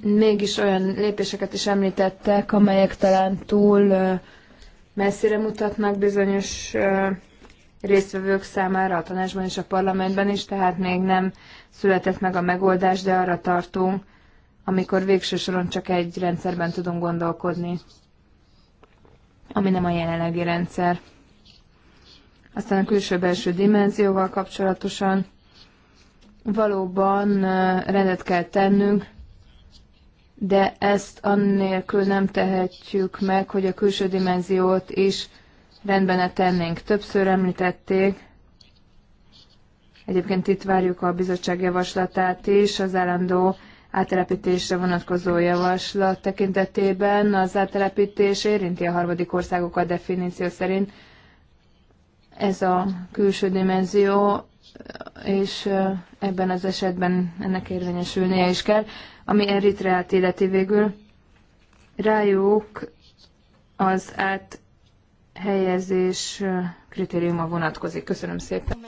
Mégis olyan lépéseket is említettek, amelyek talán túl uh, messzire mutatnak bizonyos résztvevők számára a tanácsban és a parlamentben is, tehát még nem született meg a megoldás, de arra tartunk, amikor végső soron csak egy rendszerben tudunk gondolkodni, ami nem a jelenlegi rendszer. Aztán a külső-belső dimenzióval kapcsolatosan valóban rendet kell tennünk, de ezt annélkül nem tehetjük meg, hogy a külső dimenziót is rendben -e tennénk. Többször említették, egyébként itt várjuk a bizottság javaslatát is, az állandó átelepítésre vonatkozó javaslat tekintetében. Az átelepítés érinti a harmadik országokat definíció szerint. Ez a külső dimenzió és ebben az esetben ennek érvényesülnie is kell, ami Eritreát illeti végül. Rájuk az áthelyezés kritériuma vonatkozik. Köszönöm szépen.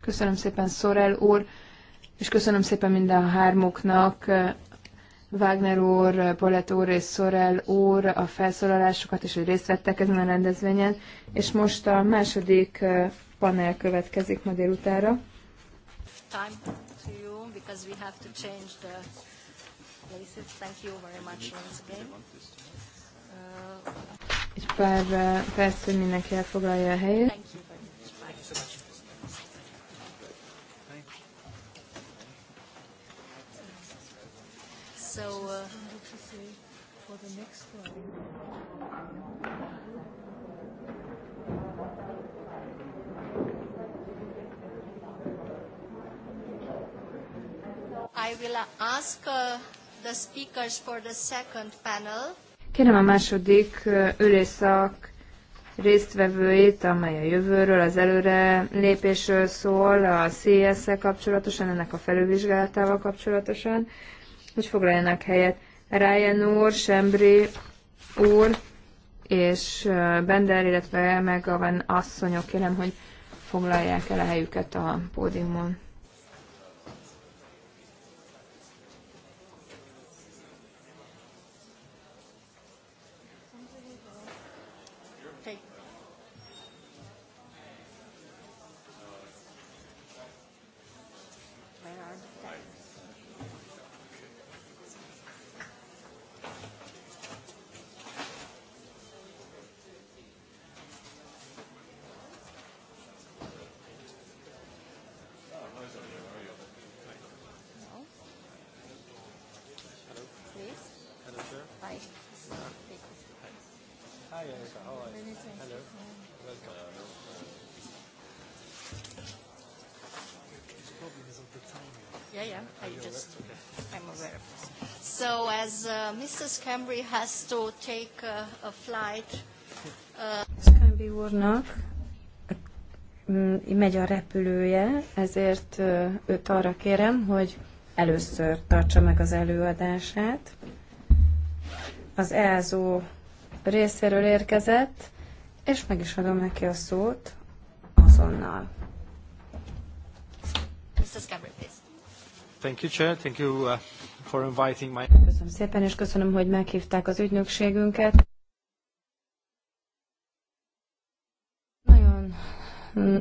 Köszönöm szépen Sorel úr, és köszönöm szépen minden a hármuknak, Wagner úr, Bolet úr és Sorel úr a felszólalásokat, és hogy részt vettek ezen a rendezvényen. És most a második panel következik ma délutára. Egy pár uh, perc, hogy mindenki elfoglalja a helyét. So, uh, for the next one. I will ask uh, the speakers for the second panel. Kérem a második uh, ülésszak résztvevőit, amely a jövőről, az előre lépésről szól, a CS-szel kapcsolatosan, ennek a felülvizsgálatával kapcsolatosan, hogy foglaljanak helyet. Ryan úr, Sembri úr és uh, Bender, illetve meg a van asszonyok, kérem, hogy foglalják el a helyüket a pódiumon. as uh, Mrs. Cambry has to take a, uh, a flight. Uh, Cambry úrnak mm, megy a repülője, ezért őt arra kérem, hogy először tartsa meg az előadását. Az EASO részéről érkezett, és meg is adom neki a szót azonnal. Mrs. Cambry, please. Thank you, Chair. Thank you, uh, for inviting my... Köszönöm szépen, és köszönöm, hogy meghívták az ügynökségünket. Nagyon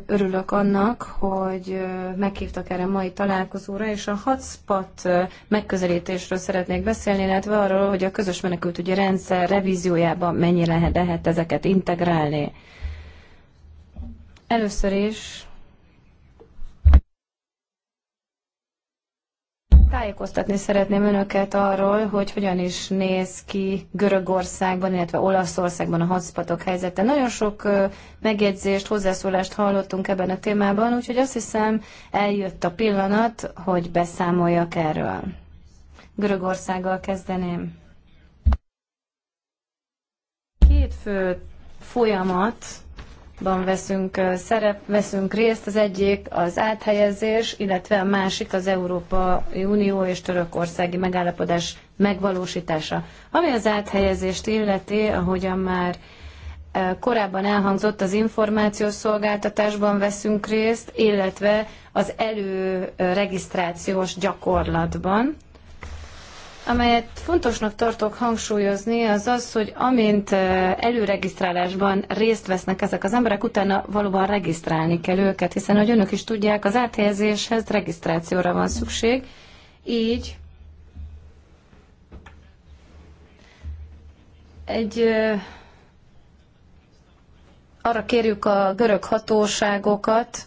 örülök annak, hogy meghívtak erre a mai találkozóra, és a hotspot megközelítésről szeretnék beszélni, illetve arról, hogy a közös menekültügyi rendszer revíziójában mennyire lehet ezeket integrálni. Először is Tájékoztatni szeretném önöket arról, hogy hogyan is néz ki Görögországban, illetve Olaszországban a hotspotok helyzete. Nagyon sok megjegyzést, hozzászólást hallottunk ebben a témában, úgyhogy azt hiszem eljött a pillanat, hogy beszámoljak erről. Görögországgal kezdeném. Két fő folyamat ban veszünk, szerep, veszünk részt. Az egyik az áthelyezés, illetve a másik az Európai Unió és Törökországi megállapodás megvalósítása. Ami az áthelyezést illeti, ahogyan már korábban elhangzott, az információs szolgáltatásban veszünk részt, illetve az előregisztrációs gyakorlatban amelyet fontosnak tartok hangsúlyozni, az az, hogy amint előregisztrálásban részt vesznek ezek az emberek, utána valóban regisztrálni kell őket, hiszen, hogy önök is tudják, az áthelyezéshez regisztrációra van szükség, így egy arra kérjük a görög hatóságokat,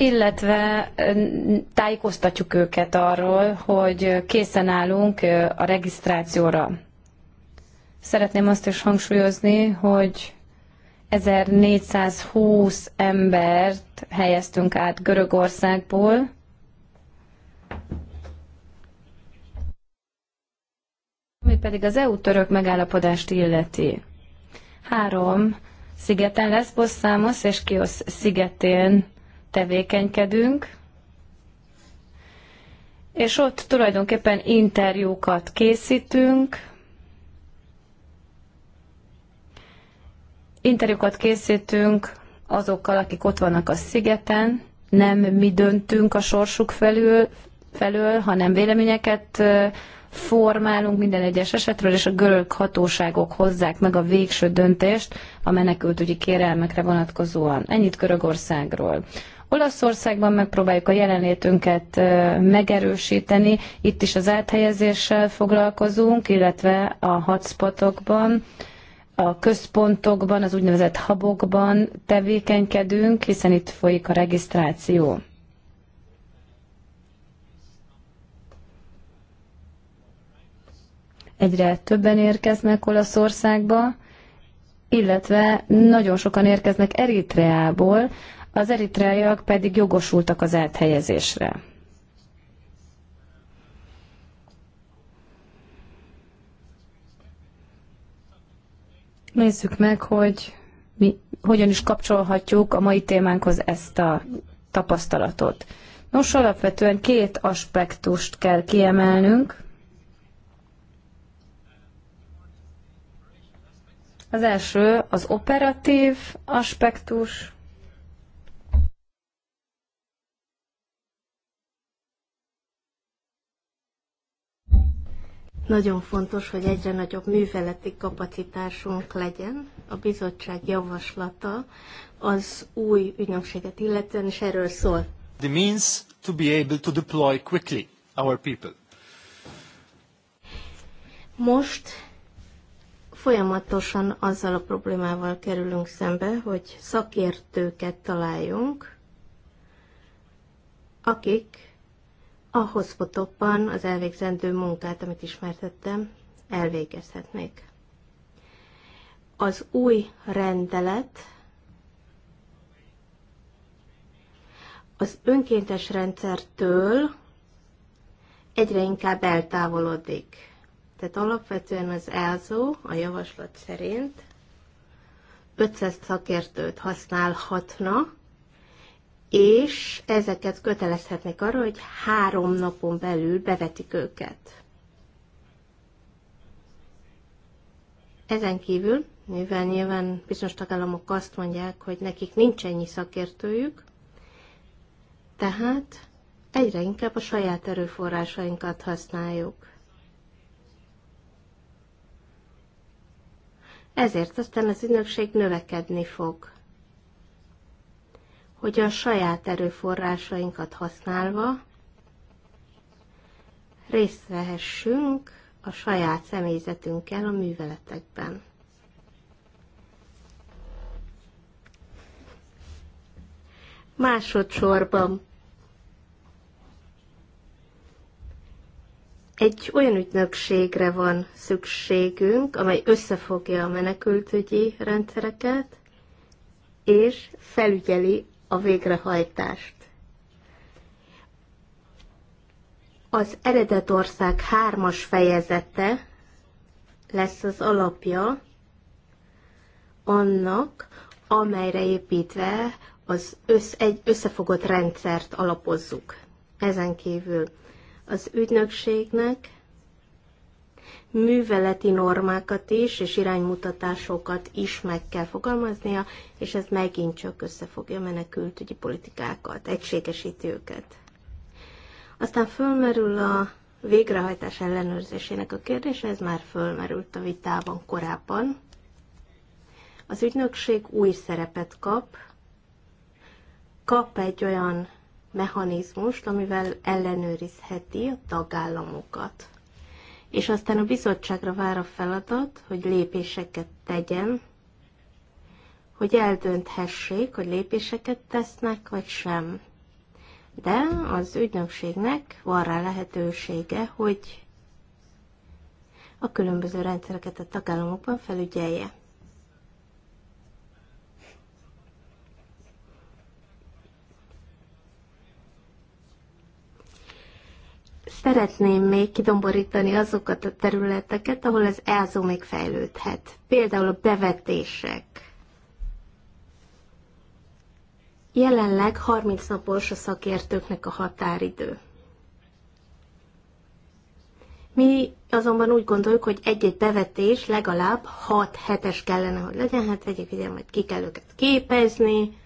illetve tájékoztatjuk őket arról, hogy készen állunk a regisztrációra. Szeretném azt is hangsúlyozni, hogy 1420 embert helyeztünk át Görögországból, ami pedig az EU-török megállapodást illeti. Három szigeten, Lesbos, Számosz és Kiosz szigetén tevékenykedünk, és ott tulajdonképpen interjúkat készítünk, interjúkat készítünk azokkal, akik ott vannak a szigeten, nem mi döntünk a sorsuk felül, felől, hanem véleményeket formálunk minden egyes esetről, és a görög hatóságok hozzák meg a végső döntést a menekültügyi kérelmekre vonatkozóan. Ennyit Görögországról. Olaszországban megpróbáljuk a jelenlétünket megerősíteni, itt is az áthelyezéssel foglalkozunk, illetve a hotspotokban, a központokban, az úgynevezett habokban tevékenykedünk, hiszen itt folyik a regisztráció. Egyre többen érkeznek Olaszországba, illetve nagyon sokan érkeznek Eritreából, az eritreaiak pedig jogosultak az áthelyezésre. Nézzük meg, hogy mi hogyan is kapcsolhatjuk a mai témánkhoz ezt a tapasztalatot. Nos, alapvetően két aspektust kell kiemelnünk. Az első az operatív aspektus, Nagyon fontos, hogy egyre nagyobb műveleti kapacitásunk legyen. A bizottság javaslata az új ügynökséget illetően is erről szól. The means to be able to deploy quickly our people. Most folyamatosan azzal a problémával kerülünk szembe, hogy szakértőket találjunk, akik ahhoz fotóban az elvégzendő munkát, amit ismertettem, elvégezhetnék. Az új rendelet az önkéntes rendszertől egyre inkább eltávolodik. Tehát alapvetően az elzó a javaslat szerint 500 szakértőt használhatna, és ezeket kötelezhetnek arra, hogy három napon belül bevetik őket. Ezen kívül, mivel nyilván bizonyos tagállamok azt mondják, hogy nekik nincs ennyi szakértőjük, tehát egyre inkább a saját erőforrásainkat használjuk. Ezért aztán az ügynökség növekedni fog hogy a saját erőforrásainkat használva részt vehessünk a saját személyzetünkkel a műveletekben. Másodszorban egy olyan ügynökségre van szükségünk, amely összefogja a menekültügyi rendszereket, és felügyeli a végrehajtást. Az eredetország hármas fejezete lesz az alapja annak, amelyre építve az össz, egy összefogott rendszert alapozzuk. Ezen kívül az ügynökségnek műveleti normákat is, és iránymutatásokat is meg kell fogalmaznia, és ez megint csak összefogja a menekültügyi politikákat, egységesíti őket. Aztán fölmerül a végrehajtás ellenőrzésének a kérdése, ez már fölmerült a vitában korábban. Az ügynökség új szerepet kap, kap egy olyan mechanizmust, amivel ellenőrizheti a tagállamokat és aztán a bizottságra vár a feladat, hogy lépéseket tegyen, hogy eldönthessék, hogy lépéseket tesznek, vagy sem. De az ügynökségnek van rá lehetősége, hogy a különböző rendszereket a tagállamokban felügyelje. Szeretném még kidomborítani azokat a területeket, ahol az ELZO még fejlődhet. Például a bevetések. Jelenleg 30 napos a szakértőknek a határidő. Mi azonban úgy gondoljuk, hogy egy-egy bevetés legalább 6 hetes kellene, hogy legyen, hát vegyék ugye majd ki kell őket képezni,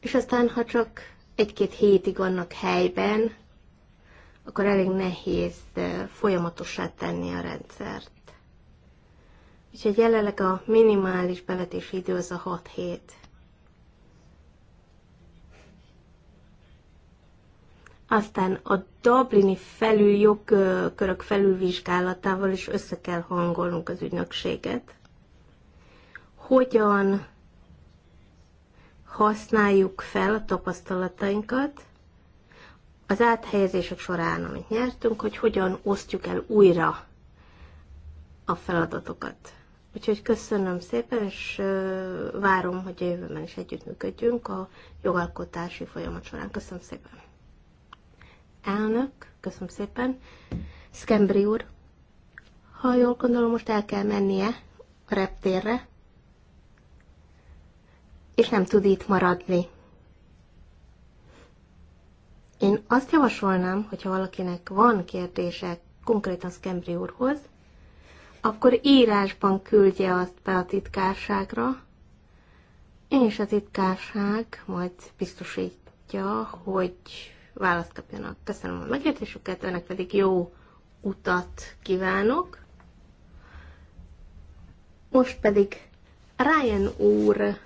és aztán, ha csak egy-két hétig vannak helyben, akkor elég nehéz folyamatosá tenni a rendszert. Úgyhogy jelenleg a minimális bevetési idő az a 6 hét. Aztán a Dublini felül jogkörök felülvizsgálatával is össze kell hangolnunk az ügynökséget. Hogyan használjuk fel a tapasztalatainkat az áthelyezések során, amit nyertünk, hogy hogyan osztjuk el újra a feladatokat. Úgyhogy köszönöm szépen, és várom, hogy a jövőben is együttműködjünk a jogalkotási folyamat során. Köszönöm szépen. Elnök, köszönöm szépen. Szkembri úr, ha jól gondolom, most el kell mennie a reptérre és nem tud itt maradni. Én azt javasolnám, hogyha valakinek van kérdése konkrétan Szkembri úrhoz, akkor írásban küldje azt be a titkárságra, és a titkárság majd biztosítja, hogy választ kapjanak. Köszönöm a megértésüket, önnek pedig jó utat kívánok. Most pedig Ryan úr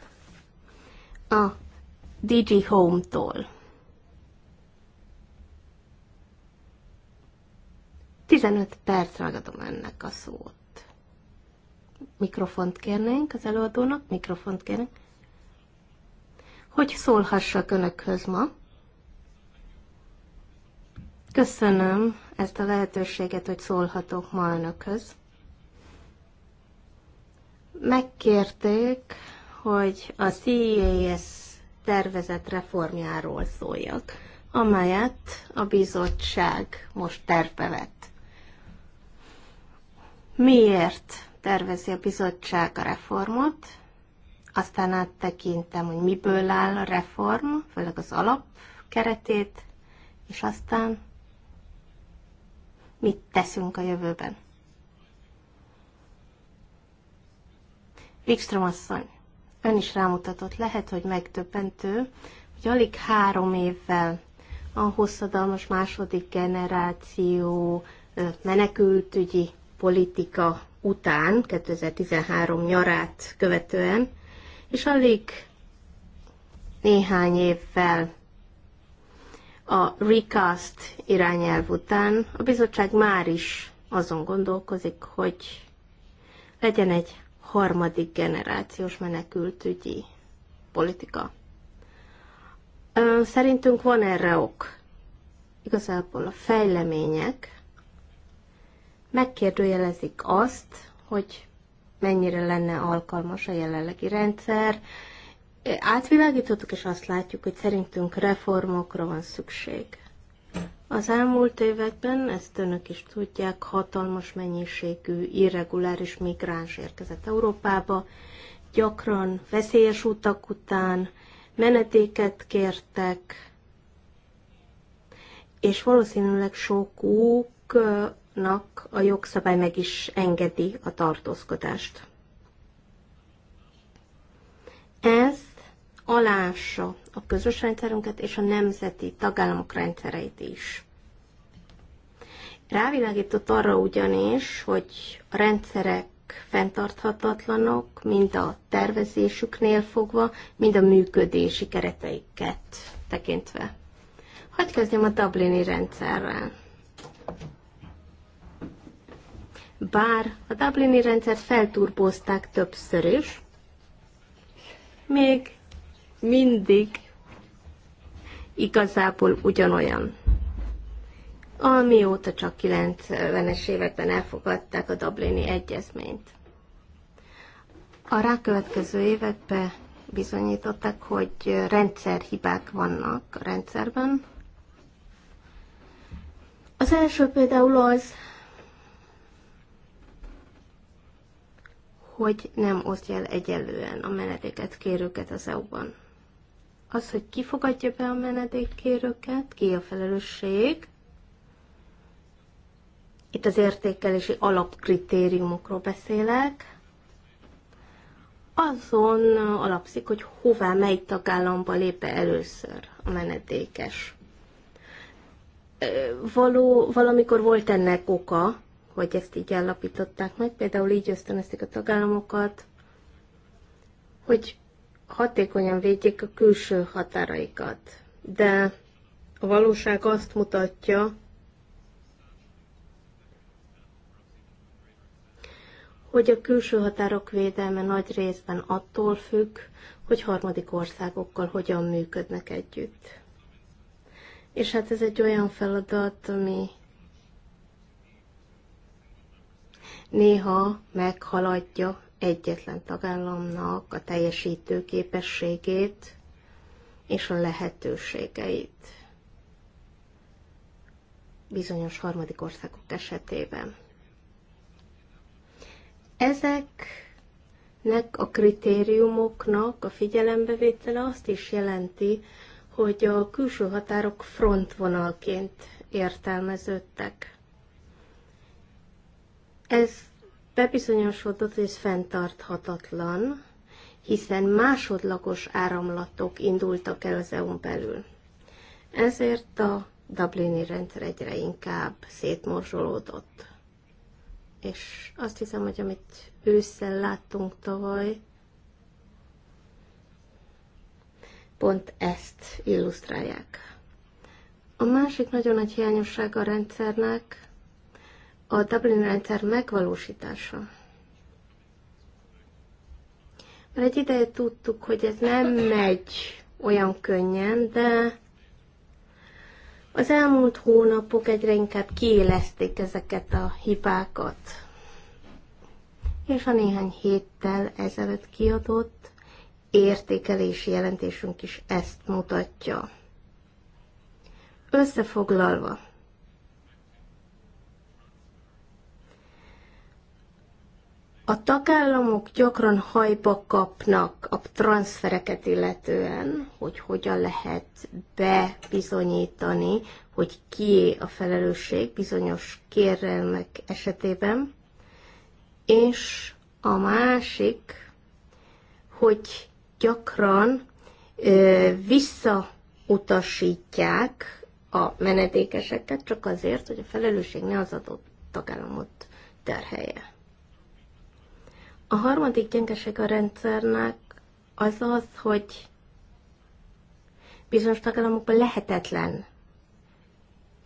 a DG Home-tól. 15 perc ragadom ennek a szót. Mikrofont kérnénk az előadónak, mikrofont kérnénk. Hogy szólhassak önökhöz ma. Köszönöm ezt a lehetőséget, hogy szólhatok ma önökhöz. Megkérték, hogy a CES tervezett reformjáról szóljak, amelyet a bizottság most terve vett. Miért tervezi a bizottság a reformot? Aztán áttekintem, hogy miből áll a reform, főleg az alap keretét, és aztán mit teszünk a jövőben. Wikström asszony ön is rámutatott, lehet, hogy megtöbbentő, hogy alig három évvel a hosszadalmas második generáció menekültügyi politika után, 2013 nyarát követően, és alig néhány évvel a recast irányelv után a bizottság már is azon gondolkozik, hogy legyen egy harmadik generációs menekültügyi politika. Szerintünk van erre ok. Igazából a fejlemények megkérdőjelezik azt, hogy mennyire lenne alkalmas a jelenlegi rendszer. Átvilágítottuk, és azt látjuk, hogy szerintünk reformokra van szükség. Az elmúlt években, ezt önök is tudják, hatalmas mennyiségű irreguláris migráns érkezett Európába, gyakran veszélyes utak után menetéket kértek, és valószínűleg sokuknak a jogszabály meg is engedi a tartózkodást. Ez alássa a közös rendszerünket és a nemzeti tagállamok rendszereit is. Rávilágított arra ugyanis, hogy a rendszerek fenntarthatatlanok, mind a tervezésüknél fogva, mind a működési kereteiket tekintve. Hadd kezdjem a Dublini rendszerrel. Bár a Dublini rendszert felturbozták többször is, még mindig igazából ugyanolyan. Amióta csak 90-es években elfogadták a Dublini Egyezményt. A rákövetkező években bizonyították, hogy rendszerhibák vannak a rendszerben. Az első például az, hogy nem osztja el egyelően a menedéket kérőket az EU-ban az, hogy ki fogadja be a menedékkérőket, ki a felelősség. Itt az értékelési alapkritériumokról beszélek. Azon alapszik, hogy hová, mely tagállamba lép először a menedékes. Való, valamikor volt ennek oka, hogy ezt így állapították meg, például így ösztönözték a tagállamokat, hogy hatékonyan védjék a külső határaikat. De a valóság azt mutatja, hogy a külső határok védelme nagy részben attól függ, hogy harmadik országokkal hogyan működnek együtt. És hát ez egy olyan feladat, ami néha meghaladja egyetlen tagállamnak a teljesítő képességét és a lehetőségeit bizonyos harmadik országok esetében. Ezeknek a kritériumoknak a figyelembevétele azt is jelenti, hogy a külső határok frontvonalként értelmeződtek. Ez bebizonyosodott, hogy ez fenntarthatatlan, hiszen másodlagos áramlatok indultak el az EU-n belül. Ezért a Dublini rendszer egyre inkább szétmorzsolódott. És azt hiszem, hogy amit ősszel láttunk tavaly, pont ezt illusztrálják. A másik nagyon nagy hiányosság a rendszernek, a Dublin rendszer megvalósítása. Mert egy ideje tudtuk, hogy ez nem megy olyan könnyen, de az elmúlt hónapok egyre inkább kiélezték ezeket a hibákat. És a néhány héttel ezelőtt kiadott értékelési jelentésünk is ezt mutatja. Összefoglalva, A tagállamok gyakran hajba kapnak a transfereket illetően, hogy hogyan lehet bebizonyítani, hogy kié a felelősség bizonyos kérelmek esetében, és a másik, hogy gyakran ö, visszautasítják a menedékeseket csak azért, hogy a felelősség ne az adott tagállamot terhelje. A harmadik gyengeség a rendszernek az az, hogy bizonyos tagállamokban lehetetlen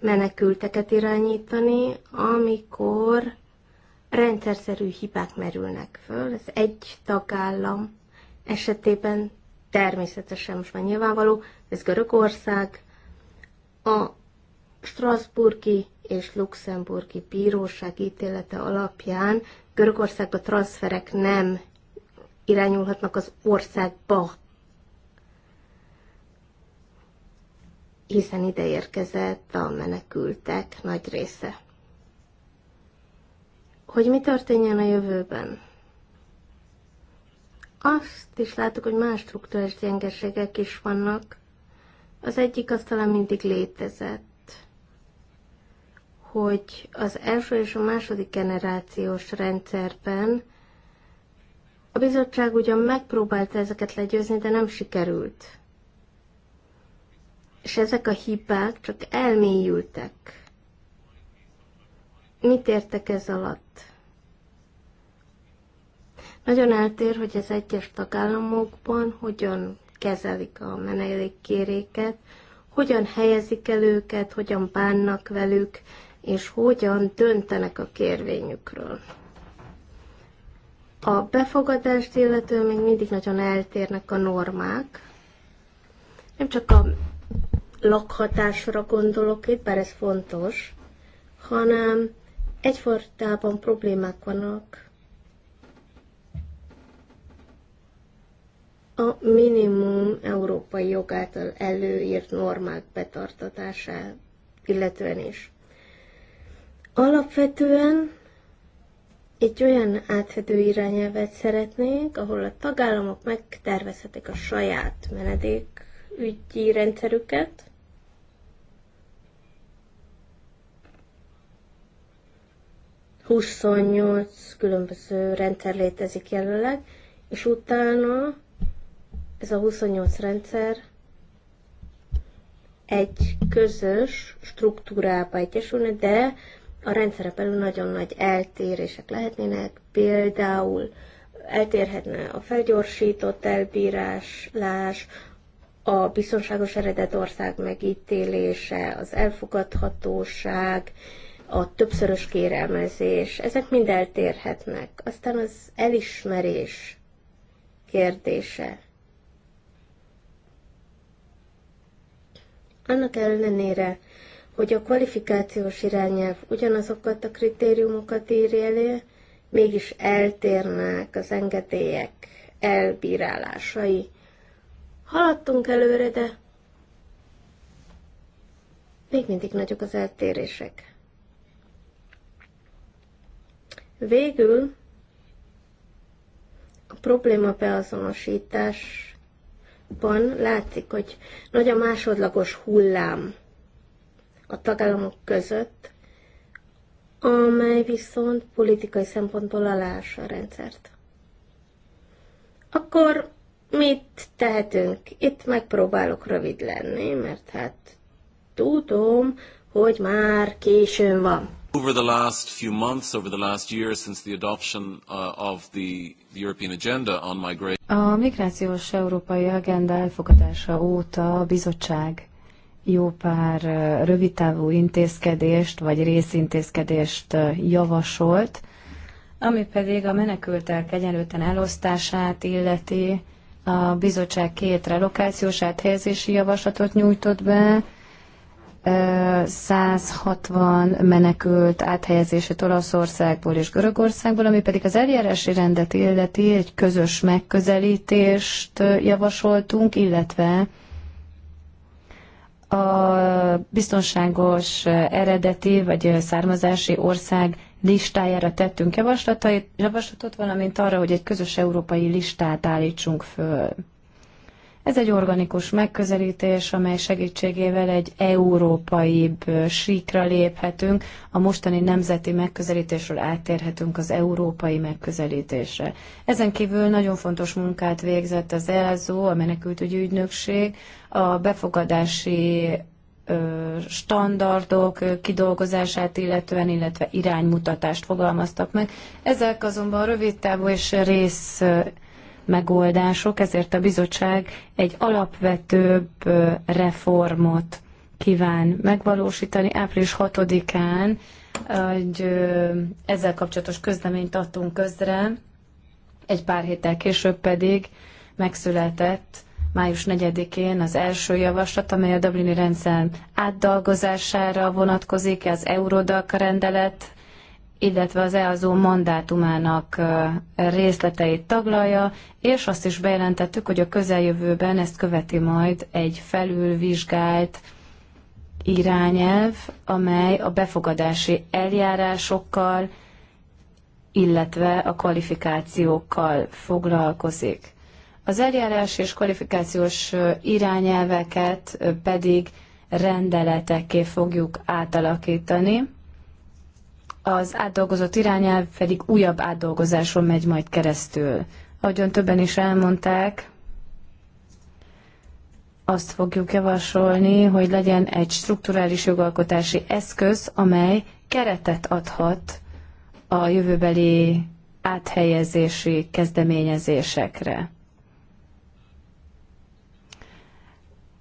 menekülteket irányítani, amikor rendszerszerű hibák merülnek föl. Ez egy tagállam esetében természetesen most már nyilvánvaló, ez Görögország, a Strasburgi és Luxemburgi bíróság ítélete alapján Görögországba transferek nem irányulhatnak az országba, hiszen ide érkezett a menekültek nagy része. Hogy mi történjen a jövőben? Azt is látok, hogy más struktúrás gyengeségek is vannak. Az egyik az talán mindig létezett hogy az első és a második generációs rendszerben a bizottság ugyan megpróbálta ezeket legyőzni, de nem sikerült. És ezek a hibák csak elmélyültek. Mit értek ez alatt? Nagyon eltér, hogy az egyes tagállamokban hogyan kezelik a menedékkéréket, hogyan helyezik el őket, hogyan bánnak velük, és hogyan döntenek a kérvényükről. A befogadást illetően még mindig nagyon eltérnek a normák. Nem csak a lakhatásra gondolok itt, bár ez fontos, hanem egyfortában problémák vannak a minimum európai jogától előírt normák betartatása illetően is. Alapvetően egy olyan átfedő irányelvet szeretnék, ahol a tagállamok megtervezhetik a saját menedékügyi rendszerüket, Huszonnyolc különböző rendszer létezik jelenleg, és utána ez a 28 rendszer egy közös struktúrába egyesülne, de a rendszere belül nagyon nagy eltérések lehetnének, például eltérhetne a felgyorsított elbíráslás, a biztonságos eredetország megítélése, az elfogadhatóság, a többszörös kérelmezés, ezek mind eltérhetnek. Aztán az elismerés kérdése. Annak ellenére, hogy a kvalifikációs irányelv ugyanazokat a kritériumokat írja elő, mégis eltérnek az engedélyek elbírálásai. Haladtunk előre, de még mindig nagyok az eltérések. Végül a probléma beazonosításban látszik, hogy nagy a másodlagos hullám a tagállamok között, amely viszont politikai szempontból aláássa a rendszert. Akkor mit tehetünk? Itt megpróbálok rövid lenni, mert hát tudom, hogy már későn van. Over the last few months, over the last year since the adoption uh, of the European agenda on migration. A migrációs európai agenda elfogadása óta a bizottság jó pár rövidtávú intézkedést vagy részintézkedést javasolt, ami pedig a menekültek egyenlőten elosztását illeti, a bizottság két relokációs áthelyezési javaslatot nyújtott be, 160 menekült áthelyezését Olaszországból és Görögországból, ami pedig az eljárási rendet illeti, egy közös megközelítést javasoltunk, illetve a biztonságos eredeti vagy származási ország listájára tettünk javaslatot, valamint arra, hogy egy közös európai listát állítsunk föl. Ez egy organikus megközelítés, amely segítségével egy európaibb síkra léphetünk, a mostani nemzeti megközelítésről áttérhetünk az európai megközelítésre. Ezen kívül nagyon fontos munkát végzett az ELZO, a menekültügyi ügynökség, a befogadási standardok kidolgozását illetően, illetve iránymutatást fogalmaztak meg. Ezek azonban rövid távú és rész megoldások, ezért a bizottság egy alapvetőbb reformot kíván megvalósítani. Április 6-án egy ezzel kapcsolatos közleményt adtunk közre, egy pár héttel később pedig megszületett május 4-én az első javaslat, amely a Dublini rendszer átdolgozására vonatkozik, az Eurodac rendelet illetve az EAZO mandátumának részleteit taglalja, és azt is bejelentettük, hogy a közeljövőben ezt követi majd egy felülvizsgált irányelv, amely a befogadási eljárásokkal, illetve a kvalifikációkkal foglalkozik. Az eljárás és kvalifikációs irányelveket pedig rendeletekké fogjuk átalakítani az átdolgozott irányelv pedig újabb átdolgozáson megy majd keresztül. Ahogyan többen is elmondták, azt fogjuk javasolni, hogy legyen egy strukturális jogalkotási eszköz, amely keretet adhat a jövőbeli áthelyezési kezdeményezésekre.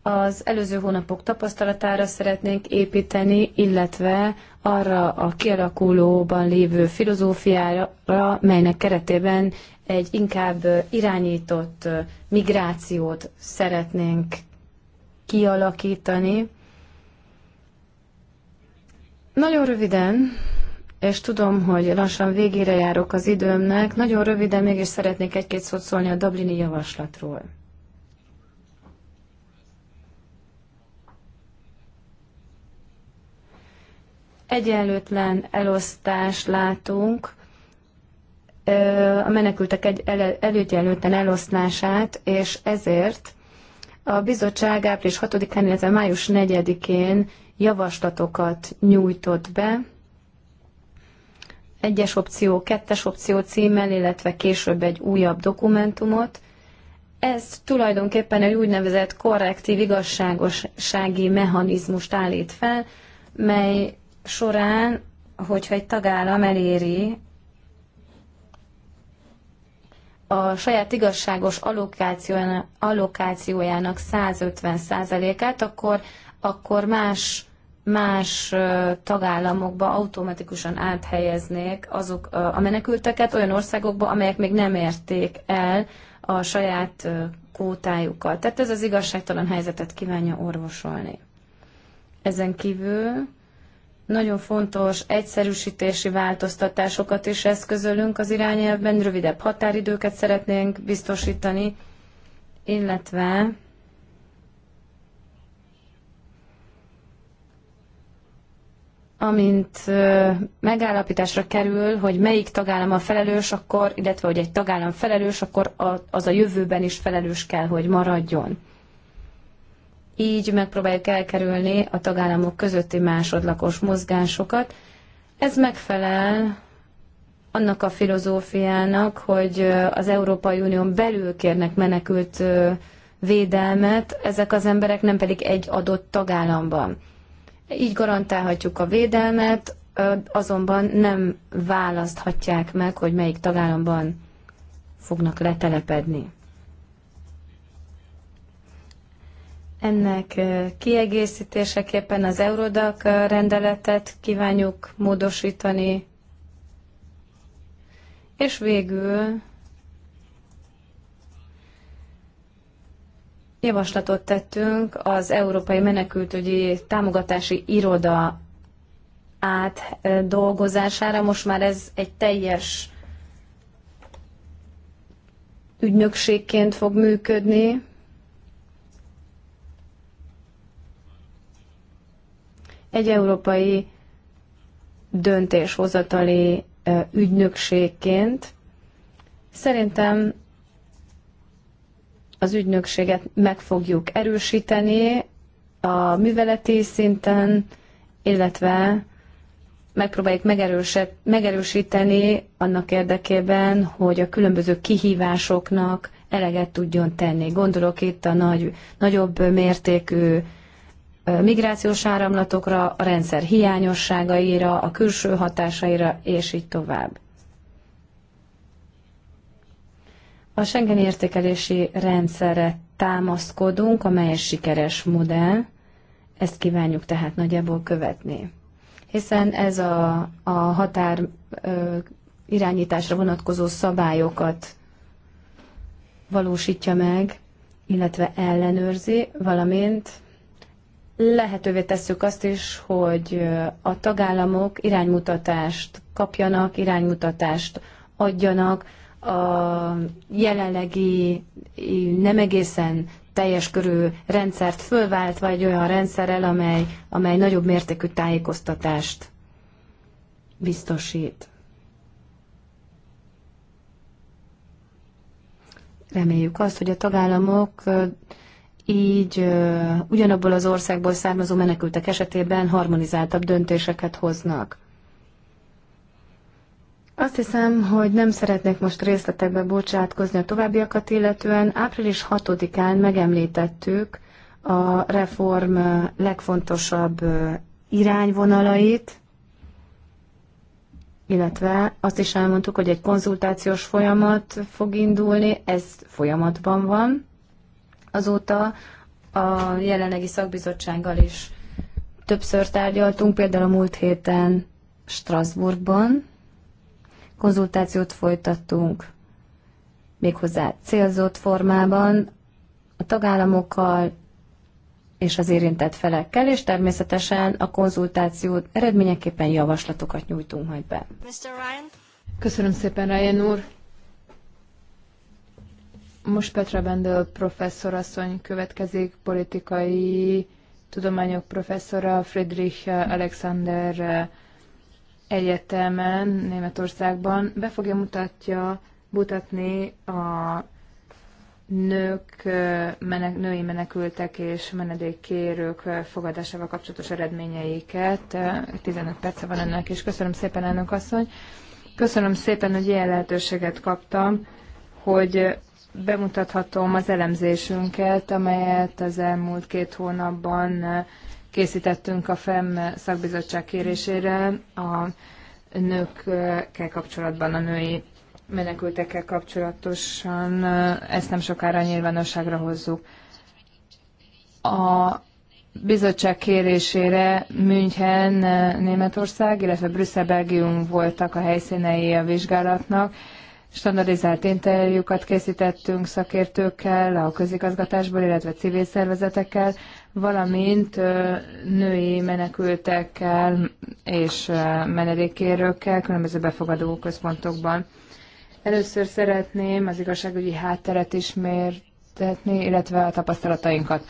az előző hónapok tapasztalatára szeretnénk építeni, illetve arra a kialakulóban lévő filozófiára, melynek keretében egy inkább irányított migrációt szeretnénk kialakítani. Nagyon röviden, és tudom, hogy lassan végére járok az időmnek, nagyon röviden mégis szeretnék egy-két szót szólni a Dublini javaslatról. egyenlőtlen elosztást látunk, a menekültek egy előgyenlőtlen elosztását, és ezért a bizottság április 6-án, illetve május 4-én javaslatokat nyújtott be, egyes opció, kettes opció címmel, illetve később egy újabb dokumentumot. Ez tulajdonképpen egy úgynevezett korrektív igazságossági mechanizmust állít fel, mely során, hogyha egy tagállam eléri a saját igazságos allokációjának, allokációjának 150%-át, akkor, akkor más, más tagállamokba automatikusan áthelyeznék azok a menekülteket olyan országokba, amelyek még nem érték el a saját kótájukat. Tehát ez az igazságtalan helyzetet kívánja orvosolni. Ezen kívül nagyon fontos egyszerűsítési változtatásokat is eszközölünk az irányelvben, rövidebb határidőket szeretnénk biztosítani, illetve amint megállapításra kerül, hogy melyik tagállam a felelős, akkor, illetve hogy egy tagállam felelős, akkor az a jövőben is felelős kell, hogy maradjon így megpróbáljuk elkerülni a tagállamok közötti másodlagos mozgásokat. Ez megfelel annak a filozófiának, hogy az Európai Unión belül kérnek menekült védelmet, ezek az emberek nem pedig egy adott tagállamban. Így garantálhatjuk a védelmet, azonban nem választhatják meg, hogy melyik tagállamban fognak letelepedni. Ennek kiegészítéseképpen az Eurodac rendeletet kívánjuk módosítani, és végül javaslatot tettünk az Európai Menekültügyi Támogatási Iroda átdolgozására. Most már ez egy teljes ügynökségként fog működni. egy európai döntéshozatali ügynökségként. Szerintem az ügynökséget meg fogjuk erősíteni a műveleti szinten, illetve megpróbáljuk megerősíteni annak érdekében, hogy a különböző kihívásoknak eleget tudjon tenni. Gondolok itt a nagy, nagyobb mértékű migrációs áramlatokra, a rendszer hiányosságaira, a külső hatásaira, és így tovább. A Schengen értékelési rendszerre támaszkodunk, amely egy sikeres modell, ezt kívánjuk tehát nagyjából követni. Hiszen ez a, a határ ö, irányításra vonatkozó szabályokat valósítja meg, illetve ellenőrzi, valamint lehetővé tesszük azt is, hogy a tagállamok iránymutatást kapjanak, iránymutatást adjanak a jelenlegi nem egészen teljes körű rendszert fölváltva egy olyan rendszerrel, amely, amely nagyobb mértékű tájékoztatást biztosít. Reméljük azt, hogy a tagállamok így ugyanabból az országból származó menekültek esetében harmonizáltabb döntéseket hoznak. Azt hiszem, hogy nem szeretnék most részletekbe bocsátkozni a továbbiakat illetően. Április 6-án megemlítettük a reform legfontosabb irányvonalait, illetve azt is elmondtuk, hogy egy konzultációs folyamat fog indulni, ez folyamatban van. Azóta a jelenlegi szakbizottsággal is többször tárgyaltunk, például a múlt héten Strasbourgban konzultációt folytattunk, méghozzá célzott formában a tagállamokkal és az érintett felekkel, és természetesen a konzultációt eredményeképpen javaslatokat nyújtunk majd be. Mr. Ryan. Köszönöm szépen, Ryan úr! Most Petra Bendel professzor asszony következik, politikai tudományok professzora Friedrich Alexander Egyetemen Németországban. Be fogja mutatja, mutatni a nők, menek, női menekültek és menedékkérők fogadásával kapcsolatos eredményeiket. 15 perce van ennek és köszönöm szépen, elnök asszony. Köszönöm szépen, hogy ilyen lehetőséget kaptam, hogy bemutathatom az elemzésünket, amelyet az elmúlt két hónapban készítettünk a FEM szakbizottság kérésére a nőkkel kapcsolatban, a női menekültekkel kapcsolatosan. Ezt nem sokára nyilvánosságra hozzuk. A bizottság kérésére München, Németország, illetve Brüsszel, Belgium voltak a helyszínei a vizsgálatnak, standardizált interjúkat készítettünk szakértőkkel, a közigazgatásból, illetve civil szervezetekkel, valamint női menekültekkel és menedékkérőkkel különböző befogadó központokban. Először szeretném az igazságügyi hátteret ismertetni, illetve a tapasztalatainkat.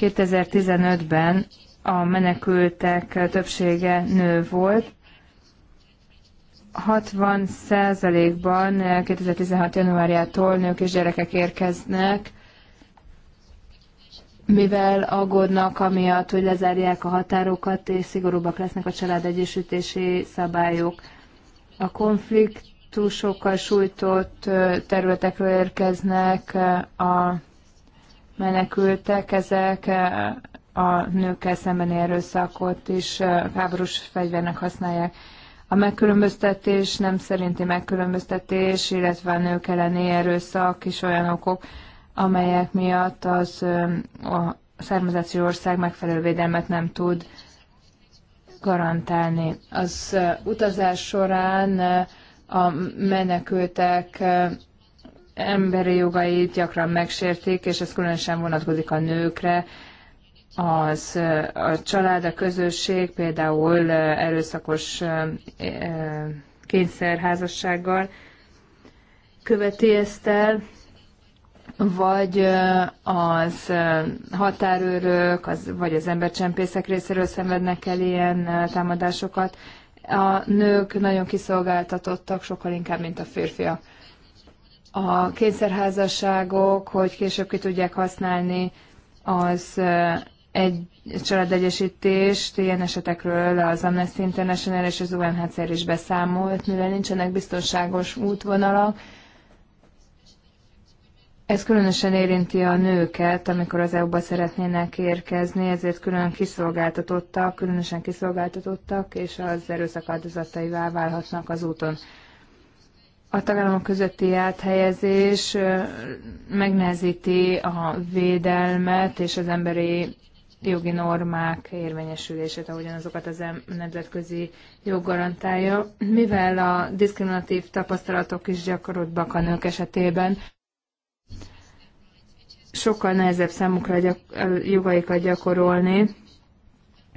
2015-ben a menekültek többsége nő volt, 60 százalékban, 2016. Eh, januárjától nők és gyerekek érkeznek, mivel aggódnak amiatt, hogy lezárják a határokat, és szigorúbbak lesznek a család egyesítési szabályok. A konfliktusokkal sújtott eh, területekről érkeznek eh, a menekültek, ezek a nőkkel szembeni erőszakot is háborús fegyvernek használják a megkülönböztetés, nem szerinti megkülönböztetés, illetve a nők elleni erőszak is olyan okok, amelyek miatt az a származási ország megfelelő védelmet nem tud garantálni. Az utazás során a menekültek emberi jogait gyakran megsértik, és ez különösen vonatkozik a nőkre, az, a család, a közösség például erőszakos kényszerházassággal követi ezt el, vagy az határőrök, az, vagy az embercsempészek részéről szenvednek el ilyen támadásokat. A nők nagyon kiszolgáltatottak, sokkal inkább, mint a férfiak. A kényszerházasságok, hogy később ki tudják használni az egy családegyesítést, ilyen esetekről az Amnesty International és az UNHCR is beszámolt, mivel nincsenek biztonságos útvonalak. Ez különösen érinti a nőket, amikor az EU-ba szeretnének érkezni, ezért külön kiszolgáltatottak, különösen kiszolgáltatottak, és az erőszak áldozataivá válhatnak az úton. A tagállamok közötti áthelyezés megnehezíti a védelmet és az emberi jogi normák érvényesülését, ahogyan azokat az nemzetközi jog garantálja, mivel a diszkriminatív tapasztalatok is gyakorodtak a nők esetében, sokkal nehezebb számukra gyak, jogaikat gyakorolni,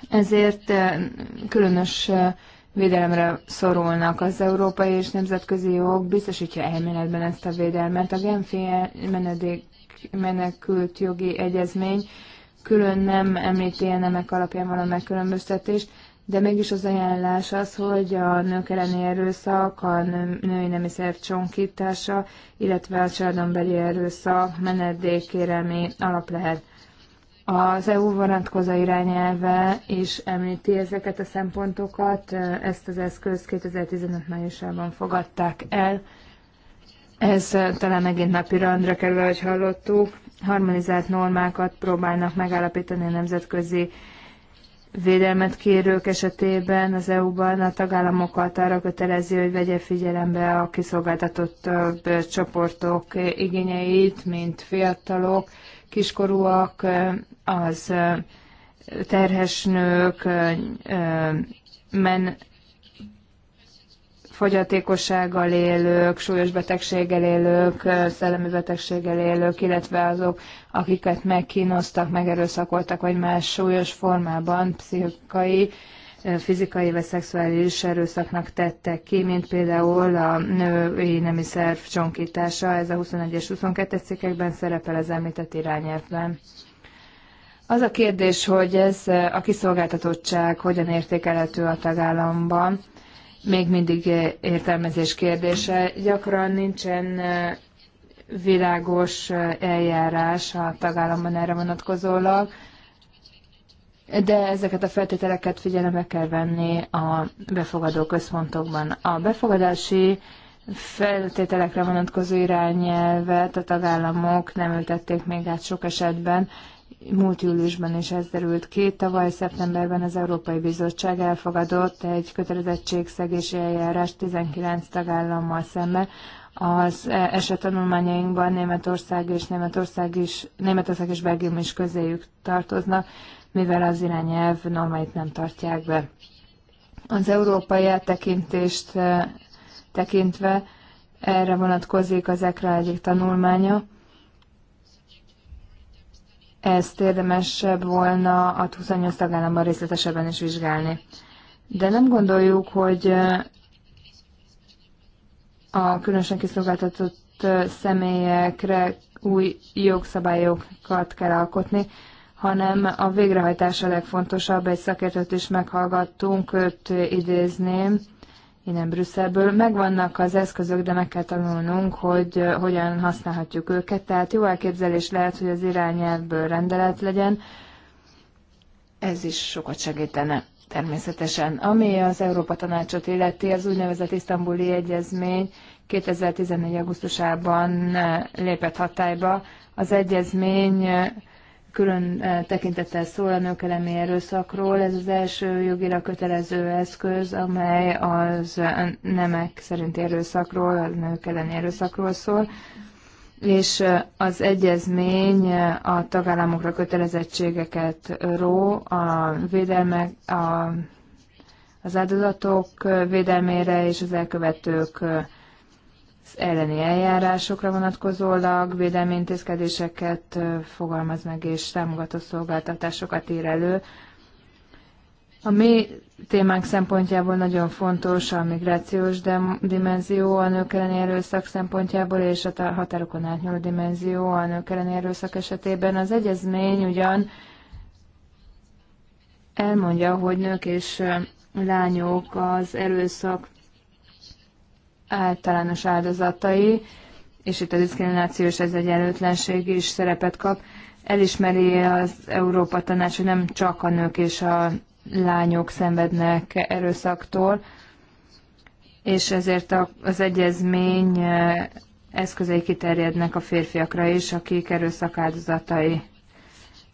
ezért eh, különös eh, védelemre szorulnak. Az európai és nemzetközi jog biztosítja elméletben ezt a védelmet. A Genfi menedék menekült jogi egyezmény külön nem említi a nemek alapján a megkülönböztetés, de mégis az ajánlás az, hogy a nők elleni erőszak, a nő, női nemi szerv csonkítása, illetve a családon beli erőszak menedékkérelmi alap lehet. Az EU vonatkozó irányelve is említi ezeket a szempontokat, ezt az eszközt 2015 májusában fogadták el. Ez talán megint napirandra kerül, ahogy hallottuk harmonizált normákat próbálnak megállapítani a nemzetközi védelmet kérők esetében az EU-ban a tagállamokat arra kötelezi, hogy vegye figyelembe a kiszolgáltatott csoportok igényeit, mint fiatalok, kiskorúak, az terhes nők, men, fogyatékossággal élők, súlyos betegséggel élők, szellemi betegséggel élők, illetve azok, akiket megkínoztak, megerőszakoltak, vagy más súlyos formában pszichikai, fizikai vagy szexuális erőszaknak tettek ki, mint például a női nemi szerv csonkítása, ez a 21 és 22 cikkekben szerepel az említett irányelvben. Az a kérdés, hogy ez a kiszolgáltatottság hogyan értékelhető a tagállamban, még mindig értelmezés kérdése. Gyakran nincsen világos eljárás a tagállamban erre vonatkozólag, de ezeket a feltételeket figyelembe kell venni a befogadó központokban. A befogadási feltételekre vonatkozó irányelvet a tagállamok nem ültették még át sok esetben, múlt júliusban is ez derült ki. Tavaly szeptemberben az Európai Bizottság elfogadott egy kötelezettségszegési eljárás 19 tagállammal szemben. Az eset tanulmányainkban Németország és Németország is, Németország és Belgium is közéjük tartoznak, mivel az irányelv normáit nem tartják be. Az európai tekintést eh, tekintve erre vonatkozik az ekra egyik tanulmánya, ezt érdemesebb volna a 28 tagállamban részletesebben is vizsgálni. De nem gondoljuk, hogy eh, a különösen kiszolgáltatott eh, személyekre új jogszabályokat kell alkotni, hanem a végrehajtás a legfontosabb. Egy szakértőt is meghallgattunk, őt idézném, innen Brüsszelből. Megvannak az eszközök, de meg kell tanulnunk, hogy eh, hogyan használhatjuk őket. Tehát jó elképzelés lehet, hogy az irányelvből rendelet legyen. Ez is sokat segítene. Természetesen. Ami az Európa Tanácsot illeti, az úgynevezett isztambuli egyezmény 2014. augusztusában eh, lépett hatályba. Az egyezmény eh, külön eh, tekintettel szól a nők elemi erőszakról. Ez az első jogira kötelező eszköz, amely az nemek szerinti erőszakról, a nők elleni erőszakról szól és eh, az egyezmény eh, a tagállamokra kötelezettségeket ró a védelme, a, az áldozatok védelmére és az elkövetők elleni eljárásokra vonatkozólag védelmi intézkedéseket fogalmaz meg és támogató szolgáltatásokat ír elő. A mi témánk szempontjából nagyon fontos a migrációs dimenzió a nők elleni erőszak szempontjából, és a határokon átnyúló dimenzió a nők elleni erőszak esetében. Az egyezmény ugyan elmondja, hogy nők és lányok az erőszak általános áldozatai, és itt a diszkrimináció és ez egyenlőtlenség is szerepet kap, elismeri az Európa Tanács, hogy nem csak a nők és a lányok szenvednek erőszaktól, és ezért az egyezmény eszközei kiterjednek a férfiakra is, akik erőszak áldozatai.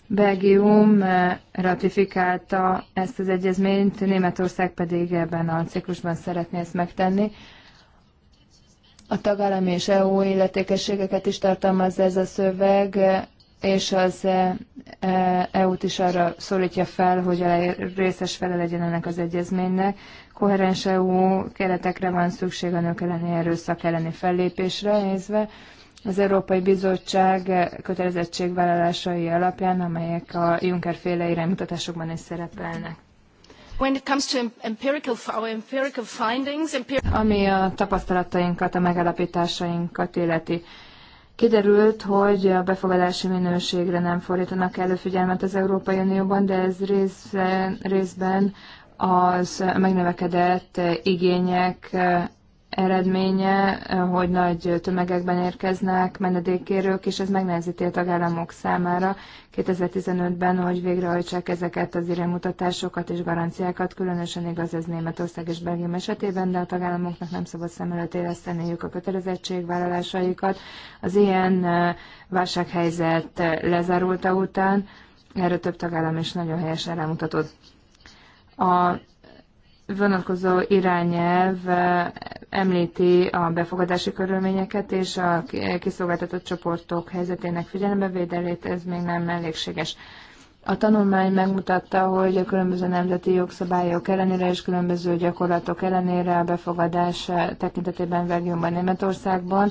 Belgium ratifikálta ezt az egyezményt, Németország pedig ebben a ciklusban szeretné ezt megtenni. A tagállami és EU illetékességeket is tartalmaz ez a szöveg, és az EU-t e, e is arra szólítja fel, hogy a részes fele legyen ennek az egyezménynek. Koherens EU keretekre van szükség a nők elleni erőszak elleni fellépésre nézve. Az Európai Bizottság kötelezettségvállalásai alapján, amelyek a Juncker féle iránymutatásokban is szerepelnek. When it comes to empirical, our empirical findings, empirical... Ami a tapasztalatainkat, a megállapításainkat illeti. Kiderült, hogy a befogadási minőségre nem fordítanak előfigyelmet az Európai Unióban, de ez részben, részben az megnövekedett igények eredménye, eh, hogy nagy tömegekben érkeznek menedékkérők, és ez megnehezíti a tagállamok számára 2015-ben, hogy végrehajtsák ezeket az iránymutatásokat és garanciákat, különösen igaz ez Németország és Belgium esetében, de a tagállamoknak nem szabad szem előtt éleszteniük a kötelezettségvállalásaikat. Az ilyen eh, válsághelyzet eh, lezárulta után erre több tagállam is nagyon helyesen rámutatott. A vonatkozó irányelv eh, említi a befogadási körülményeket és a kiszolgáltatott csoportok helyzetének figyelembevédelét, ez még nem elégséges. A tanulmány megmutatta, hogy a különböző nemzeti jogszabályok ellenére és különböző gyakorlatok ellenére a befogadás eh, tekintetében Belgiumban, Németországban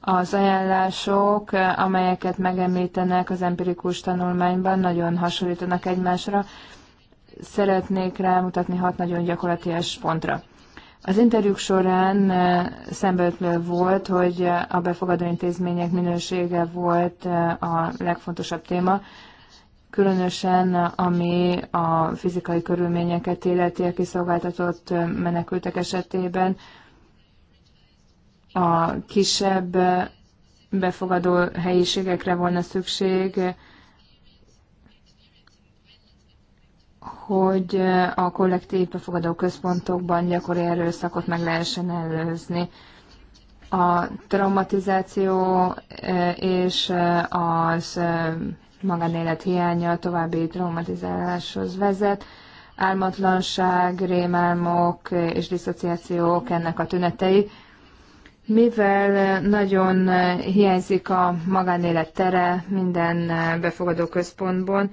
az ajánlások, eh, amelyeket megemlítenek az empirikus tanulmányban, nagyon hasonlítanak egymásra, szeretnék rámutatni hat nagyon gyakorlatilag pontra. Az interjúk során eh, szembeötlő volt, hogy a befogadó intézmények minősége volt eh, a legfontosabb téma, különösen ami a fizikai körülményeket illeti a kiszolgáltatott eh, menekültek esetében. A kisebb befogadó helyiségekre volna szükség, hogy a kollektív befogadó központokban gyakori erőszakot meg lehessen előzni. A traumatizáció e, és e, az e, magánélet hiánya további traumatizáláshoz vezet, álmatlanság, rémálmok és diszociációk ennek a tünetei. Mivel nagyon hiányzik a magánélet tere minden befogadó központban,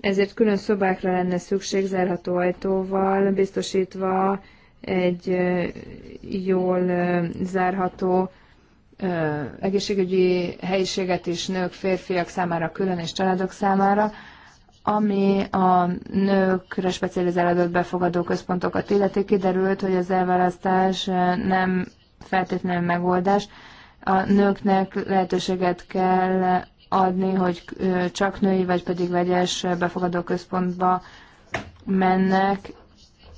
ezért külön szobákra lenne szükség zárható ajtóval, biztosítva egy jól zárható egészségügyi helyiséget is nők, férfiak számára külön és családok számára, ami a nőkre specializálódott befogadó központokat illeti, kiderült, hogy az elválasztás nem feltétlenül megoldás. A nőknek lehetőséget kell adni, hogy csak női, vagy pedig vegyes befogadó központba mennek,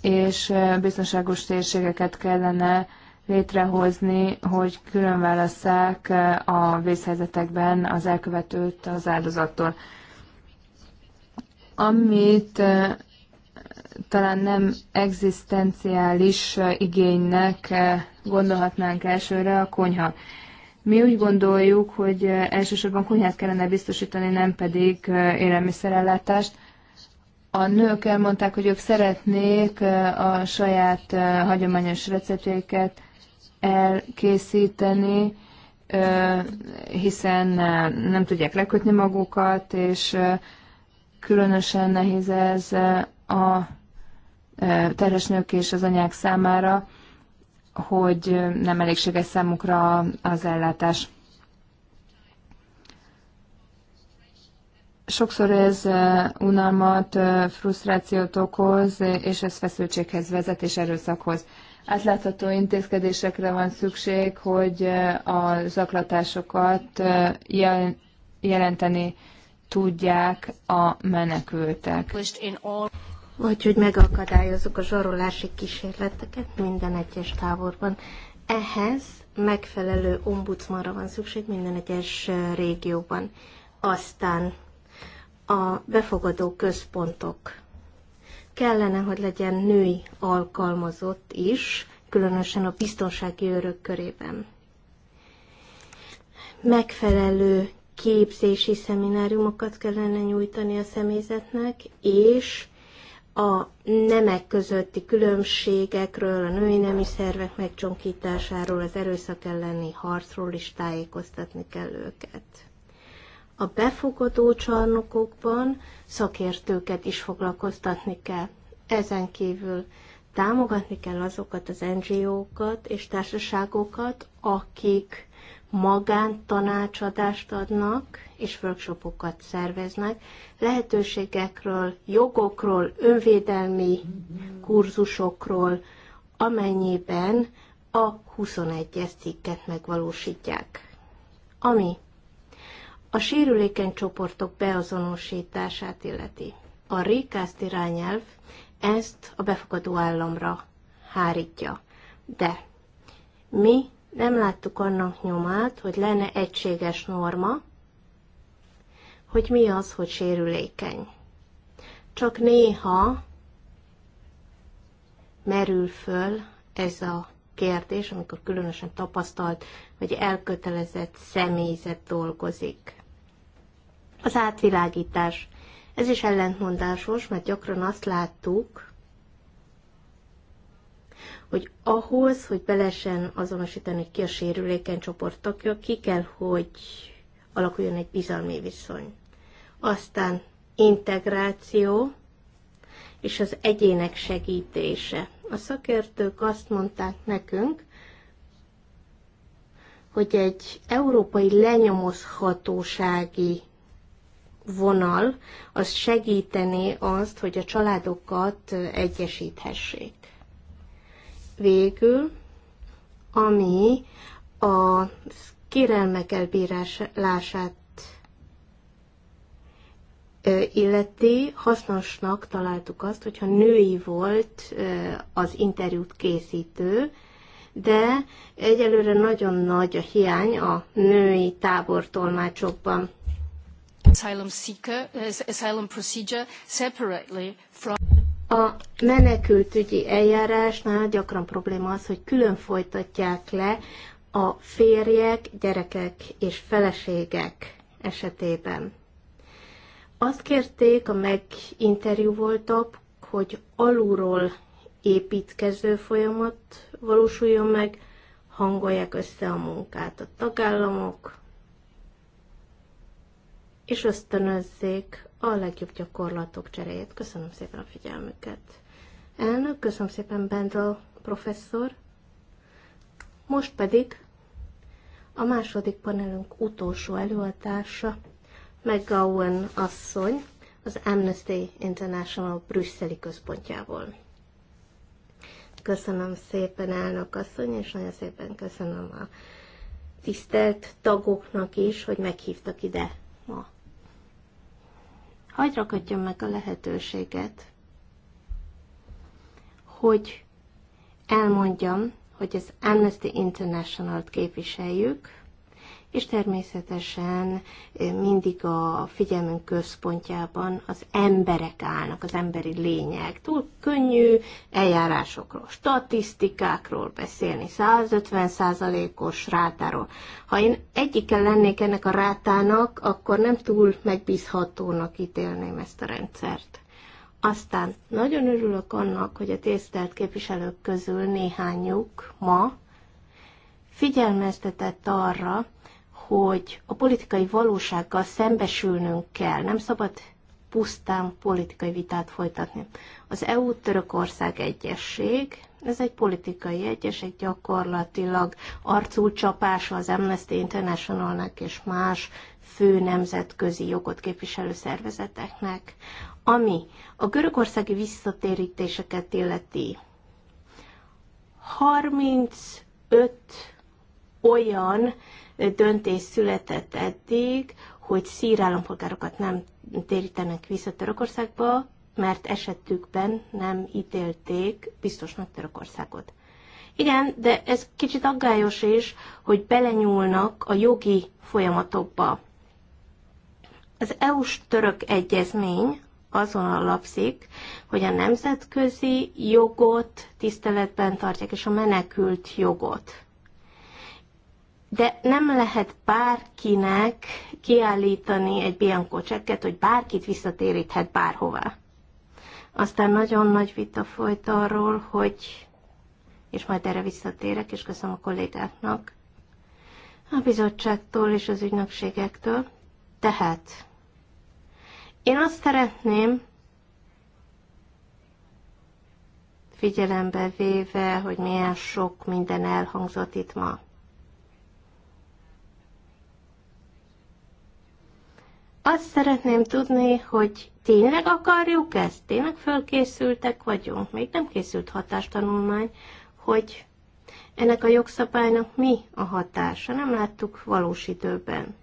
és biztonságos térségeket kellene létrehozni, hogy külön válasszák a vészhelyzetekben az elkövetőt az áldozattól. Amit talán nem egzisztenciális igénynek gondolhatnánk elsőre a konyha. Mi úgy gondoljuk, hogy eh, elsősorban konyhát kellene biztosítani, nem pedig eh, élelmiszerellátást. A nők elmondták, hogy ők szeretnék eh, a saját hagyományos receptjeiket elkészíteni, hiszen nem tudják lekötni magukat, és különösen nehéz ez a terhes nők és az anyák számára hogy nem elégséges számukra az ellátás. Sokszor ez unalmat, frusztrációt okoz, és ez feszültséghez vezet és erőszakhoz. Átlátható intézkedésekre van szükség, hogy a zaklatásokat jel jelenteni tudják a menekültek vagy hogy megakadályozzuk a zsarolási kísérleteket minden egyes táborban. Ehhez megfelelő ombudsmanra van szükség minden egyes régióban. Aztán a befogadó központok. Kellene, hogy legyen női alkalmazott is, különösen a biztonsági őrök körében. Megfelelő képzési szemináriumokat kellene nyújtani a személyzetnek, és a nemek közötti különbségekről, a női nemi szervek megcsonkításáról, az erőszak elleni harcról is tájékoztatni kell őket. A befogadó csarnokokban szakértőket is foglalkoztatni kell. Ezen kívül támogatni kell azokat az NGO-kat és társaságokat, akik magántanácsadást adnak, és workshopokat szerveznek, lehetőségekről, jogokról, önvédelmi kurzusokról, amennyiben a 21-es cikket megvalósítják. Ami a sérülékeny csoportok beazonosítását illeti. A Rékászt irányelv ezt a befogadó államra hárítja. De mi nem láttuk annak nyomát, hogy lenne egységes norma, hogy mi az, hogy sérülékeny. Csak néha merül föl ez a kérdés, amikor különösen tapasztalt vagy elkötelezett személyzet dolgozik. Az átvilágítás. Ez is ellentmondásos, mert gyakran azt láttuk, hogy ahhoz, hogy be lehessen azonosítani, hogy ki a sérülékeny csoport tagja, ki kell, hogy alakuljon egy bizalmi viszony. Aztán integráció és az egyének segítése. A szakértők azt mondták nekünk, hogy egy európai lenyomozhatósági vonal, az segíteni azt, hogy a családokat egyesíthessék. Végül, ami a kérelmek elbírását illeti, hasznosnak találtuk azt, hogyha női volt az interjút készítő, de egyelőre nagyon nagy a hiány a női tábortolmácsokban. Asylum seeker, eh, asylum procedure separately from a menekültügyi eljárásnál gyakran probléma az, hogy külön folytatják le a férjek, gyerekek és feleségek esetében. Azt kérték, a meginterjú voltak, hogy alulról építkező folyamat valósuljon meg, hangolják össze a munkát a tagállamok, és ösztönözzék a legjobb gyakorlatok cseréjét. Köszönöm szépen a figyelmüket. Elnök, köszönöm szépen Bendel professzor. Most pedig a második panelünk utolsó előadása, McGowan asszony, az Amnesty International brüsszeli központjából. Köszönöm szépen, elnök asszony, és nagyon szépen köszönöm a tisztelt tagoknak is, hogy meghívtak ide ma hagyd ragadjon meg a lehetőséget, hogy elmondjam, hogy az Amnesty International-t képviseljük, és természetesen eh, mindig a figyelmünk központjában az emberek állnak, az emberi lények. Túl könnyű eljárásokról, statisztikákról beszélni, 150%-os rátáról. Ha én egyikkel lennék ennek a rátának, akkor nem túl megbízhatónak ítélném ezt a rendszert. Aztán nagyon örülök annak, hogy a tisztelt képviselők közül néhányuk ma figyelmeztetett arra, hogy a politikai valósággal szembesülnünk kell, nem szabad pusztán politikai vitát folytatni. Az EU-Törökország egyesség, ez egy politikai egyesség, gyakorlatilag arcú csapása az Amnesty Internationalnek és más fő nemzetközi jogot képviselő szervezeteknek. Ami a görögországi visszatérítéseket illeti, 35 olyan döntés született eddig, hogy szír állampolgárokat nem térítenek vissza Törökországba, mert esetükben nem ítélték biztosnak Törökországot. Igen, de ez kicsit aggályos is, hogy belenyúlnak a jogi folyamatokba. Az EU-török egyezmény azon alapszik, hogy a nemzetközi jogot tiszteletben tartják, és a menekült jogot de nem lehet bárkinek kiállítani egy bianco csekket, hogy bárkit visszatéríthet bárhová. Aztán nagyon nagy vita folyt arról, hogy, és majd erre visszatérek, és köszönöm a kollégáknak, a bizottságtól és az ügynökségektől. Tehát én azt szeretném, figyelembe véve, hogy milyen sok minden elhangzott itt ma, Azt szeretném tudni, hogy tényleg akarjuk ezt? Tényleg fölkészültek vagyunk? Még nem készült hatástanulmány, hogy ennek a jogszabálynak mi a hatása? Nem láttuk valós időben.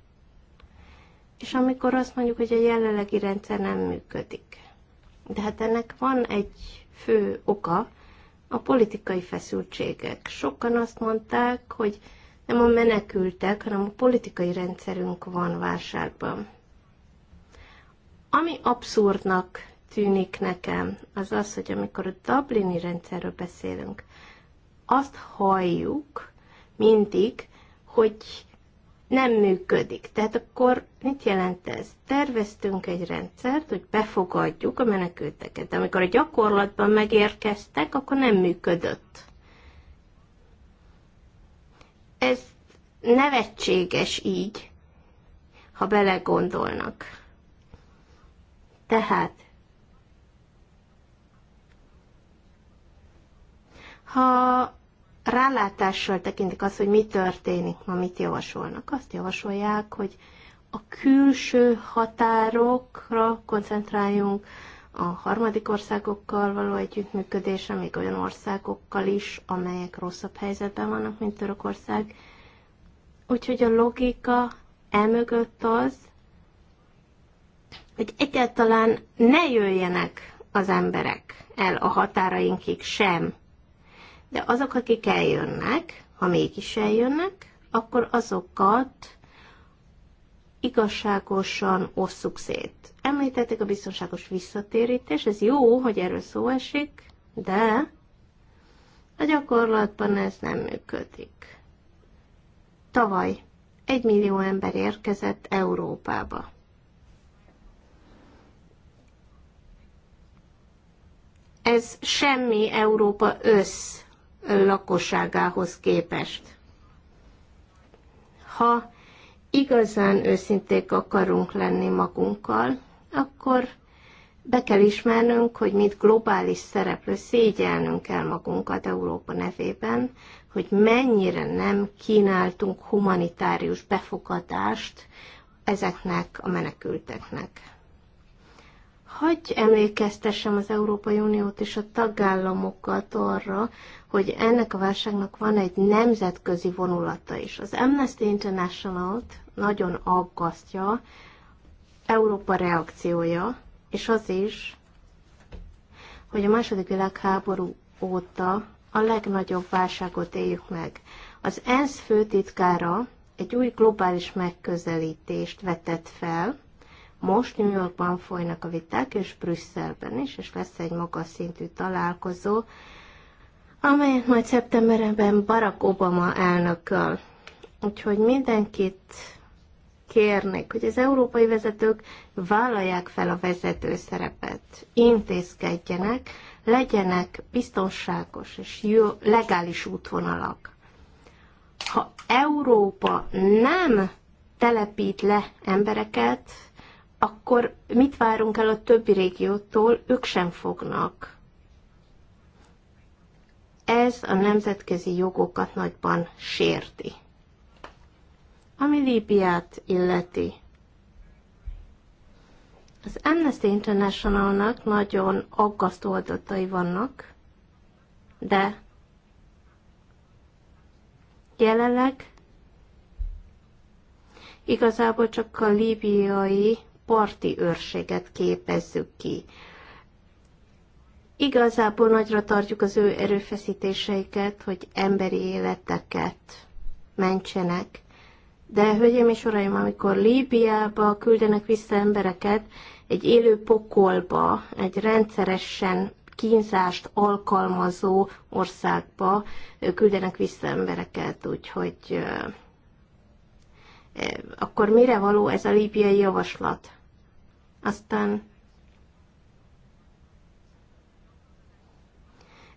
És amikor azt mondjuk, hogy a jelenlegi rendszer nem működik. De hát ennek van egy fő oka, a politikai feszültségek. Sokan azt mondták, hogy nem a menekültek, hanem a politikai rendszerünk van válságban. Ami abszurdnak tűnik nekem, az az, hogy amikor a Dublini rendszerről beszélünk, azt halljuk mindig, hogy nem működik. Tehát akkor mit jelent ez? Terveztünk egy rendszert, hogy befogadjuk a menekülteket, de amikor a gyakorlatban megérkeztek, akkor nem működött. Ez nevetséges így, ha belegondolnak. Tehát, ha rálátással tekintik azt, hogy mi történik ma, mit javasolnak, azt javasolják, hogy a külső határokra koncentráljunk, a harmadik országokkal való együttműködésre, még olyan országokkal is, amelyek rosszabb helyzetben vannak, mint Törökország. Úgyhogy a logika emögött az, hogy egyáltalán ne jöjjenek az emberek el a határainkig sem. De azok, akik eljönnek, ha mégis eljönnek, akkor azokat igazságosan osszuk szét. Említették a biztonságos visszatérítés, ez jó, hogy erről szó esik, de a gyakorlatban ez nem működik. Tavaly egy millió ember érkezett Európába. Ez semmi Európa össz lakosságához képest. Ha igazán őszinték akarunk lenni magunkkal, akkor be kell ismernünk, hogy mint globális szereplő szégyelnünk kell magunkat Európa nevében, hogy mennyire nem kínáltunk humanitárius befogadást ezeknek a menekülteknek. Hagy emlékeztessem az Európai Uniót és a tagállamokat arra, hogy ennek a válságnak van egy nemzetközi vonulata is. Az Amnesty international nagyon aggasztja Európa reakciója, és az is, hogy a második világháború óta a legnagyobb válságot éljük meg. Az ENSZ főtitkára egy új globális megközelítést vetett fel, most New Yorkban folynak a viták, és Brüsszelben is, és lesz egy magas szintű találkozó, amelyet majd szeptemberben Barack Obama elnökkel. Úgyhogy mindenkit kérnek, hogy az európai vezetők vállalják fel a vezető szerepet, intézkedjenek, legyenek biztonságos és jó, legális útvonalak. Ha Európa nem telepít le embereket, akkor mit várunk el a többi régiótól? Ők sem fognak. Ez a nemzetközi jogokat nagyban sérti. Ami Líbiát illeti. Az Amnesty Internationalnak nagyon aggasztó adatai vannak, de jelenleg igazából csak a líbiai parti őrséget képezzük ki. Igazából nagyra tartjuk az ő erőfeszítéseiket, hogy emberi életeket mentsenek. De, hölgyeim és uraim, amikor Líbiába küldenek vissza embereket, egy élő pokolba, egy rendszeresen kínzást alkalmazó országba küldenek vissza embereket, úgyhogy akkor mire való ez a líbiai javaslat? Aztán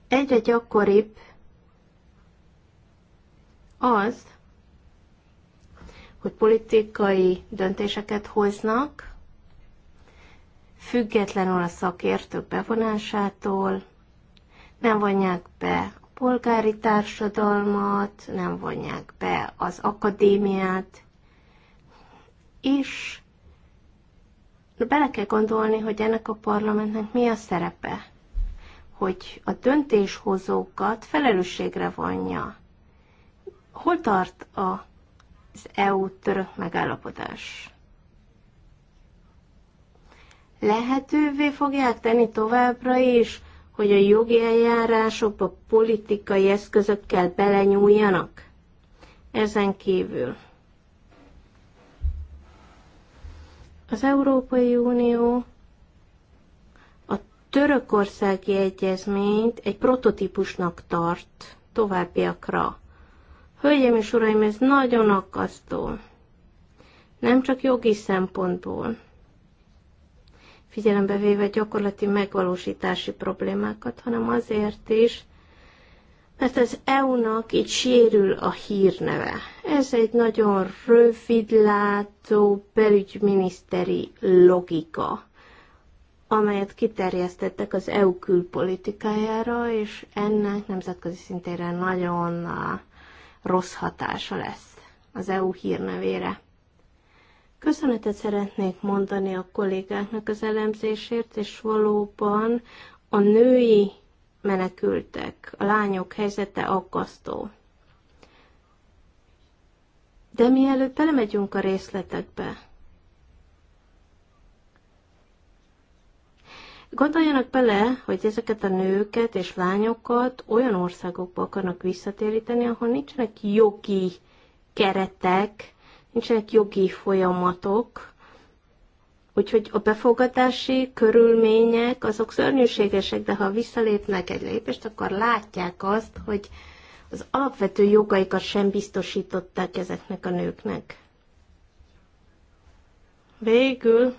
egyre gyakoribb az, hogy politikai döntéseket hoznak, függetlenül a szakértők bevonásától, nem vonják be a polgári társadalmat, nem vonják be az akadémiát, és bele kell gondolni, hogy ennek a parlamentnek mi a szerepe, hogy a döntéshozókat felelősségre vonja. Hol tart az EU-török megállapodás? Lehetővé fogják tenni továbbra is, hogy a jogi eljárások a politikai eszközökkel belenyúljanak? Ezen kívül Az Európai Unió a törökországi egyezményt egy prototípusnak tart továbbiakra. Hölgyeim és uraim, ez nagyon akasztó. Nem csak jogi szempontból, figyelembe véve gyakorlati megvalósítási problémákat, hanem azért is, mert az EU-nak itt sérül a hírneve. Ez egy nagyon rövidlátó belügyminiszteri logika, amelyet kiterjesztettek az EU külpolitikájára, és ennek nemzetközi szintére nagyon rossz hatása lesz az EU hírnevére. Köszönetet szeretnék mondani a kollégáknak az elemzésért, és valóban a női menekültek. A lányok helyzete aggasztó. De mielőtt belemegyünk a részletekbe, Gondoljanak bele, hogy ezeket a nőket és lányokat olyan országokba akarnak visszatéríteni, ahol nincsenek jogi keretek, nincsenek jogi folyamatok, Úgyhogy a befogadási körülmények azok szörnyűségesek, de ha visszalépnek egy lépést, akkor látják azt, hogy az alapvető jogaikat sem biztosították ezeknek a nőknek. Végül,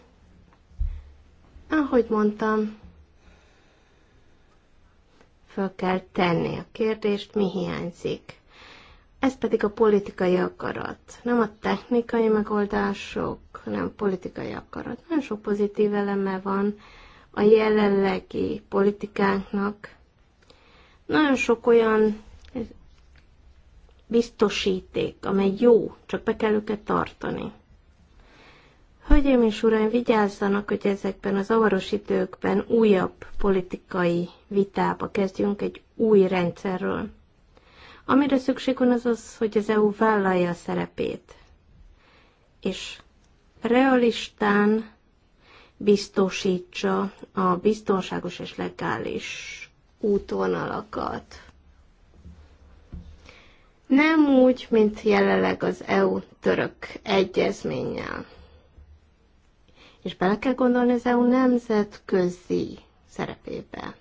ahogy mondtam, föl kell tenni a kérdést, mi hiányzik. Ez pedig a politikai akarat, nem a technikai megoldások, hanem politikai akarat. Nagyon sok pozitív eleme van a jelenlegi politikánknak. Nagyon sok olyan biztosíték, amely jó, csak be kell őket tartani. Hölgyeim és uraim, vigyázzanak, hogy ezekben az zavaros időkben újabb politikai vitába kezdjünk egy új rendszerről. Amire szükség van az az, hogy az EU vállalja a szerepét, és realistán biztosítsa a biztonságos és legális útvonalakat. Nem úgy, mint jelenleg az EU-török egyezménnyel. És bele kell gondolni az EU nemzetközi szerepébe.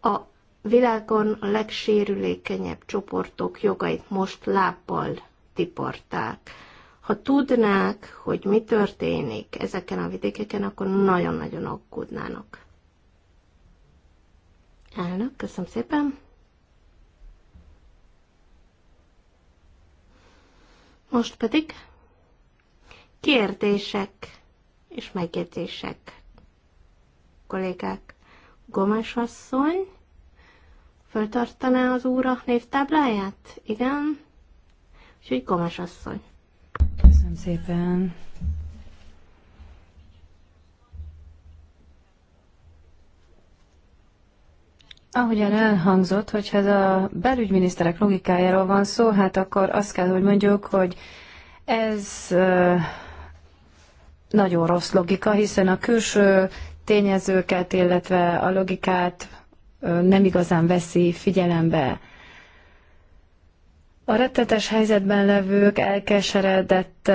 A világon a legsérülékenyebb csoportok jogait most lábbal tiporták. Ha tudnák, hogy mi történik ezeken a vidékeken, akkor nagyon-nagyon aggódnának. Elnök, köszönöm szépen. Most pedig kérdések és megjegyzések. Kollégák, Gomes asszony, Föltartaná az úr a névtábláját? Igen. Úgyhogy Gomes asszony. Köszönöm szépen. Ahogyan elhangzott, hogy ez a belügyminiszterek logikájáról van szó, hát akkor azt kell, hogy mondjuk, hogy ez nagyon rossz logika, hiszen a külső tényezőket, illetve a logikát nem igazán veszi figyelembe. A rettetes helyzetben levők, elkeseredett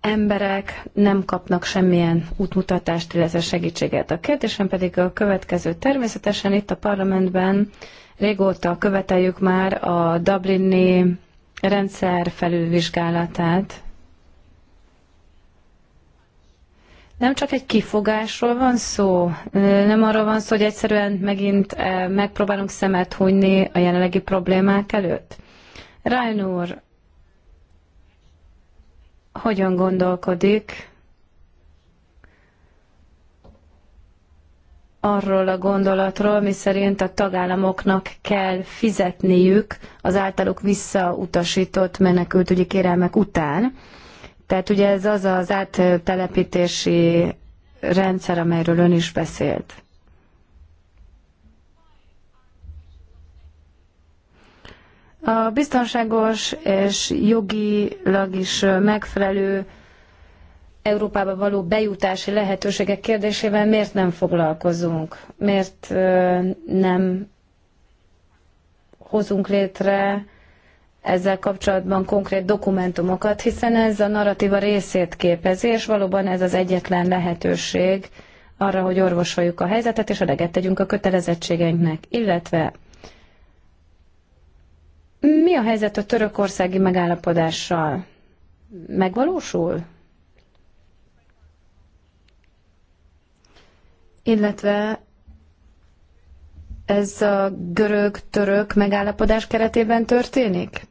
emberek nem kapnak semmilyen útmutatást, illetve segítséget. A kérdésem pedig a következő. Természetesen itt a parlamentben régóta követeljük már a Dublini rendszer felülvizsgálatát, nem csak egy kifogásról van szó, nem arról van szó, hogy egyszerűen megint megpróbálunk szemet hunyni a jelenlegi problémák előtt. Ryan úr, hogyan gondolkodik arról a gondolatról, miszerint a tagállamoknak kell fizetniük az általuk visszautasított menekültügyi kérelmek után, tehát ugye ez az az áttelepítési rendszer, amelyről ön is beszélt. A biztonságos és jogilag is megfelelő Európába való bejutási lehetőségek kérdésével miért nem foglalkozunk? Miért nem hozunk létre ezzel kapcsolatban konkrét dokumentumokat, hiszen ez a narratíva részét képezi, és valóban ez az egyetlen lehetőség arra, hogy orvosoljuk a helyzetet, és eleget tegyünk a kötelezettségeinknek. Illetve mi a helyzet a törökországi megállapodással? Megvalósul? Illetve ez a görög-török megállapodás keretében történik?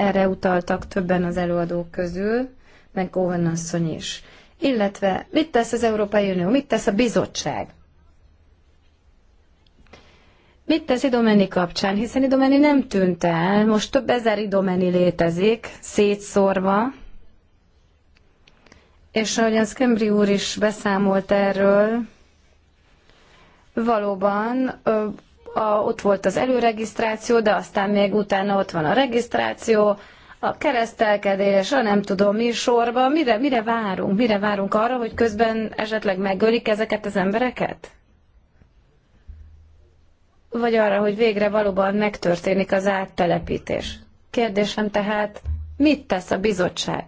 erre utaltak többen az előadók közül, meg Cohen asszony is. Illetve mit tesz az Európai Unió, mit tesz a bizottság? Mit tesz Idomeni kapcsán? Hiszen Idomeni nem tűnt el, most több ezer Idomeni létezik, szétszórva, és az Kembri úr is beszámolt erről, valóban a, ott volt az előregisztráció, de aztán még utána ott van a regisztráció, a keresztelkedés, a nem tudom mi sorba, mire, mire várunk? Mire várunk arra, hogy közben esetleg megölik ezeket az embereket? Vagy arra, hogy végre valóban megtörténik az áttelepítés? Kérdésem tehát, mit tesz a bizottság?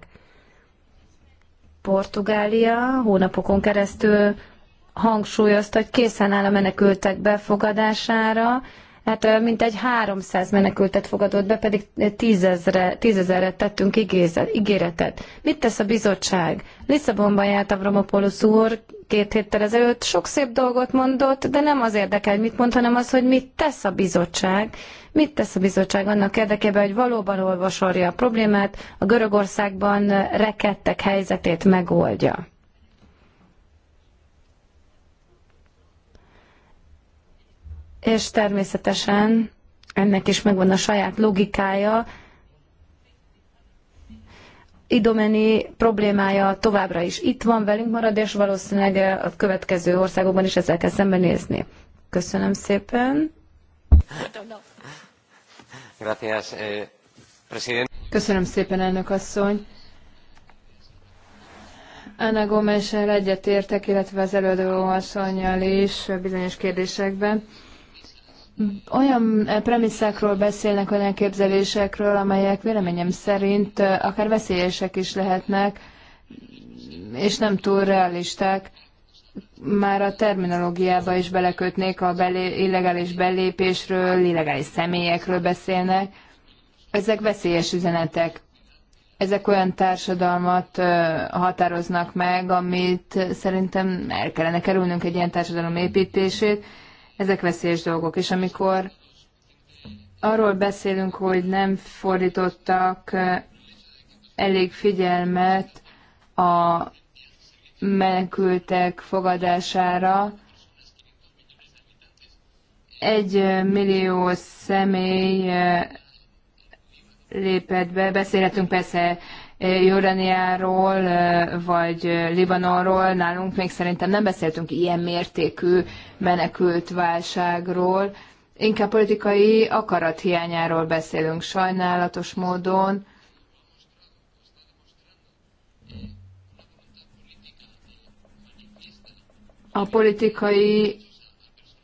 Portugália hónapokon keresztül hangsúlyozta, hogy készen áll a menekültek befogadására, Hát mintegy 300 menekültet fogadott be, pedig tízezre, tízezerre tettünk ígéretet. Mit tesz a bizottság? Lisszabonban járt Avramopoulos úr két héttel ezelőtt, sok szép dolgot mondott, de nem az érdekel, mit mond, hanem az, hogy mit tesz a bizottság. Mit tesz a bizottság annak érdekében, hogy valóban olvasolja a problémát, a Görögországban rekedtek helyzetét megoldja. és természetesen ennek is megvan a saját logikája, idomeni problémája továbbra is itt van, velünk marad, és valószínűleg a következő országokban is ezzel kell szembenézni. Köszönöm szépen. Eh, Köszönöm szépen, elnök asszony. Anna Gomes-el egyetértek, illetve az előadó asszonyjal is bizonyos kérdésekben olyan eh, premisszákról beszélnek, olyan elképzelésekről, amelyek véleményem szerint eh, akár veszélyesek is lehetnek, és nem túl realisták. Már a terminológiába is belekötnék, a belé, illegális belépésről, illegális személyekről beszélnek. Ezek veszélyes üzenetek. Ezek olyan társadalmat eh, határoznak meg, amit szerintem el kellene kerülnünk egy ilyen társadalom építését, ezek veszélyes dolgok, és amikor arról beszélünk, hogy nem fordítottak elég figyelmet a menekültek fogadására, egy millió személy lépett be. Beszélhetünk persze Jordániáról vagy Libanonról, nálunk még szerintem nem beszéltünk ilyen mértékű menekült válságról, inkább politikai akarat hiányáról beszélünk sajnálatos módon. A politikai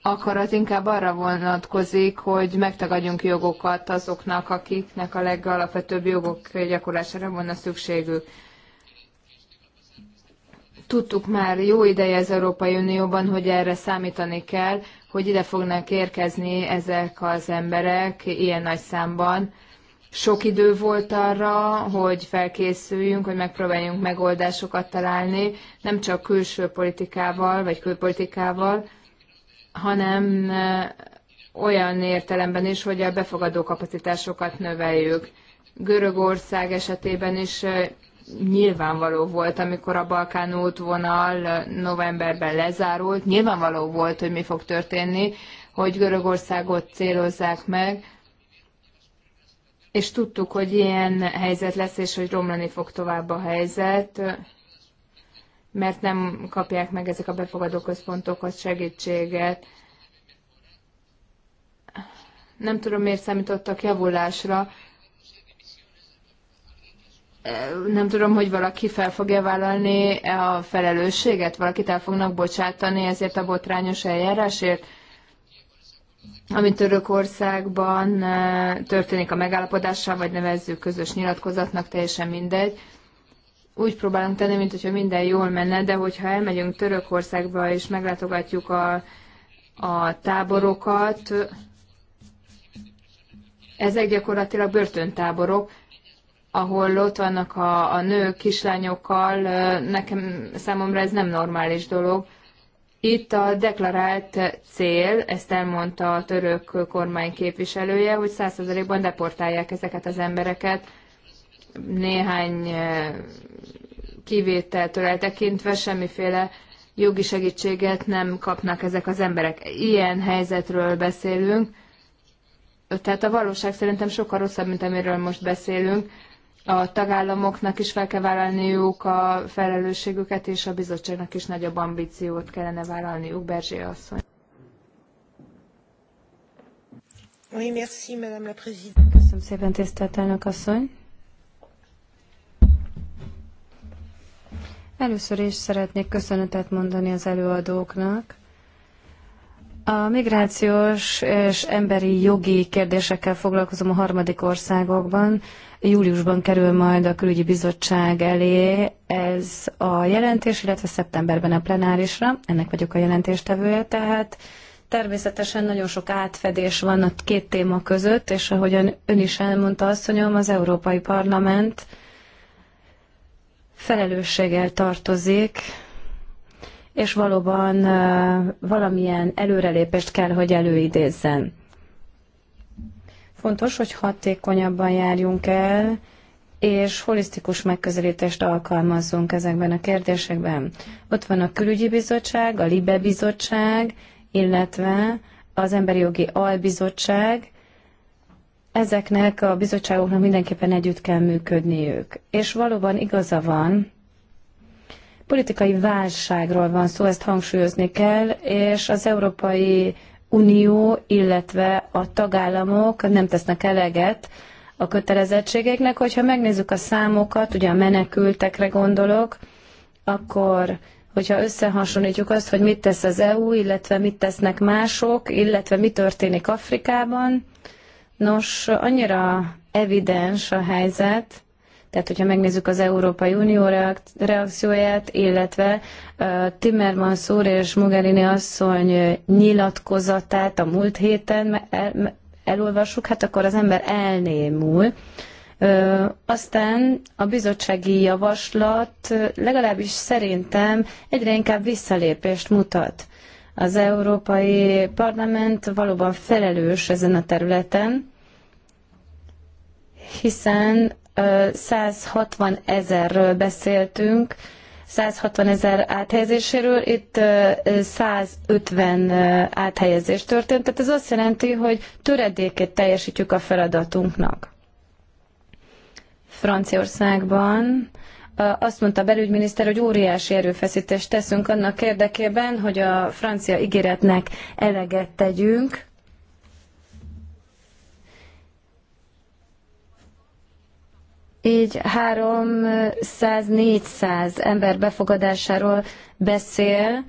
akkor az inkább arra vonatkozik, hogy megtagadjunk jogokat azoknak, akiknek a legalapvetőbb jogok gyakorlására volna szükségük. Tudtuk már jó ideje az Európai Unióban, hogy erre számítani kell, hogy ide fognak érkezni ezek az emberek ilyen nagy számban. Sok idő volt arra, hogy felkészüljünk, hogy megpróbáljunk megoldásokat találni, nem csak külső politikával vagy külpolitikával, hanem eh, olyan értelemben is, hogy a befogadó kapacitásokat növeljük. Görögország esetében is eh, nyilvánvaló volt, amikor a Balkán útvonal eh, novemberben lezárult, nyilvánvaló volt, hogy mi fog történni, hogy Görögországot célozzák meg, és tudtuk, hogy ilyen helyzet lesz, és hogy romlani fog tovább a helyzet mert nem kapják meg ezek a befogadó központokhoz segítséget. Nem tudom, miért számítottak javulásra. Nem tudom, hogy valaki fel fogja vállalni a felelősséget, valakit el fognak bocsátani ezért a botrányos eljárásért ami Törökországban történik a megállapodással, vagy nevezzük közös nyilatkozatnak, teljesen mindegy úgy próbálunk tenni, mint hogyha minden jól menne, de hogyha elmegyünk Törökországba és meglátogatjuk a, a táborokat, ezek gyakorlatilag börtöntáborok, ahol ott vannak a, a nők kislányokkal, nekem számomra ez nem normális dolog. Itt a deklarált cél, ezt elmondta a török kormány képviselője, hogy 100 deportálják ezeket az embereket néhány eh, kivételtől eltekintve semmiféle jogi segítséget nem kapnak ezek az emberek. Ilyen helyzetről beszélünk, tehát a valóság szerintem sokkal rosszabb, mint amiről most beszélünk. A tagállamoknak is fel kell vállalniuk a felelősségüket, és a bizottságnak is nagyobb ambíciót kellene vállalniuk, Berzsé asszony. Oui, merci, Madame la Présidente. Köszönöm szépen, tisztelt elnök asszony. Először is szeretnék köszönetet mondani az előadóknak. A migrációs és emberi jogi kérdésekkel foglalkozom a harmadik országokban. Júliusban kerül majd a külügyi bizottság elé ez a jelentés, illetve szeptemberben a plenárisra. Ennek vagyok a jelentéstevője, tehát természetesen nagyon sok átfedés van a két téma között, és ahogyan ön is elmondta, asszonyom, az Európai Parlament felelősséggel tartozik, és valóban valamilyen előrelépést kell, hogy előidézzen. Fontos, hogy hatékonyabban járjunk el, és holisztikus megközelítést alkalmazzunk ezekben a kérdésekben. Ott van a külügyi bizottság, a LIBE bizottság, illetve az Emberi Jogi Albizottság, ezeknek a bizottságoknak mindenképpen együtt kell működniük. És valóban igaza van, politikai válságról van szó, ezt hangsúlyozni kell, és az Európai Unió, illetve a tagállamok nem tesznek eleget a kötelezettségeknek. Hogyha megnézzük a számokat, ugye a menekültekre gondolok, akkor hogyha összehasonlítjuk azt, hogy mit tesz az EU, illetve mit tesznek mások, illetve mi történik Afrikában, Nos, annyira evidens a helyzet, tehát hogyha megnézzük az Európai Unió reakcióját, illetve Timmermans úr és Mogherini asszony nyilatkozatát a múlt héten e-, elolvassuk, hát akkor az ember elnémul. Uh, aztán a bizottsági javaslat legalábbis szerintem egyre inkább visszalépést mutat. Az Európai Parlament valóban felelős ezen a területen, hiszen 160 ezerről beszéltünk, 160 ezer áthelyezéséről, itt 150 áthelyezés történt, tehát ez azt jelenti, hogy töredékét teljesítjük a feladatunknak. Franciaországban azt mondta a belügyminiszter, hogy óriási erőfeszítést teszünk annak érdekében, hogy a francia ígéretnek eleget tegyünk. Így 300-400 ember befogadásáról beszél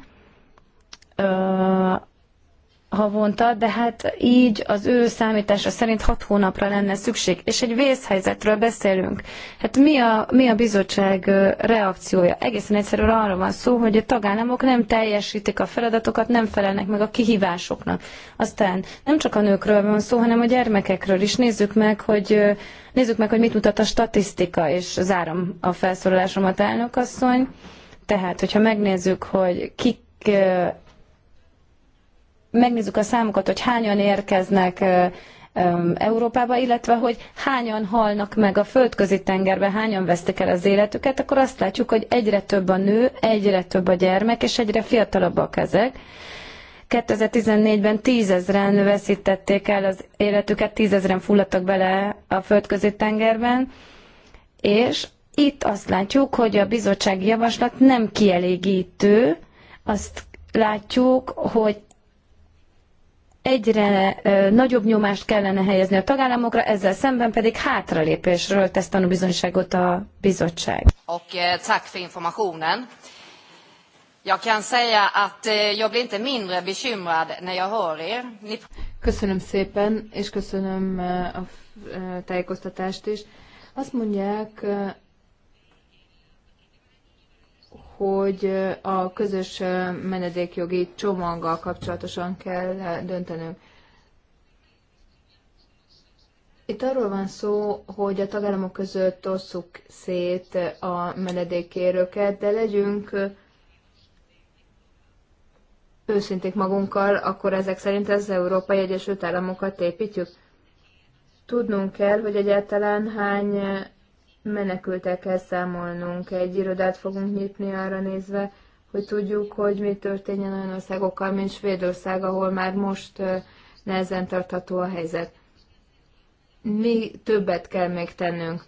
havonta, de hát így az ő számítása szerint hat hónapra lenne szükség, és egy vészhelyzetről beszélünk. Hát mi a, mi a bizottság reakciója? Egészen egyszerűen arra van szó, hogy a tagállamok nem teljesítik a feladatokat, nem felelnek meg a kihívásoknak. Aztán nem csak a nőkről van szó, hanem a gyermekekről is. Nézzük meg, hogy, nézzük meg, hogy mit mutat a statisztika, és zárom a felszólalásomat, elnök asszony. Tehát, hogyha megnézzük, hogy kik megnézzük a számokat, hogy hányan érkeznek Európába, illetve hogy hányan halnak meg a földközi tengerben, hányan vesztik el az életüket, akkor azt látjuk, hogy egyre több a nő, egyre több a gyermek, és egyre fiatalabbak ezek. 2014-ben tízezren veszítették el az életüket, tízezren fulladtak bele a földközi tengerben, és itt azt látjuk, hogy a bizottsági javaslat nem kielégítő, azt látjuk, hogy egyre nagyobb nyomást kellene helyezni a tagállamokra, ezzel szemben pedig hátralépésről tesz tanúbizonyságot a bizottság. Eh, eh, mindre er. Köszönöm szépen, és köszönöm eh, a tájékoztatást is. Azt mondják, hogy a közös menedékjogi csomaggal kapcsolatosan kell döntenünk. Itt arról van szó, hogy a tagállamok között osszuk szét a menedékkérőket, de legyünk őszinték magunkkal, akkor ezek szerint az Európai Egyesült Államokat építjük. Tudnunk kell, hogy egyáltalán hány menekültel kell számolnunk. Egy irodát fogunk nyitni arra nézve, hogy tudjuk, hogy mi történjen olyan országokkal, mint Svédország, ahol már most nehezen tartható a helyzet. Mi többet kell még tennünk?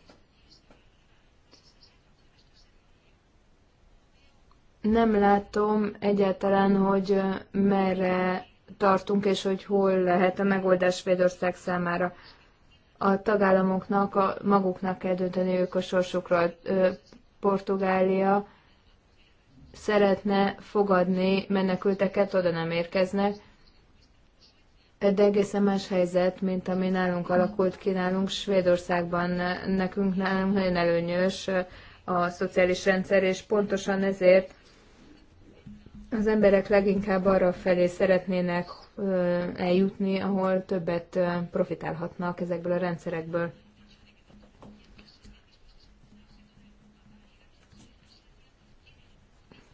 Nem látom egyáltalán, hogy merre tartunk, és hogy hol lehet a megoldás Svédország számára a tagállamoknak a, maguknak kell dönteni ők a sorsukról. Portugália szeretne fogadni menekülteket, oda nem érkeznek, de egészen más helyzet, mint ami nálunk alakult ki, nálunk Svédországban nekünk nálunk nagyon előnyös a szociális rendszer, és pontosan ezért az emberek leginkább arra felé szeretnének eljutni, ahol többet profitálhatnak ezekből a rendszerekből.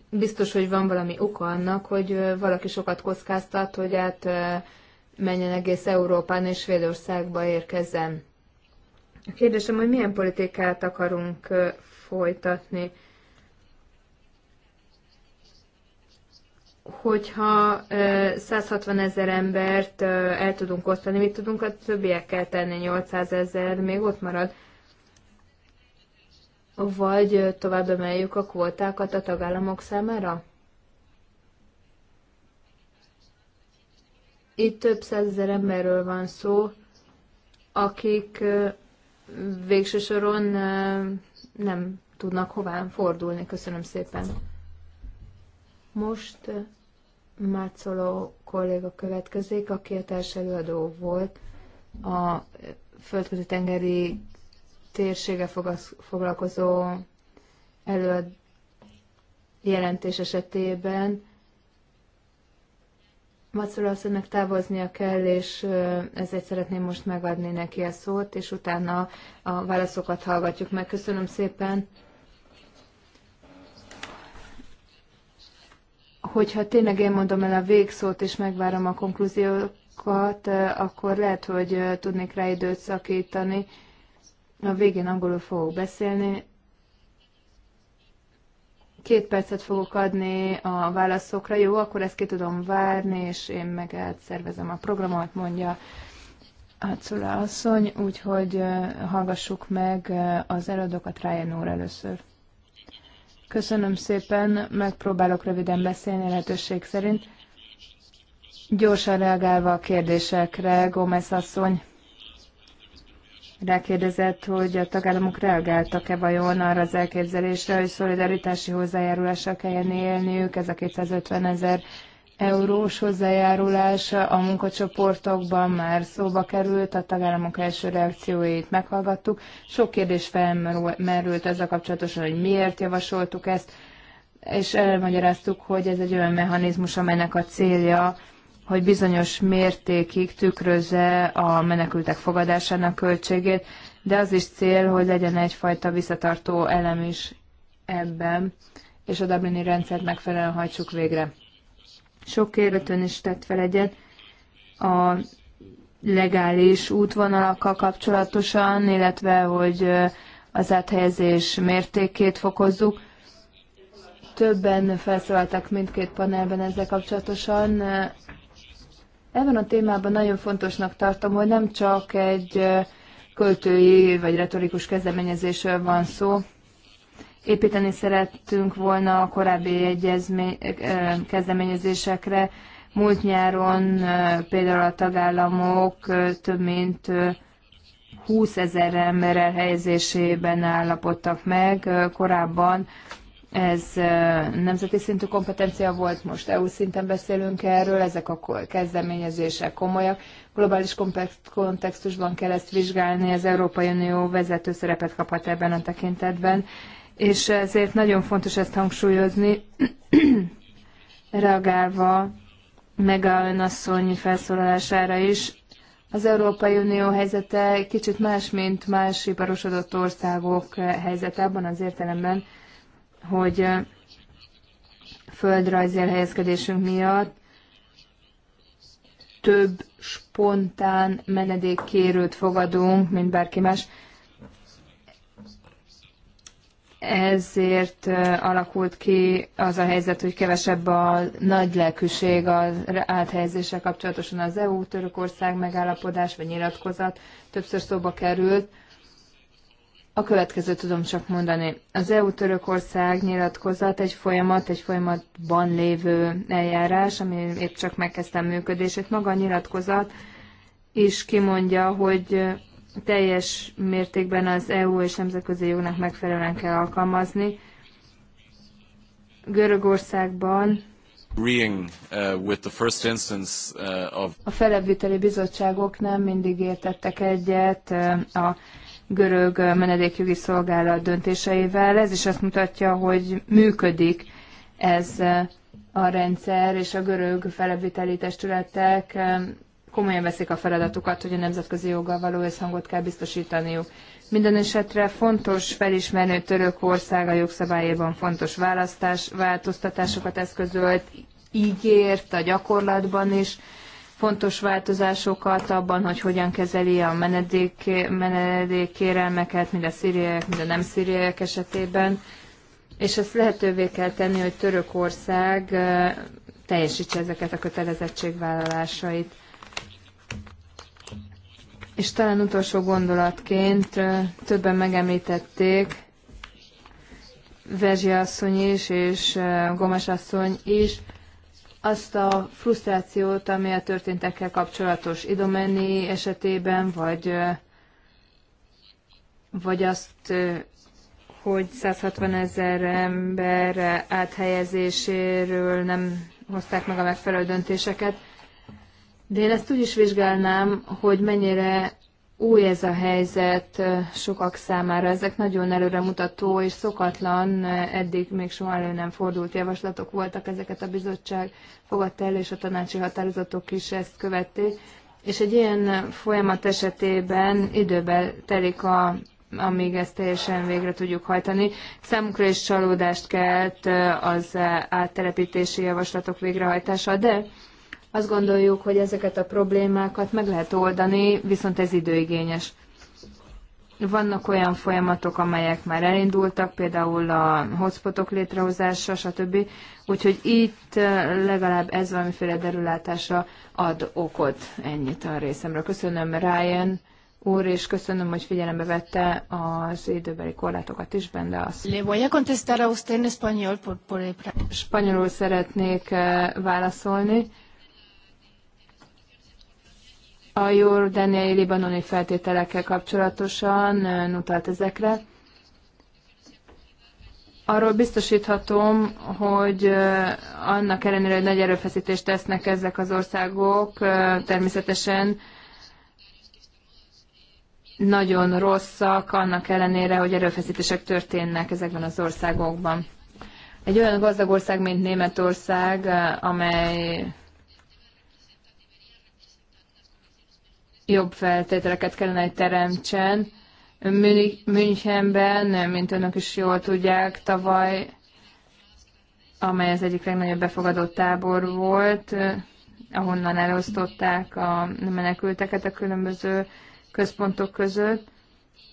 Biztos, hogy van valami oka annak, hogy valaki sokat kockáztat, hogy át menjen egész Európán és Svédországba érkezzen. A kérdésem, hogy milyen politikát akarunk folytatni. hogyha 160 ezer embert el tudunk osztani, mit tudunk a többiekkel tenni, 800 ezer még ott marad. Vagy tovább emeljük a kvótákat a tagállamok számára? Itt több százezer emberről van szó, akik végső soron nem tudnak hová fordulni. Köszönöm szépen. Most Mácoló kolléga következik, aki a társelőadó volt a földközi tengeri térsége foglalkozó előad jelentés esetében. azt mondja, távoznia kell, és ezért szeretném most megadni neki a szót, és utána a válaszokat hallgatjuk meg. Köszönöm szépen! hogyha tényleg én mondom el a végszót, és megvárom a konklúziókat, akkor lehet, hogy tudnék rá időt szakítani. A végén angolul fogok beszélni. Két percet fogok adni a válaszokra. Jó, akkor ezt ki tudom várni, és én meg szervezem a programot, mondja Hátszula asszony, úgyhogy hallgassuk meg az előadókat Ryan úr először. Köszönöm szépen, megpróbálok röviden beszélni lehetőség szerint. Gyorsan reagálva a kérdésekre, Gómez asszony rákérdezett, hogy a tagállamok reagáltak-e vajon arra az elképzelésre, hogy szolidaritási hozzájárulással kelljen élniük, ez a 250 ezer eurós hozzájárulás a munkacsoportokban már szóba került, a tagállamok első reakcióit meghallgattuk. Sok kérdés felmerült ezzel kapcsolatosan, hogy miért javasoltuk ezt, és elmagyaráztuk, hogy ez egy olyan mechanizmus, amelynek a célja, hogy bizonyos mértékig tükrözze a menekültek fogadásának költségét, de az is cél, hogy legyen egyfajta visszatartó elem is ebben, és a Dublini rendszert megfelelően hajtsuk végre. Sok kérdőtön is tett fel egyet a legális útvonalakkal kapcsolatosan, illetve hogy az áthelyezés mértékét fokozzuk. Többen felszólaltak mindkét panelben ezzel kapcsolatosan. Ebben a témában nagyon fontosnak tartom, hogy nem csak egy költői vagy retorikus kezdeményezésről van szó, építeni szerettünk volna a korábbi kezdeményezésekre. Múlt nyáron például a tagállamok több mint 20 ezer ember elhelyezésében állapodtak meg. Korábban ez nemzeti szintű kompetencia volt, most EU szinten beszélünk erről, ezek a kezdeményezések komolyak. Globális kontextusban kell ezt vizsgálni, az Európai Unió vezető szerepet kaphat ebben a tekintetben, és ezért nagyon fontos ezt hangsúlyozni, [clears throat] reagálva meg a önasszony felszólalására is. Az Európai Unió helyzete kicsit más, mint más iparosodott országok helyzete, abban az értelemben, hogy földrajzi elhelyezkedésünk miatt több spontán menedékkérőt fogadunk, mint bárki más ezért alakult ki az a helyzet, hogy kevesebb a nagy lelkűség az áthelyezéssel kapcsolatosan az EU-Törökország megállapodás vagy nyilatkozat többször szóba került. A következő tudom csak mondani. Az EU-Törökország nyilatkozat egy folyamat, egy folyamatban lévő eljárás, ami épp csak megkezdtem működését. Maga a nyilatkozat is kimondja, hogy teljes mértékben az EU és nemzetközi jognak megfelelően kell alkalmazni. Görögországban uh, uh, a felelőtteli bizottságok nem mindig értettek egyet uh, a görög menedékjogi szolgálat döntéseivel. Ez is azt mutatja, hogy működik ez a rendszer, és a görög felelőtteli testületek um, komolyan veszik a feladatukat, hogy a nemzetközi joggal való összhangot kell biztosítaniuk. Minden esetre fontos felismerni, hogy Törökország a jogszabályában fontos választás, változtatásokat eszközölt, ígért a gyakorlatban is, fontos változásokat abban, hogy hogyan kezeli a menedék, menedékkérelmeket, mind a szíriaiak, mind a nem szíriaiak esetében, és ezt lehetővé kell tenni, hogy Törökország teljesítse ezeket a kötelezettségvállalásait. És talán utolsó gondolatként többen megemlítették, Verzsi asszony is, és Gomes asszony is, azt a frusztrációt, ami a történtekkel kapcsolatos idomeni esetében, vagy, vagy azt, hogy 160 ezer ember áthelyezéséről nem hozták meg a megfelelő döntéseket. De én ezt úgy is vizsgálnám, hogy mennyire új ez a helyzet sokak számára. Ezek nagyon előremutató és szokatlan, eddig még soha elő nem fordult javaslatok voltak, ezeket a bizottság fogadta el, és a tanácsi határozatok is ezt követték. És egy ilyen folyamat esetében időben telik a amíg ezt teljesen végre tudjuk hajtani. számukra is csalódást kelt az áttelepítési javaslatok végrehajtása, de azt gondoljuk, hogy ezeket a problémákat meg lehet oldani, viszont ez időigényes. Vannak olyan folyamatok, amelyek már elindultak, például a hotspotok létrehozása, stb. Úgyhogy itt eh, legalább ez valamiféle derülátása ad okot. Ennyit a részemről. Köszönöm Ryan úr, és köszönöm, hogy figyelembe vette az időbeli korlátokat is benne. Azt... Le voy a contestar a usted en español por, por el... Spanyolul szeretnék eh, válaszolni a jordániai libanoni feltételekkel kapcsolatosan utalt ezekre. Arról biztosíthatom, hogy annak ellenére, hogy nagy erőfeszítést tesznek ezek az országok, természetesen nagyon rosszak, annak ellenére, hogy erőfeszítések történnek ezekben az országokban. Egy olyan gazdag ország, mint Németország, amely jobb feltételeket kellene, hogy teremtsen. Münchenben, mint önök is jól tudják, tavaly, amely az egyik legnagyobb befogadott tábor volt, ahonnan elosztották a menekülteket a különböző központok között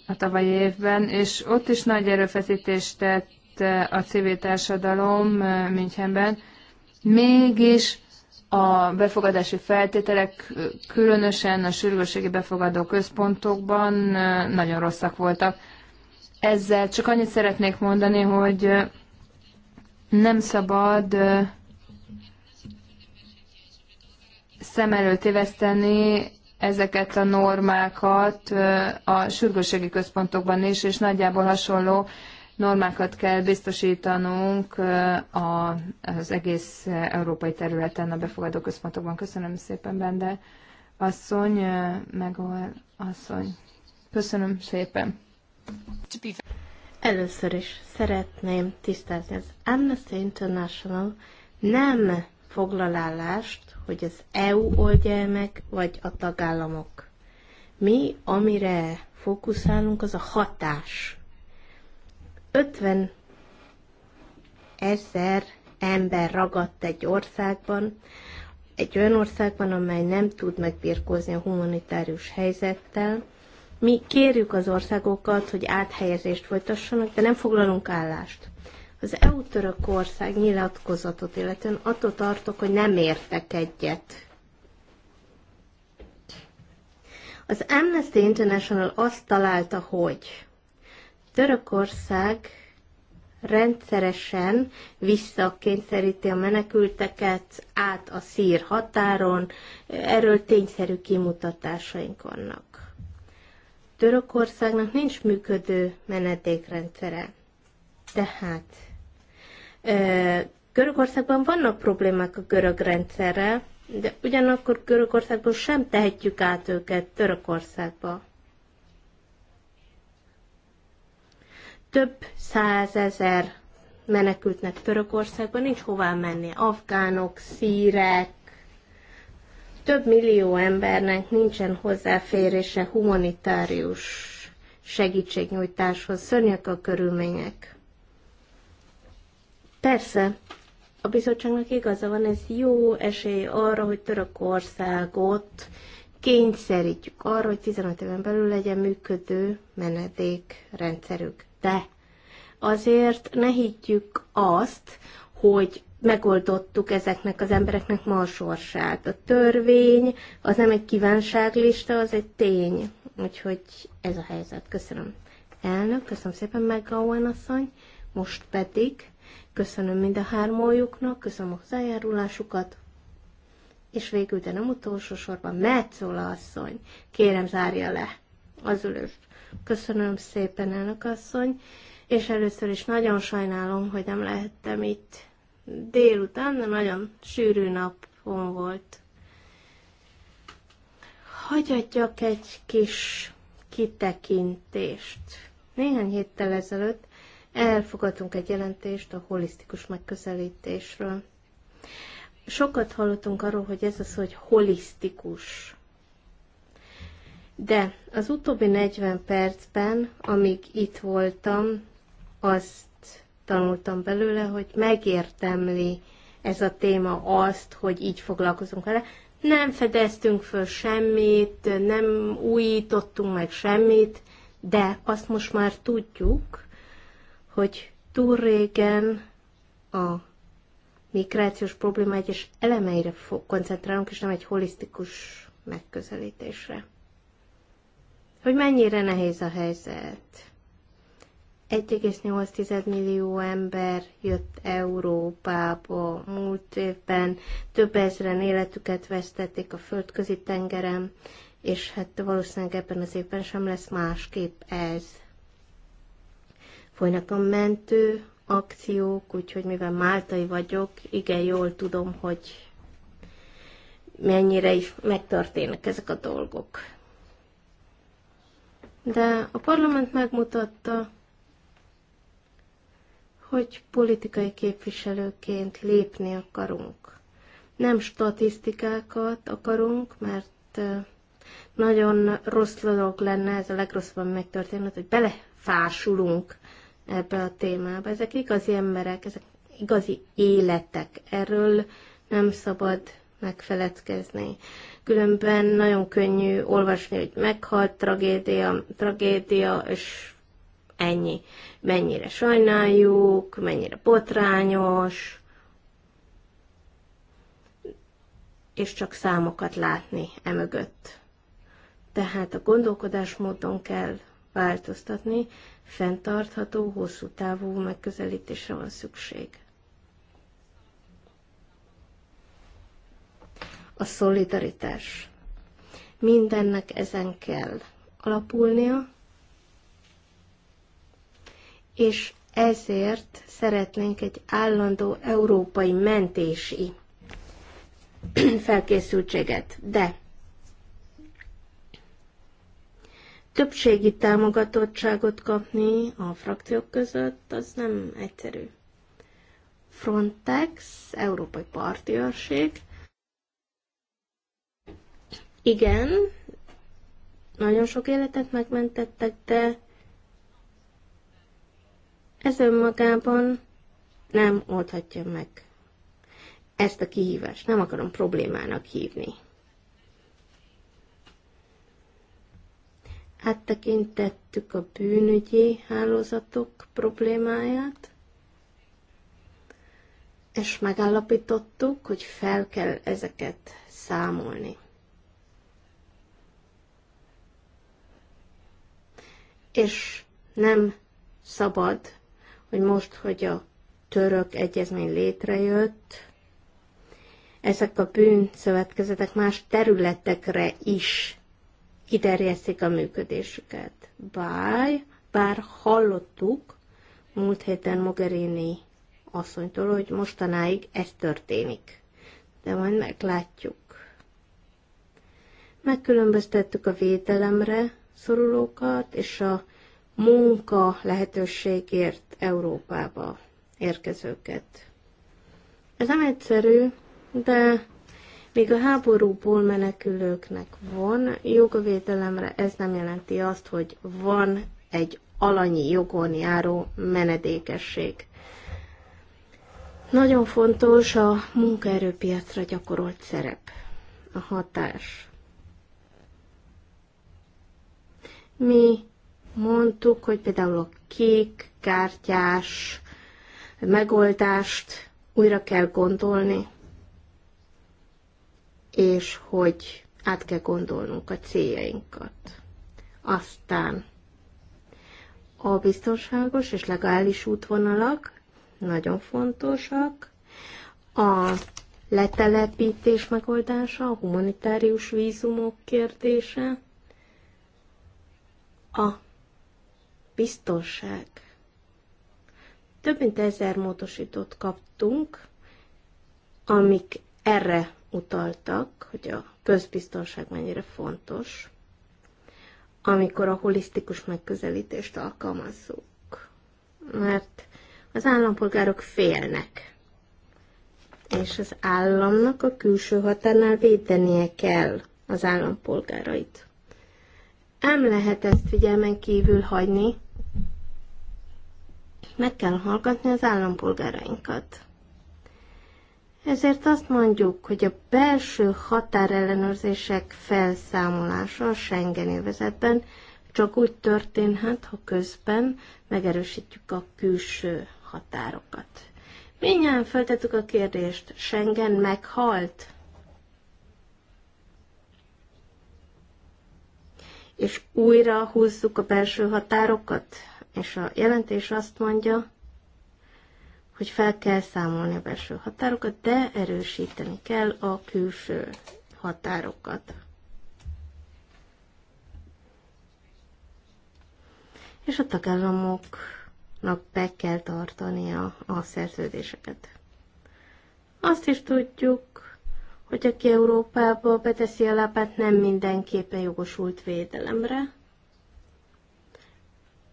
a tavalyi évben, és ott is nagy erőfeszítést tett a civil társadalom Münchenben, mégis a befogadási feltételek, különösen a sürgősségi befogadó központokban nagyon rosszak voltak. Ezzel csak annyit szeretnék mondani, hogy nem szabad szem előtt éveszteni ezeket a normákat a sürgősségi központokban is, és nagyjából hasonló normákat kell biztosítanunk az egész európai területen a befogadó központokban. Köszönöm szépen, Bende asszony, meg asszony. Köszönöm szépen. Először is szeretném tisztázni az Amnesty International nem foglalálást, hogy az EU oldja meg, vagy a tagállamok. Mi, amire fókuszálunk, az a hatás 50 ezer ember ragadt egy országban, egy olyan országban, amely nem tud megbirkózni a humanitárius helyzettel. Mi kérjük az országokat, hogy áthelyezést folytassanak, de nem foglalunk állást. Az EU-Törökország nyilatkozatot illetően attól tartok, hogy nem értek egyet. Az Amnesty International azt találta, hogy Törökország rendszeresen visszakényszeríti a menekülteket át a szír határon, erről tényszerű kimutatásaink vannak. Törökországnak nincs működő menedékrendszere. Tehát Görögországban vannak problémák a görög rendszerrel, de ugyanakkor Görögországból sem tehetjük át őket Törökországba. több százezer menekültnek Törökországban nincs hová menni. Afgánok, szírek, több millió embernek nincsen hozzáférése humanitárius segítségnyújtáshoz. Szörnyek a körülmények. Persze, a bizottságnak igaza van, ez jó esély arra, hogy Törökországot kényszerítjük arra, hogy 15 éven belül legyen működő menedékrendszerük te. azért ne higgyük azt, hogy megoldottuk ezeknek az embereknek ma a sorsát. A törvény az nem egy kívánságlista, az egy tény. Úgyhogy ez a helyzet. Köszönöm. Elnök, köszönöm szépen meg a asszony, most pedig köszönöm mind a hármójuknak, köszönöm a hozzájárulásukat, és végül, de nem utolsó sorban, Metzola asszony, kérem zárja le az ülést. Köszönöm szépen, elnök asszony, és először is nagyon sajnálom, hogy nem lehettem itt délután, de nagyon sűrű napon volt. Hagyjatjak egy kis kitekintést. Néhány héttel ezelőtt elfogadtunk egy jelentést a holisztikus megközelítésről. Sokat hallottunk arról, hogy ez az, hogy holisztikus de az utóbbi 40 percben, amíg itt voltam, azt tanultam belőle, hogy megértemli ez a téma azt, hogy így foglalkozunk vele. Nem fedeztünk föl semmit, nem újítottunk meg semmit, de azt most már tudjuk, hogy túl régen a migrációs probléma egyes elemeire koncentrálunk, és nem egy holisztikus megközelítésre hogy mennyire nehéz a helyzet. 1,8 millió ember jött Európába múlt évben, több ezeren életüket vesztették a földközi tengeren, és hát valószínűleg ebben az évben sem lesz másképp ez. Folynak a mentő akciók, úgyhogy mivel máltai vagyok, igen jól tudom, hogy mennyire is megtörténnek ezek a dolgok de a parlament megmutatta, hogy politikai képviselőként lépni akarunk. Nem statisztikákat akarunk, mert nagyon rossz dolog lenne, ez a legrosszabb, ami megtörténhet, hogy belefásulunk ebbe a témába. Ezek igazi emberek, ezek igazi életek. Erről nem szabad megfeledkezni különben nagyon könnyű olvasni, hogy meghalt, tragédia, tragédia, és ennyi. Mennyire sajnáljuk, mennyire botrányos, és csak számokat látni emögött. Tehát a gondolkodásmódon kell változtatni, fenntartható, hosszú távú megközelítésre van szükség. a szolidaritás. Mindennek ezen kell alapulnia, és ezért szeretnénk egy állandó európai mentési [clears throat] felkészültséget. De többségi támogatottságot kapni a frakciók között, az nem egyszerű. Frontex, Európai Parti igen, nagyon sok életet megmentettek, de ez önmagában nem oldhatja meg ezt a kihívást. Nem akarom problémának hívni. Áttekintettük a bűnügyi hálózatok problémáját, és megállapítottuk, hogy fel kell ezeket számolni. és nem szabad, hogy most, hogy a török egyezmény létrejött, ezek a bűnszövetkezetek más területekre is kiterjesztik a működésüket. Bár, bár hallottuk múlt héten Mogherini asszonytól, hogy mostanáig ez történik. De majd meglátjuk. Megkülönböztettük a védelemre szorulókat és a munka lehetőségért Európába érkezőket. Ez nem egyszerű, de még a háborúból menekülőknek van jogvédelemre, ez nem jelenti azt, hogy van egy alanyi jogon járó menedékesség. Nagyon fontos a munkaerőpiacra gyakorolt szerep, a hatás. Mi mondtuk, hogy például a kék kártyás megoldást újra kell gondolni, és hogy át kell gondolnunk a céljainkat. Aztán a biztonságos és legális útvonalak nagyon fontosak, a letelepítés megoldása, a humanitárius vízumok kérdése, a biztonság. Több mint ezer módosítót kaptunk, amik erre utaltak, hogy a közbiztonság mennyire fontos, amikor a holisztikus megközelítést alkalmazzuk. Mert az állampolgárok félnek, és az államnak a külső határnál védenie kell az állampolgárait. Nem lehet ezt figyelmen kívül hagyni. Meg kell hallgatni az állampolgárainkat. Ezért azt mondjuk, hogy a belső határellenőrzések felszámolása a Schengen övezetben csak úgy történhet, ha közben megerősítjük a külső határokat. Mindjárt feltettük a kérdést, Schengen meghalt? és újra húzzuk a belső határokat, és a jelentés azt mondja, hogy fel kell számolni a belső határokat, de erősíteni kell a külső határokat. És a tagállamoknak be kell tartania a szerződéseket. Azt is tudjuk, hogy aki Európába beteszi a lábát, nem mindenképpen jogosult védelemre,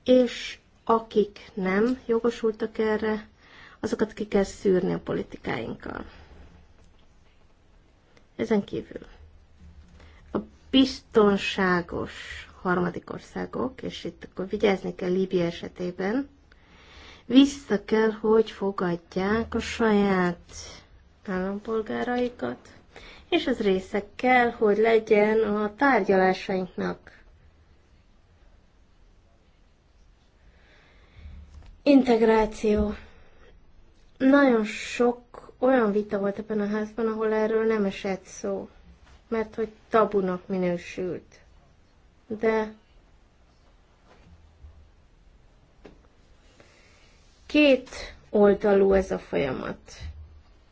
és akik nem jogosultak erre, azokat ki kell szűrni a politikáinkkal. Ezen kívül a biztonságos harmadik országok, és itt akkor vigyázni kell Líbia esetében, vissza kell, hogy fogadják a saját állampolgáraikat és az részek kell, hogy legyen a tárgyalásainknak. Integráció. Nagyon sok olyan vita volt ebben a házban, ahol erről nem esett szó, mert hogy tabunak minősült. De két oldalú ez a folyamat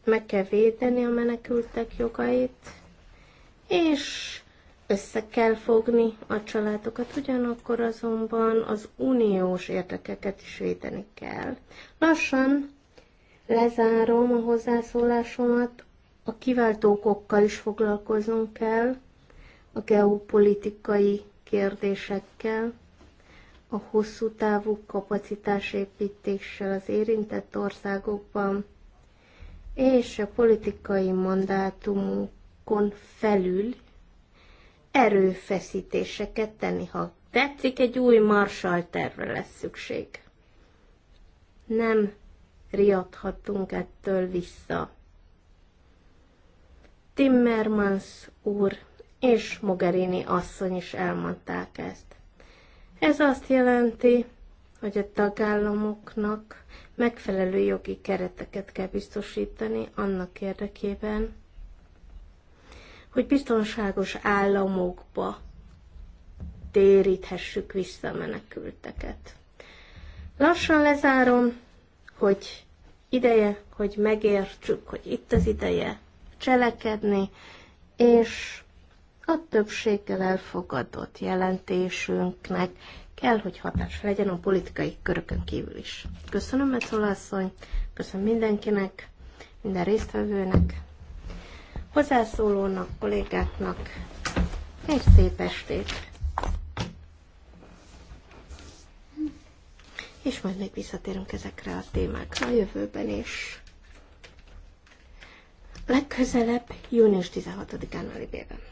meg kell védeni a menekültek jogait, és össze kell fogni a családokat, ugyanakkor azonban az uniós érdekeket is védeni kell. Lassan lezárom a hozzászólásomat, a kiváltókokkal is foglalkozunk kell, a geopolitikai kérdésekkel, a hosszú távú kapacitásépítéssel az érintett országokban, és a politikai mandátumokon felül erőfeszítéseket tenni. Ha tetszik, egy új marsal tervre lesz szükség. Nem riadhatunk ettől vissza. Timmermans úr és Mogherini asszony is elmondták ezt. Ez azt jelenti, hogy a tagállamoknak megfelelő jogi kereteket kell biztosítani annak érdekében, hogy biztonságos államokba téríthessük vissza a menekülteket. Lassan lezárom, hogy ideje, hogy megértsük, hogy itt az ideje cselekedni, és a többséggel elfogadott jelentésünknek kell, hogy hatás legyen a politikai körökön kívül is. Köszönöm, Metzola asszony, köszönöm mindenkinek, minden résztvevőnek, hozzászólónak, kollégáknak, egy szép estét! És majd még visszatérünk ezekre a témákra a jövőben is. Legközelebb június 16-án a Libében.